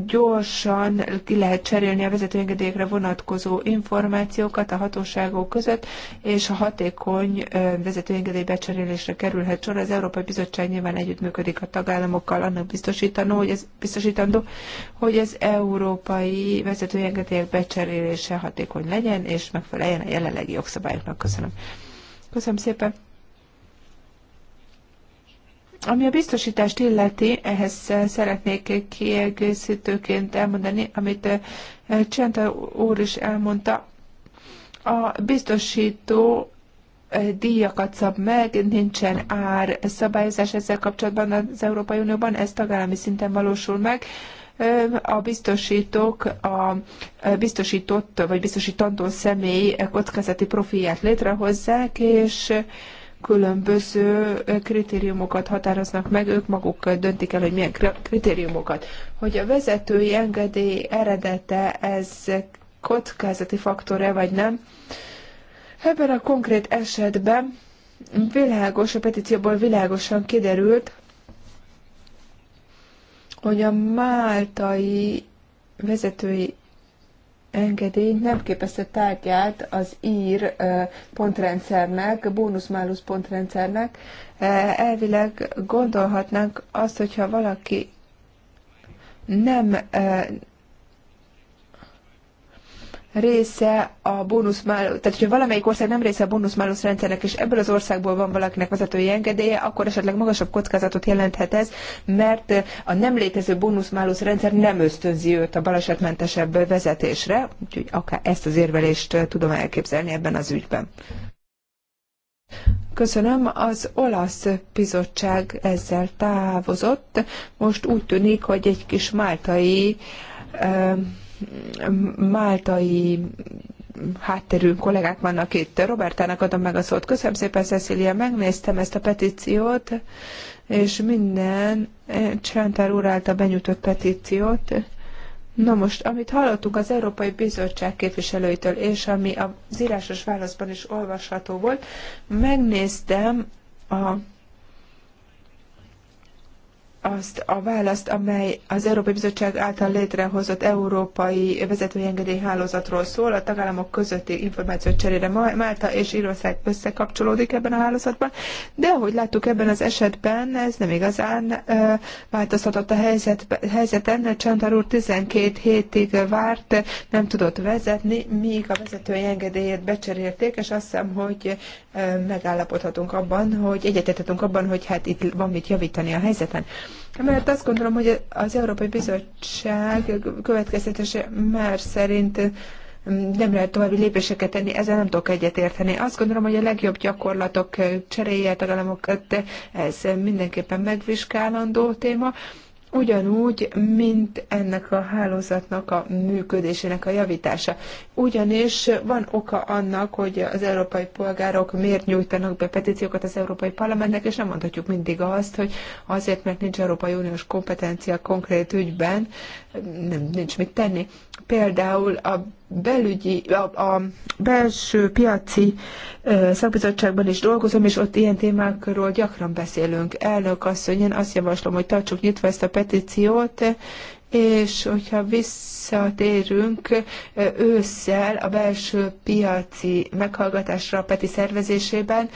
S1: gyorsan ki lehet cserélni a vezetőengedélyekre vonatkozó információkat a hatóságok között, és a hatékony vezetőengedély becserélésre kerülhet sor. Az Európai Bizottság nyilván együttműködik a tagállamokkal, annak biztosítanó, hogy ez, biztosítandó, hogy az európai vezetőengedélyek becserélése hatékony legyen, és megfeleljen a jelenlegi jogszabályoknak. Köszönöm. Köszönöm szépen. Ami a biztosítást illeti, ehhez szeretnék kiegészítőként elmondani, amit eh, Csenta úr is elmondta. A biztosító eh, díjakat szab meg, nincsen ár szabályozás ezzel kapcsolatban az Európai Unióban, ez tagállami szinten valósul meg. Eh, a biztosítók a biztosított vagy biztosítandó személy kockázati profilját létrehozzák, és különböző kritériumokat határoznak meg, ők maguk döntik el, hogy milyen kritériumokat. Hogy a vezetői engedély eredete ez kockázati faktor e vagy nem, ebben a konkrét esetben világos, a petícióból világosan kiderült, hogy a máltai vezetői engedély nem képezte tárgyát az ír pontrendszernek, bónusz-málusz pontrendszernek. Elvileg gondolhatnánk azt, hogyha valaki nem része a bónusz, tehát hogyha valamelyik ország nem része a bónusz málusz rendszernek, és ebből az országból van valakinek vezetői engedélye, akkor esetleg magasabb kockázatot jelenthet ez, mert a nem létező bónusz málusz rendszer nem ösztönzi őt a balesetmentesebb vezetésre, úgyhogy akár ezt az érvelést eh, tudom elképzelni ebben az ügyben. Köszönöm, az olasz bizottság ezzel távozott. Most úgy tűnik, hogy egy kis máltai uh máltai hátterű kollégák vannak itt. Robertának adom meg a szót. Köszönöm szépen, Cecilia, megnéztem ezt a petíciót, és minden eh, Csántár úr által benyújtott petíciót. Na most, amit hallottuk az Európai Bizottság képviselőitől, és ami az írásos válaszban is olvasható volt, megnéztem a azt a választ, amely az Európai Bizottság által létrehozott európai vezetői engedélyhálózatról szól, a tagállamok közötti információ cserére Málta és Írország összekapcsolódik ebben a hálózatban, de ahogy láttuk ebben az esetben, ez nem igazán változtatott a helyzet, helyzeten. Csantar úr 12 hétig várt, nem tudott vezetni, míg a vezetői engedélyét becserélték, és azt hiszem, hogy megállapodhatunk abban, hogy egyetetetünk abban, hogy hát itt van mit javítani a helyzeten. Mert azt gondolom, hogy az Európai Bizottság következetesen, már szerint mm, nem lehet további lépéseket tenni, ezzel nem tudok egyetérteni. Azt gondolom, hogy a legjobb gyakorlatok cseréje tagállamokat, ez mindenképpen megvizsgálandó téma ugyanúgy, mint ennek a hálózatnak a működésének a javítása. Ugyanis van oka annak, hogy az európai polgárok miért nyújtanak be petíciókat az Európai Parlamentnek, és nem mondhatjuk mindig azt, hogy azért, mert nincs Európai Uniós kompetencia konkrét ügyben, nem, nincs mit tenni például a belügyi, a, a belső piaci szakbizottságban is dolgozom, és ott ilyen témákról gyakran beszélünk. Elnök asszony, én azt javaslom, hogy tartsuk nyitva ezt a petíciót, és hogyha visszatérünk ősszel a belső piaci meghallgatásra a Peti szervezésében,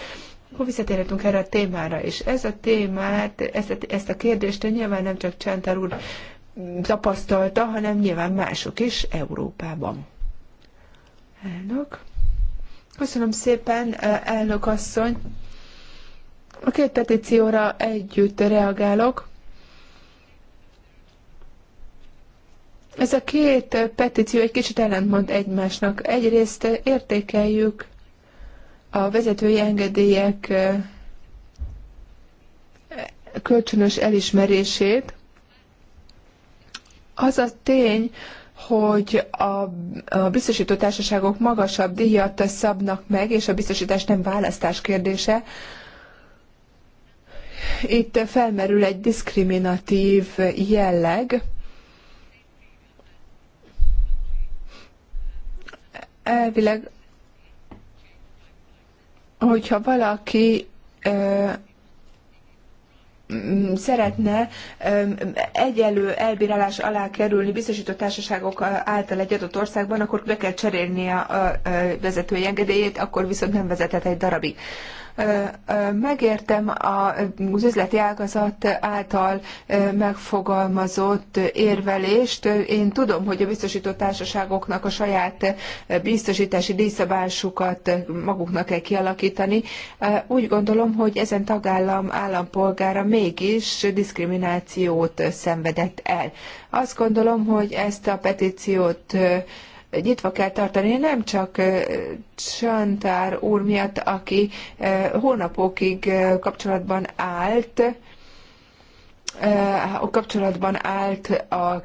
S1: akkor visszatérhetünk erre a témára is. Ez a témát, ezt a, ezt a kérdést nyilván nem csak Csántár úr tapasztalta, hanem nyilván mások is Európában. Elnök. Köszönöm szépen, elnök asszony. A két petícióra együtt reagálok. Ez a két petíció egy kicsit ellentmond egymásnak. Egyrészt értékeljük a vezetői engedélyek kölcsönös elismerését, az a tény, hogy a, a biztosító társaságok magasabb díjat szabnak meg, és a biztosítás nem választás kérdése. Itt felmerül egy diszkriminatív jelleg. Elvileg, hogyha valaki Mm, szeretne egyenlő elbírálás alá kerülni biztosított társaságok által egy adott országban, akkor be kell cserélnie a vezetői engedélyét, akkor viszont nem vezethet egy darabig. Megértem az üzleti ágazat által megfogalmazott érvelést. Én tudom, hogy a biztosított társaságoknak a saját biztosítási díjszabásukat maguknak kell kialakítani. Úgy gondolom, hogy ezen tagállam állampolgára mégis diszkriminációt szenvedett el. Azt gondolom, hogy ezt a petíciót nyitva kell tartani, nem csak Csantár úr miatt, aki hónapokig kapcsolatban állt, a kapcsolatban állt a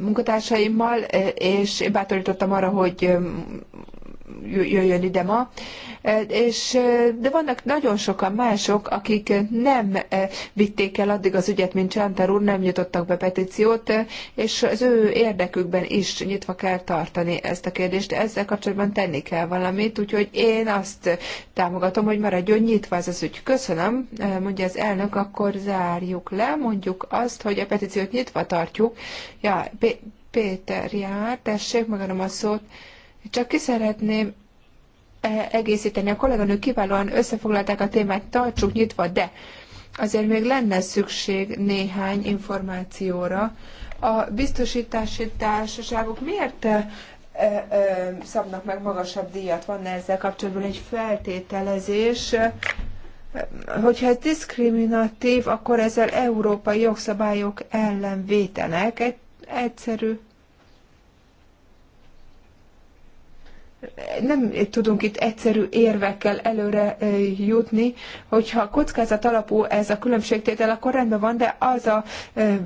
S1: munkatársaimmal, és bátorítottam arra, hogy jöjjön ide ma, e, és, e, de vannak nagyon sokan mások, akik nem e, vitték el addig az ügyet, mint Csántar úr, nem nyitottak be petíciót, és az ő érdekükben is nyitva kell tartani ezt a kérdést. Ezzel kapcsolatban tenni kell valamit, úgyhogy én azt támogatom, hogy maradjon nyitva ez az ügy. Köszönöm, mondja az elnök, akkor zárjuk le, mondjuk azt, hogy a petíciót nyitva tartjuk. Ja, P Péter jár, tessék, megadom a szót. Csak ki szeretném e, egészíteni. A kolléganők kiválóan összefoglalták a témát, tartsuk nyitva, de azért még lenne szükség néhány információra. A biztosítási társaságok miért e, e, szabnak meg magasabb díjat? Van-e ezzel kapcsolatban egy feltételezés? Hogyha ez diszkriminatív, akkor ezzel európai jogszabályok ellen vétenek. Egy egyszerű nem tudunk itt egyszerű érvekkel előre jutni, hogyha kockázat alapú ez a különbségtétel, akkor rendben van, de az a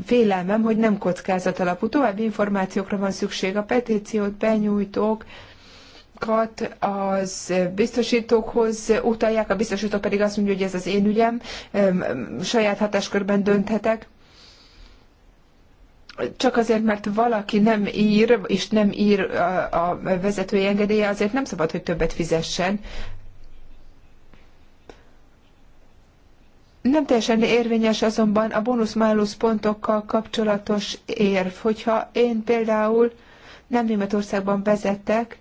S1: vélelmem, hogy nem kockázat alapú. További információkra van szükség. A petíciót benyújtók, az biztosítókhoz utalják, a biztosító pedig azt mondja, hogy ez az én ügyem, saját hatáskörben dönthetek csak azért, mert valaki nem ír, és nem ír a, a vezetői engedélye, azért nem szabad, hogy többet fizessen. Nem teljesen érvényes azonban a bónusz-málusz pontokkal kapcsolatos érv. Hogyha én például nem Németországban vezettek,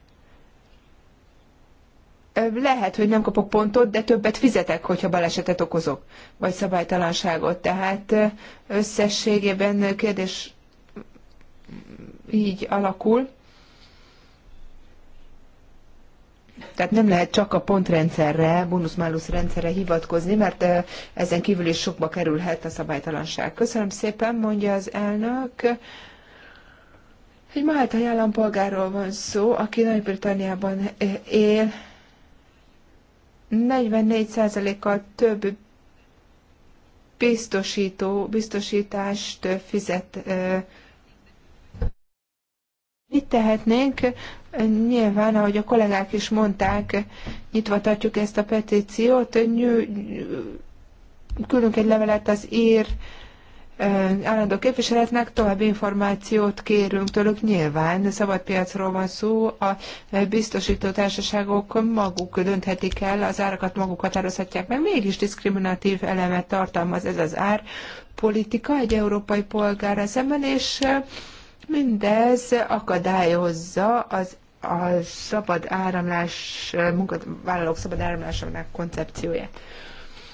S1: lehet, hogy nem kapok pontot, de többet fizetek, hogyha balesetet okozok, vagy szabálytalanságot. Tehát összességében kérdés így alakul. Tehát nem lehet csak a pontrendszerre, bónusz-málusz rendszerre hivatkozni, mert ezen kívül is sokba kerülhet a szabálytalanság. Köszönöm szépen, mondja az elnök. Egy máltai állampolgárról van szó, aki Nagy-Britanniában él. 44%-kal több biztosító, biztosítást fizet Mit tehetnénk? Nyilván, ahogy a kollégák is mondták, nyitva tartjuk ezt a petíciót, küldünk egy levelet az ír állandó képviseletnek, további információt kérünk tőlük. Nyilván szabadpiacról van szó, a biztosító társaságok maguk dönthetik el, az árakat maguk határozhatják meg, mégis diszkriminatív elemet tartalmaz ez az ár politika egy európai polgára szemben, és Mindez akadályozza az a szabad áramlás, munkavállalók szabad áramlásának koncepcióját.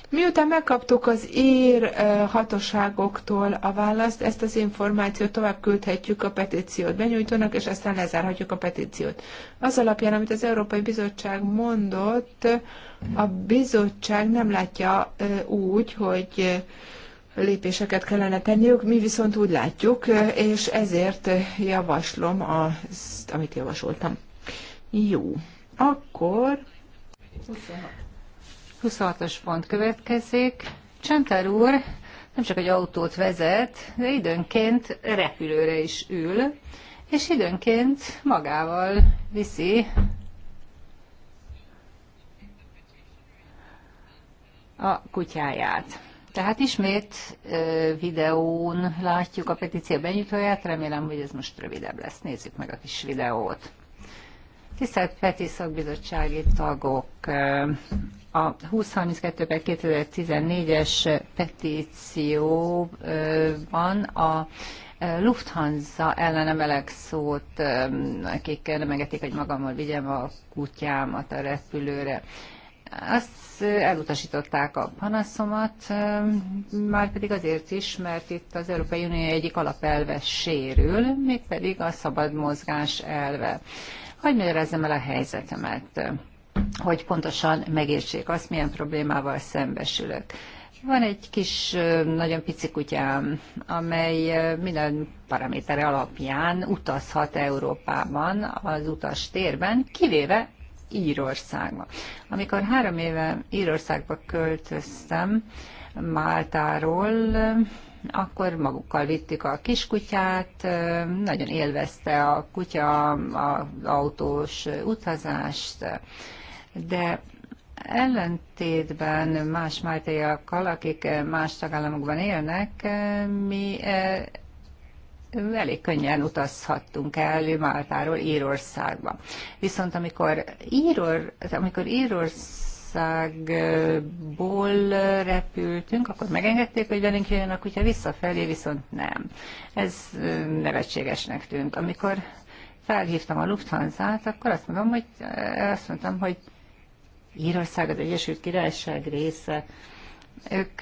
S1: Miután megkaptuk az ír hatóságoktól a választ, ezt az információt tovább küldhetjük a petíciót benyújtónak, és aztán lezárhatjuk a petíciót. Az alapján, amit az Európai Bizottság mondott, a bizottság nem látja úgy, hogy lépéseket kellene tenniük, mi viszont úgy látjuk, és ezért javaslom azt, amit javasoltam. Jó, akkor
S3: 26. 26-os pont következik. Csantár úr nem csak egy autót vezet, de időnként repülőre is ül, és időnként magával viszi a kutyáját. Tehát ismét videón látjuk a petíció benyújtóját, remélem, hogy ez most rövidebb lesz. Nézzük meg a kis videót. Tisztelt Peti Szakbizottsági tagok, a 2032 2014-es petícióban a Lufthansa ellen emelek szót, akik nem engedték, hogy magammal vigyem a kutyámat a repülőre. Azt elutasították a panaszomat, már pedig azért is, mert itt az Európai Unió egyik alapelve sérül, mégpedig a szabad mozgás elve. Hogy magyarázzam el a helyzetemet, hogy pontosan megértsék azt, milyen problémával szembesülök. Van egy kis, nagyon pici kutyám, amely minden paraméter alapján utazhat Európában az utas térben, kivéve Írországba. Amikor három éve Írországba költöztem Máltáról, akkor magukkal vittük a kiskutyát, nagyon élvezte a kutya az autós utazást, de ellentétben más máltaiakkal, akik más tagállamokban élnek, mi elég könnyen utazhattunk el Máltáról Írországba. Viszont amikor, Íror, amikor Írországból repültünk, akkor megengedték, hogy velünk jöjjenek, hogyha visszafelé viszont nem. Ez nevetségesnek tűnt. Amikor felhívtam a Lufthansa-t, akkor azt mondom, hogy azt mondtam, hogy Írország az Egyesült Királyság része. Ők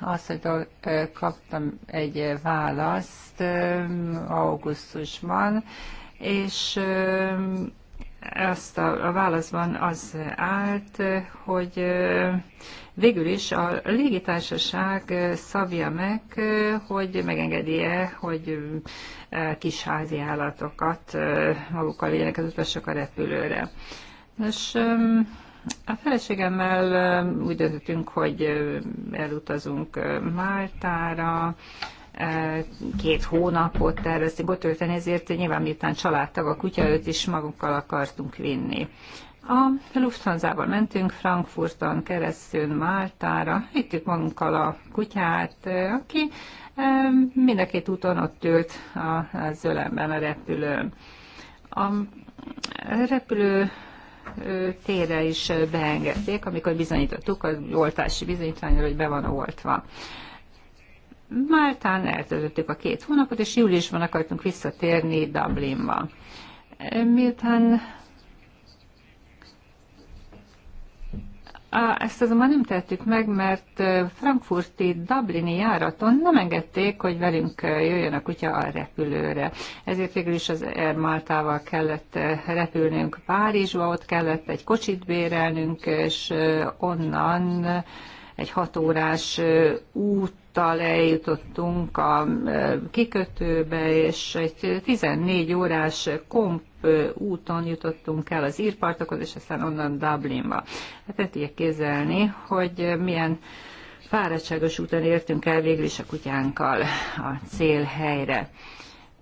S3: azt, eh, hogy eh, kaptam egy eh, választ augusztusban, és azt a, a válaszban az állt, hogy végül is a légitársaság szabja meg, hogy megengedi-e, hogy kisházi állatokat magukkal vigyenek az utasok a repülőre. Nos, a feleségemmel úgy döntöttünk, hogy elutazunk Máltára, két hónapot terveztünk ott tölteni, ezért nyilván miután családtag a kutya, őt is magunkkal akartunk vinni. A Lufthansa-val mentünk Frankfurton keresztül Máltára, vittük magunkkal a kutyát, aki mind a két úton ott ült az ölemben a repülőn. A repülő térre is beengedték, amikor bizonyítottuk az oltási bizonyítványra, hogy be van oltva. Máltán eltöltöttük a két hónapot, és júliusban akartunk visszatérni Dublinba. Miután Ezt azonban nem tettük meg, mert frankfurti Dublini járaton nem engedték, hogy velünk jöjjön a kutya a repülőre. Ezért végül is az Air Maltával kellett repülnünk Párizsba, ott kellett egy kocsit bérelnünk, és onnan egy hatórás úttal eljutottunk a kikötőbe, és egy 14 órás kom úton jutottunk el az írpartokhoz, és aztán onnan Dublinba. Hát nem tudják kézelni, hogy milyen fáradtságos úton értünk el végül is a kutyánkkal a célhelyre.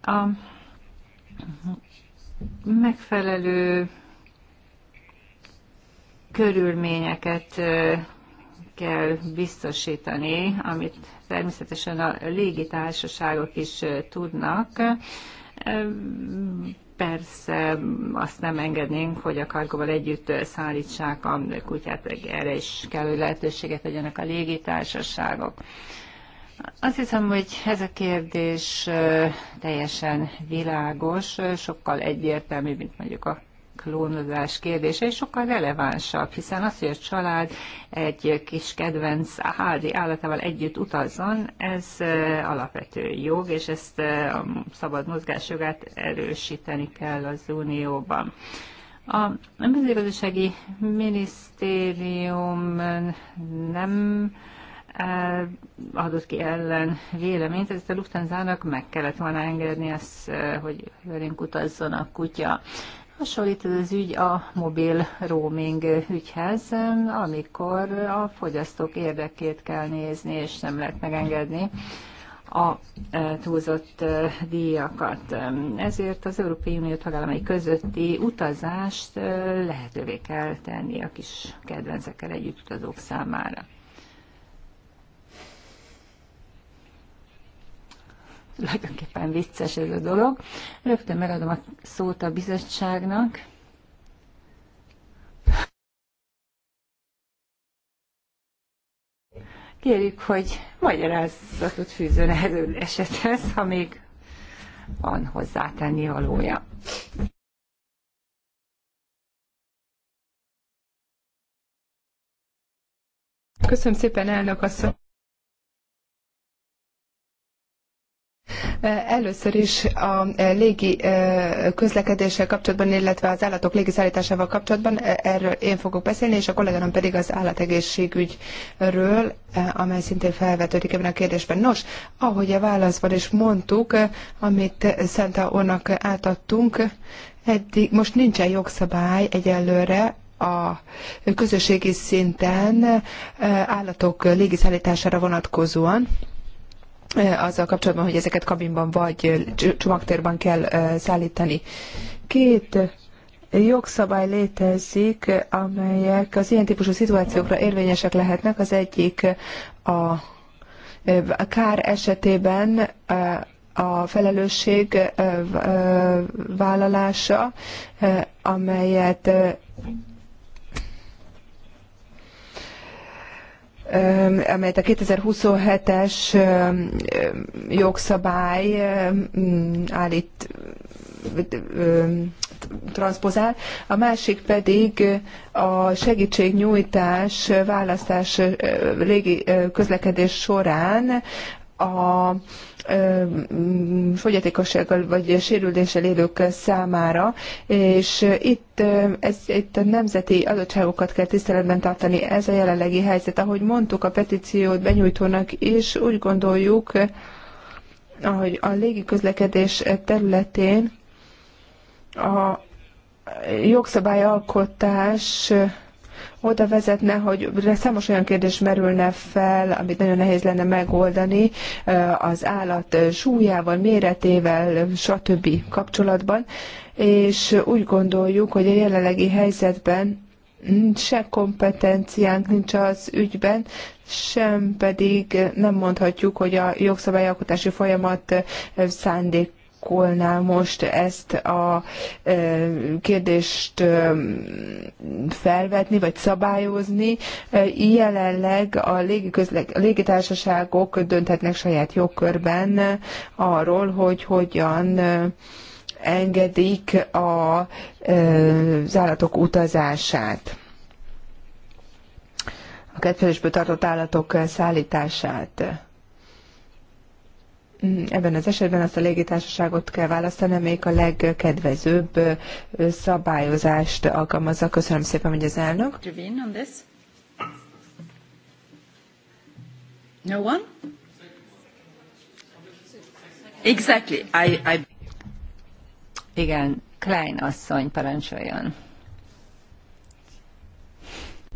S3: A megfelelő körülményeket kell biztosítani, amit természetesen a légitársaságok is tudnak persze azt nem engednénk, hogy a kargóval együtt szállítsák a kutyát, erre is kellő lehetőséget adjanak a légitársaságok. Azt hiszem, hogy ez a kérdés teljesen világos, sokkal egyértelmű, mint mondjuk a klónozás kérdése, és sokkal relevánsabb, hiszen az, hogy a család egy kis kedvenc házi állatával együtt utazzon, ez alapvető jog, és ezt a szabad mozgásjogát erősíteni kell az Unióban. A mezőgazdasági minisztérium nem adott ki ellen véleményt, ezt a Lufthansa-nak meg kellett volna engedni ezt, hogy velünk utazzon a kutya. Hasonlít ez az ügy a mobil roaming ügyhez, amikor a fogyasztók érdekét kell nézni, és nem lehet megengedni a e, túlzott e, díjakat. Ezért az Európai Unió tagállamai közötti utazást e, lehetővé kell tenni a kis kedvencekkel együtt utazók számára. tulajdonképpen vicces ez a dolog. Rögtön megadom a szót a bizottságnak. Kérjük, hogy magyarázatot fűzön ehhez esethez, ha még van hozzátenni valója.
S1: Köszönöm szépen, elnök asszony! Először is a légi közlekedéssel kapcsolatban, illetve az állatok légiszállításával kapcsolatban erről én fogok beszélni, és a kolléganom pedig az állategészségügyről, amely szintén felvetődik ebben a kérdésben. Nos, ahogy a válaszban is mondtuk, amit Santa Onnak átadtunk, eddig most nincsen jogszabály egyelőre a közösségi szinten állatok légiszállítására vonatkozóan. Eh, azzal kapcsolatban, hogy ezeket kabinban vagy eh, csomagtérben kell eh, szállítani. Két jogszabály létezik, amelyek az ilyen típusú szituációkra érvényesek lehetnek. Az egyik a kár esetében a felelősség vállalása, amelyet amelyet a 2027-es jogszabály állít, transzpozál, a másik pedig a segítségnyújtás választás légi közlekedés során a fogyatékossággal vagy sérüléssel élők számára, és itt, ez, itt a nemzeti adottságokat kell tiszteletben tartani, ez a jelenlegi helyzet. Ahogy mondtuk a petíciót benyújtónak is, úgy gondoljuk, ahogy a légiközlekedés területén a jogszabályalkotás alkotás oda vezetne, hogy számos olyan kérdés merülne fel, amit nagyon nehéz lenne megoldani az állat súlyával, méretével, stb. kapcsolatban, és úgy gondoljuk, hogy a jelenlegi helyzetben se kompetenciánk nincs az ügyben, sem pedig nem mondhatjuk, hogy a jogszabályalkotási folyamat szándék blokkolná most ezt a kérdést felvetni, vagy szabályozni. Jelenleg a, légiközle, a légitársaságok dönthetnek saját jogkörben arról, hogy hogyan engedik a, az állatok utazását a kedvelésből tartott állatok szállítását. Mm, ebben az esetben azt a légitársaságot kell választani, amelyik a legkedvezőbb szabályozást alkalmazza. Köszönöm szépen, hogy az elnök. No one? Exactly. I,
S3: I... Igen, Klein asszony parancsoljon.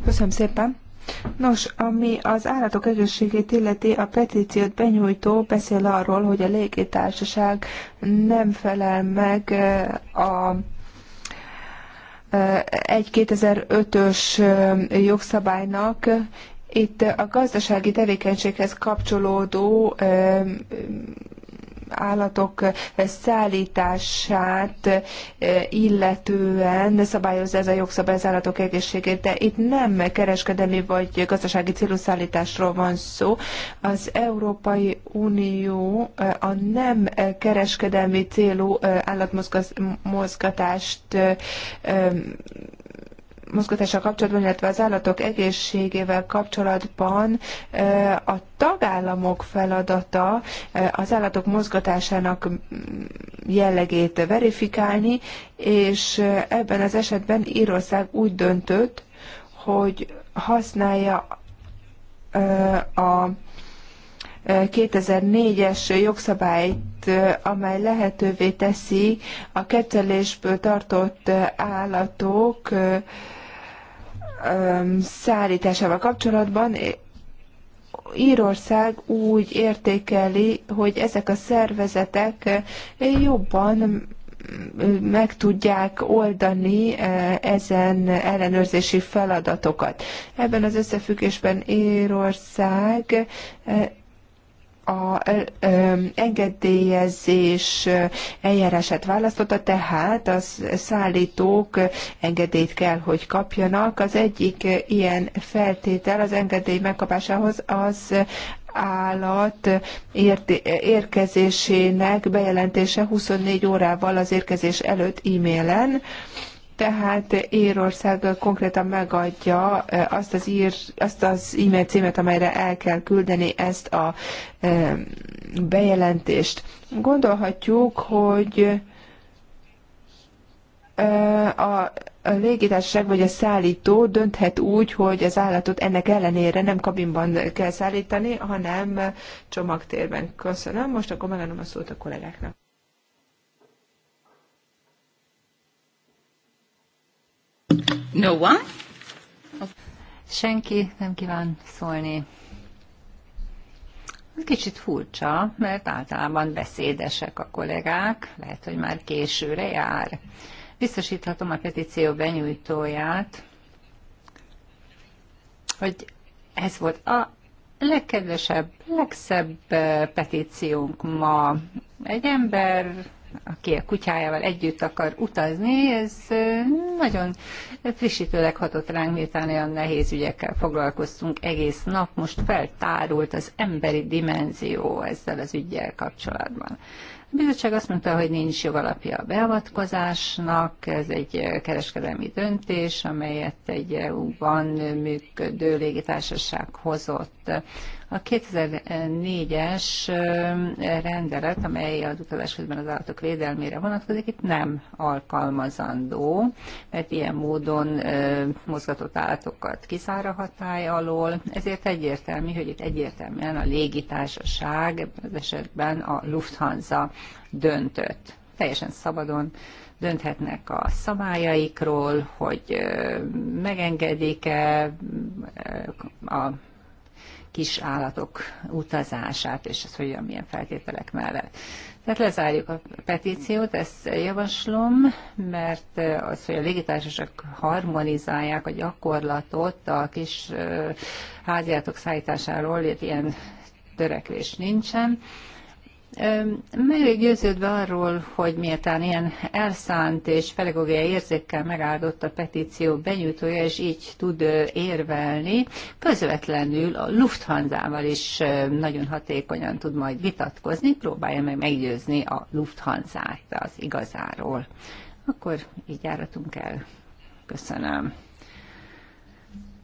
S1: Köszönöm szépen. Nos, ami az állatok egészségét illeti, a petíciót benyújtó beszél arról, hogy a légitársaság nem felel meg a egy 2005-ös jogszabálynak, itt a gazdasági tevékenységhez kapcsolódó állatok eh, szállítását eh, illetően szabályozza ez a jogszabály az állatok egészségét, de itt nem kereskedelmi vagy gazdasági célú szállításról van szó. Az Európai Unió eh, a nem kereskedelmi célú állatmozgatást mozgatással kapcsolatban, illetve az állatok egészségével kapcsolatban a tagállamok feladata az állatok mozgatásának jellegét verifikálni, és ebben az esetben Írország úgy döntött, hogy használja a 2004-es jogszabályt, amely lehetővé teszi a kettelésből tartott állatok szállításával kapcsolatban Írország úgy értékeli, hogy ezek a szervezetek eh, jobban mm, meg tudják oldani eh, ezen ellenőrzési feladatokat. Ebben az összefüggésben Írország eh, a engedélyezés eljárását választotta, tehát a szállítók engedélyt kell, hogy kapjanak. Az egyik ilyen feltétel az engedély megkapásához az állat érkezésének bejelentése 24 órával az érkezés előtt e-mailen tehát Írország konkrétan megadja eh, azt az, ír, azt az e-mail címet, amelyre el kell küldeni ezt a eh, bejelentést. Gondolhatjuk, hogy eh, a a légitársaság vagy a szállító dönthet úgy, hogy az állatot ennek ellenére nem kabinban kell szállítani, hanem csomagtérben. Köszönöm. Most akkor megadom a szót a kollégáknak. No one?
S3: Senki nem kíván szólni. Ez kicsit furcsa, mert általában beszédesek a kollégák, lehet, hogy már későre jár. Biztosíthatom a petíció benyújtóját, hogy ez volt a legkedvesebb, legszebb petíciónk ma. Egy ember aki a kutyájával együtt akar utazni, ez nagyon frissítőleg hatott ránk, miután olyan nehéz ügyekkel foglalkoztunk egész nap, most feltárult az emberi dimenzió ezzel az ügyel kapcsolatban. A bizottság azt mondta, hogy nincs jogalapja a beavatkozásnak, ez egy kereskedelmi döntés, amelyet egy EU-ban működő légitársaság hozott. A 2004-es rendelet, amely az utazás közben az állatok védelmére vonatkozik, itt nem alkalmazandó, mert ilyen módon mozgatott állatokat kizár a hatály alól, ezért egyértelmű, hogy itt egyértelműen a légitársaság, ebben az esetben a Lufthansa döntött. Teljesen szabadon dönthetnek a szabályaikról, hogy megengedik-e a kis állatok utazását, és az hogyan, milyen feltételek mellett. Tehát lezárjuk a petíciót, ezt javaslom, mert az, hogy a légitársaság harmonizálják a gyakorlatot a kis háziátok szállításáról, itt ilyen törekvés nincsen. Meggyőződve arról, hogy miután ilyen elszánt és pedagógiai érzékkel megáldott a petíció benyújtója, és így tud érvelni, közvetlenül a Lufthansa-val is nagyon hatékonyan tud majd vitatkozni, próbálja meg meggyőzni a Lufthansa-t az igazáról. Akkor így járatunk el. Köszönöm.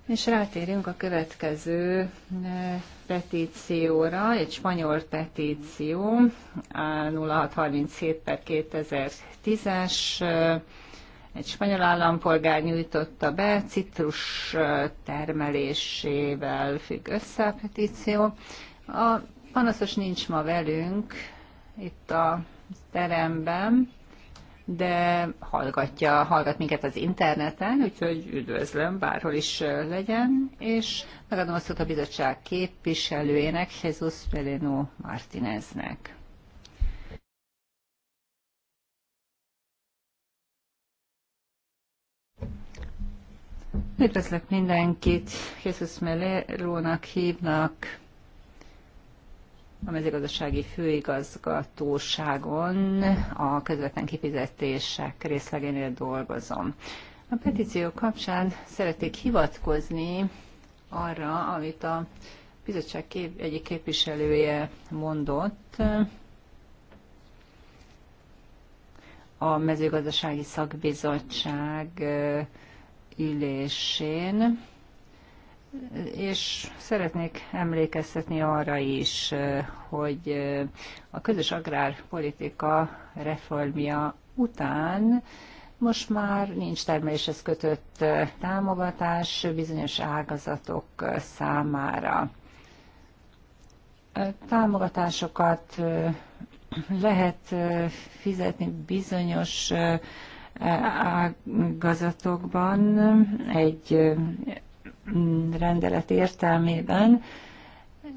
S3: És rátérünk a következő eh, petícióra, egy spanyol petíció, 0637 per 2010-es, eh, egy spanyol állampolgár nyújtotta be, citrus eh, termelésével függ össze a petíció. A panaszos nincs ma velünk itt a teremben, de hallgatja, hallgat minket az interneten, úgyhogy üdvözlöm, bárhol is legyen, és megadom azt a bizottság képviselőjének, Jesus Peleno Martineznek. Üdvözlök mindenkit, Jesus melero hívnak, a mezőgazdasági főigazgatóságon a közvetlen kifizetések részlegénél dolgozom. A petíció kapcsán szeretnék hivatkozni arra, amit a bizottság kép- egyik képviselője mondott a mezőgazdasági szakbizottság ülésén és szeretnék emlékeztetni arra is, hogy a közös agrárpolitika reformja után most már nincs terméshez kötött támogatás bizonyos ágazatok számára. Támogatásokat lehet fizetni bizonyos ágazatokban egy Mm, rendelet értelmében,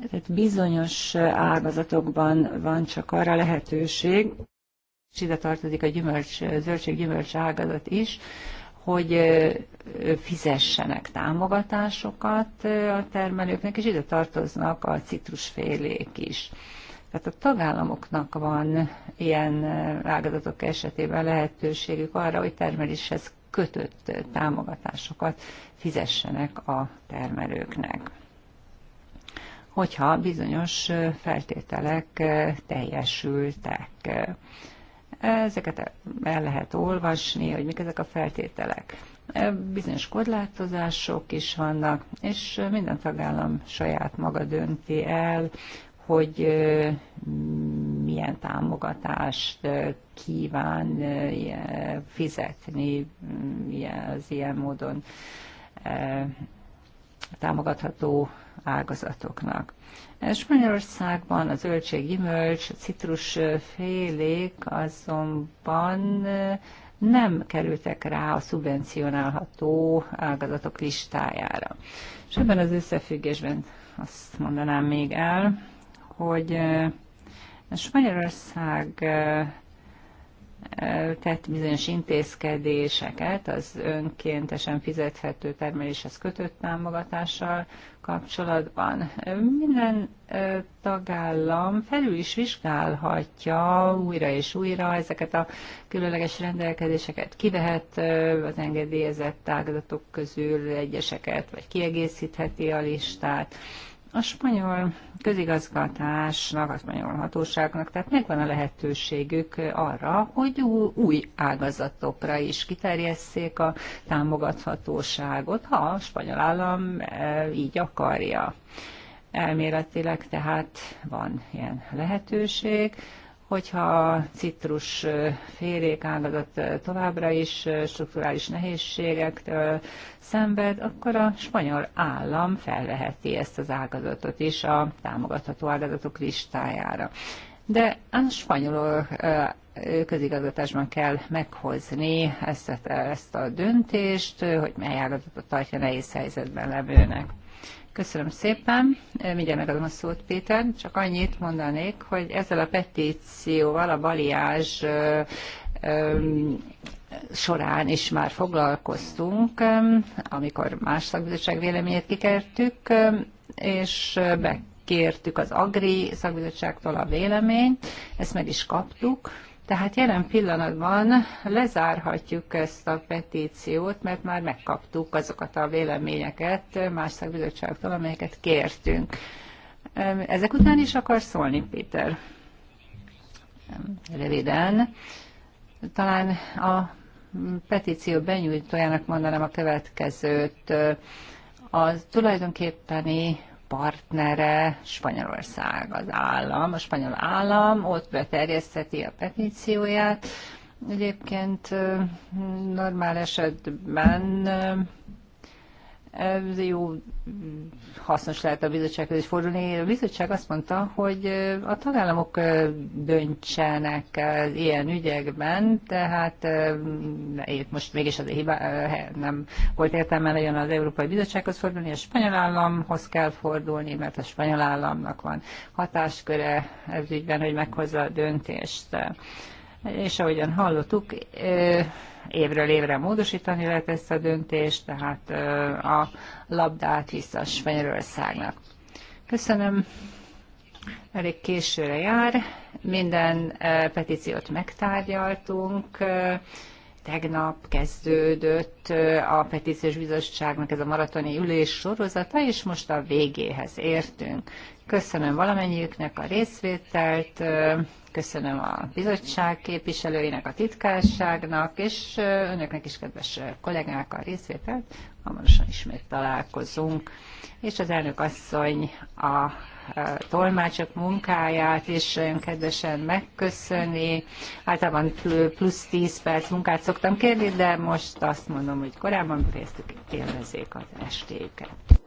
S3: tehát bizonyos ágazatokban van csak arra lehetőség, és ide tartozik a gyümölcs, zöldség-gyümölcs ágazat is, hogy fizessenek támogatásokat a termelőknek, és ide tartoznak a citrusfélék is. Tehát a tagállamoknak van ilyen ágazatok esetében lehetőségük arra, hogy termeléshez kötött támogatásokat fizessenek a termelőknek hogyha bizonyos feltételek teljesültek. Ezeket el lehet olvasni, hogy mik ezek a feltételek. Bizonyos korlátozások is vannak, és minden tagállam saját maga dönti el, hogy milyen támogatást kíván fizetni mm, az ilyen módon támogatható ágazatoknak. Spanyolországban a zöldség, gyümölcs, félék azonban nem kerültek rá a szubvencionálható ágazatok listájára. És ebben az összefüggésben azt mondanám még el, hogy Spanyolország tett bizonyos intézkedéseket az önkéntesen fizethető termeléshez kötött támogatással kapcsolatban. Minden tagállam felül is vizsgálhatja újra és újra ezeket a különleges rendelkezéseket. Kivehet az engedélyezett ágazatok közül egyeseket, vagy kiegészítheti a listát. A spanyol közigazgatásnak, a spanyol hatóságnak, tehát megvan a lehetőségük arra, hogy új ágazatokra is kiterjesszék a támogathatóságot, ha a spanyol állam e, így akarja. Elméletileg tehát van ilyen lehetőség hogyha a citrus félék ágazat továbbra is strukturális nehézségektől szenved, akkor a spanyol állam felveheti ezt az ágazatot is a támogatható ágazatok listájára. De a spanyol közigazgatásban kell meghozni ezt, ezt a döntést, hogy mely ágazatot tartja nehéz helyzetben levőnek. Köszönöm szépen. Mindjárt megadom a szót, Péter. Csak annyit mondanék, hogy ezzel a petícióval a baliás során is már foglalkoztunk, amikor más szakbizottság véleményét kikertük, és bekértük az Agri szakbizottságtól a véleményt, ezt meg is kaptuk, tehát jelen pillanatban lezárhatjuk ezt a petíciót, mert már megkaptuk azokat a véleményeket más szakbizottságtól, amelyeket kértünk. Ezek után is akar szólni, Péter? Röviden. Talán a petíció benyújtójának mondanám a következőt. A tulajdonképpeni partnere Spanyolország, az állam. A spanyol állam ott beterjeszteti a petícióját. Egyébként normál esetben jó hasznos lehet a bizottsághoz is fordulni. A bizottság azt mondta, hogy a tagállamok döntsenek ilyen ügyekben, tehát itt most mégis az hibá, nem volt értelme legyen az Európai Bizottsághoz fordulni, a spanyol államhoz kell fordulni, mert a spanyol államnak van hatásköre ez ügyben, hogy meghozza a döntést. És ahogyan hallottuk, évről évre módosítani lehet ezt a döntést, tehát a labdát vissza Spanyolországnak. Köszönöm, elég későre jár. Minden petíciót megtárgyaltunk. Tegnap kezdődött a petíciós bizottságnak ez a maratoni ülés sorozata, és most a végéhez értünk. Köszönöm valamennyiüknek a részvételt, köszönöm a bizottság képviselőinek, a titkárságnak, és önöknek is, kedves kollégák, a részvételt. Hamarosan ismét találkozunk. És az elnök asszony a tolmácsok munkáját is olyan kedvesen megköszöni. Általában plusz 10 perc munkát szoktam kérni, de most azt mondom, hogy korábban fejeztük, élvezék az estéket.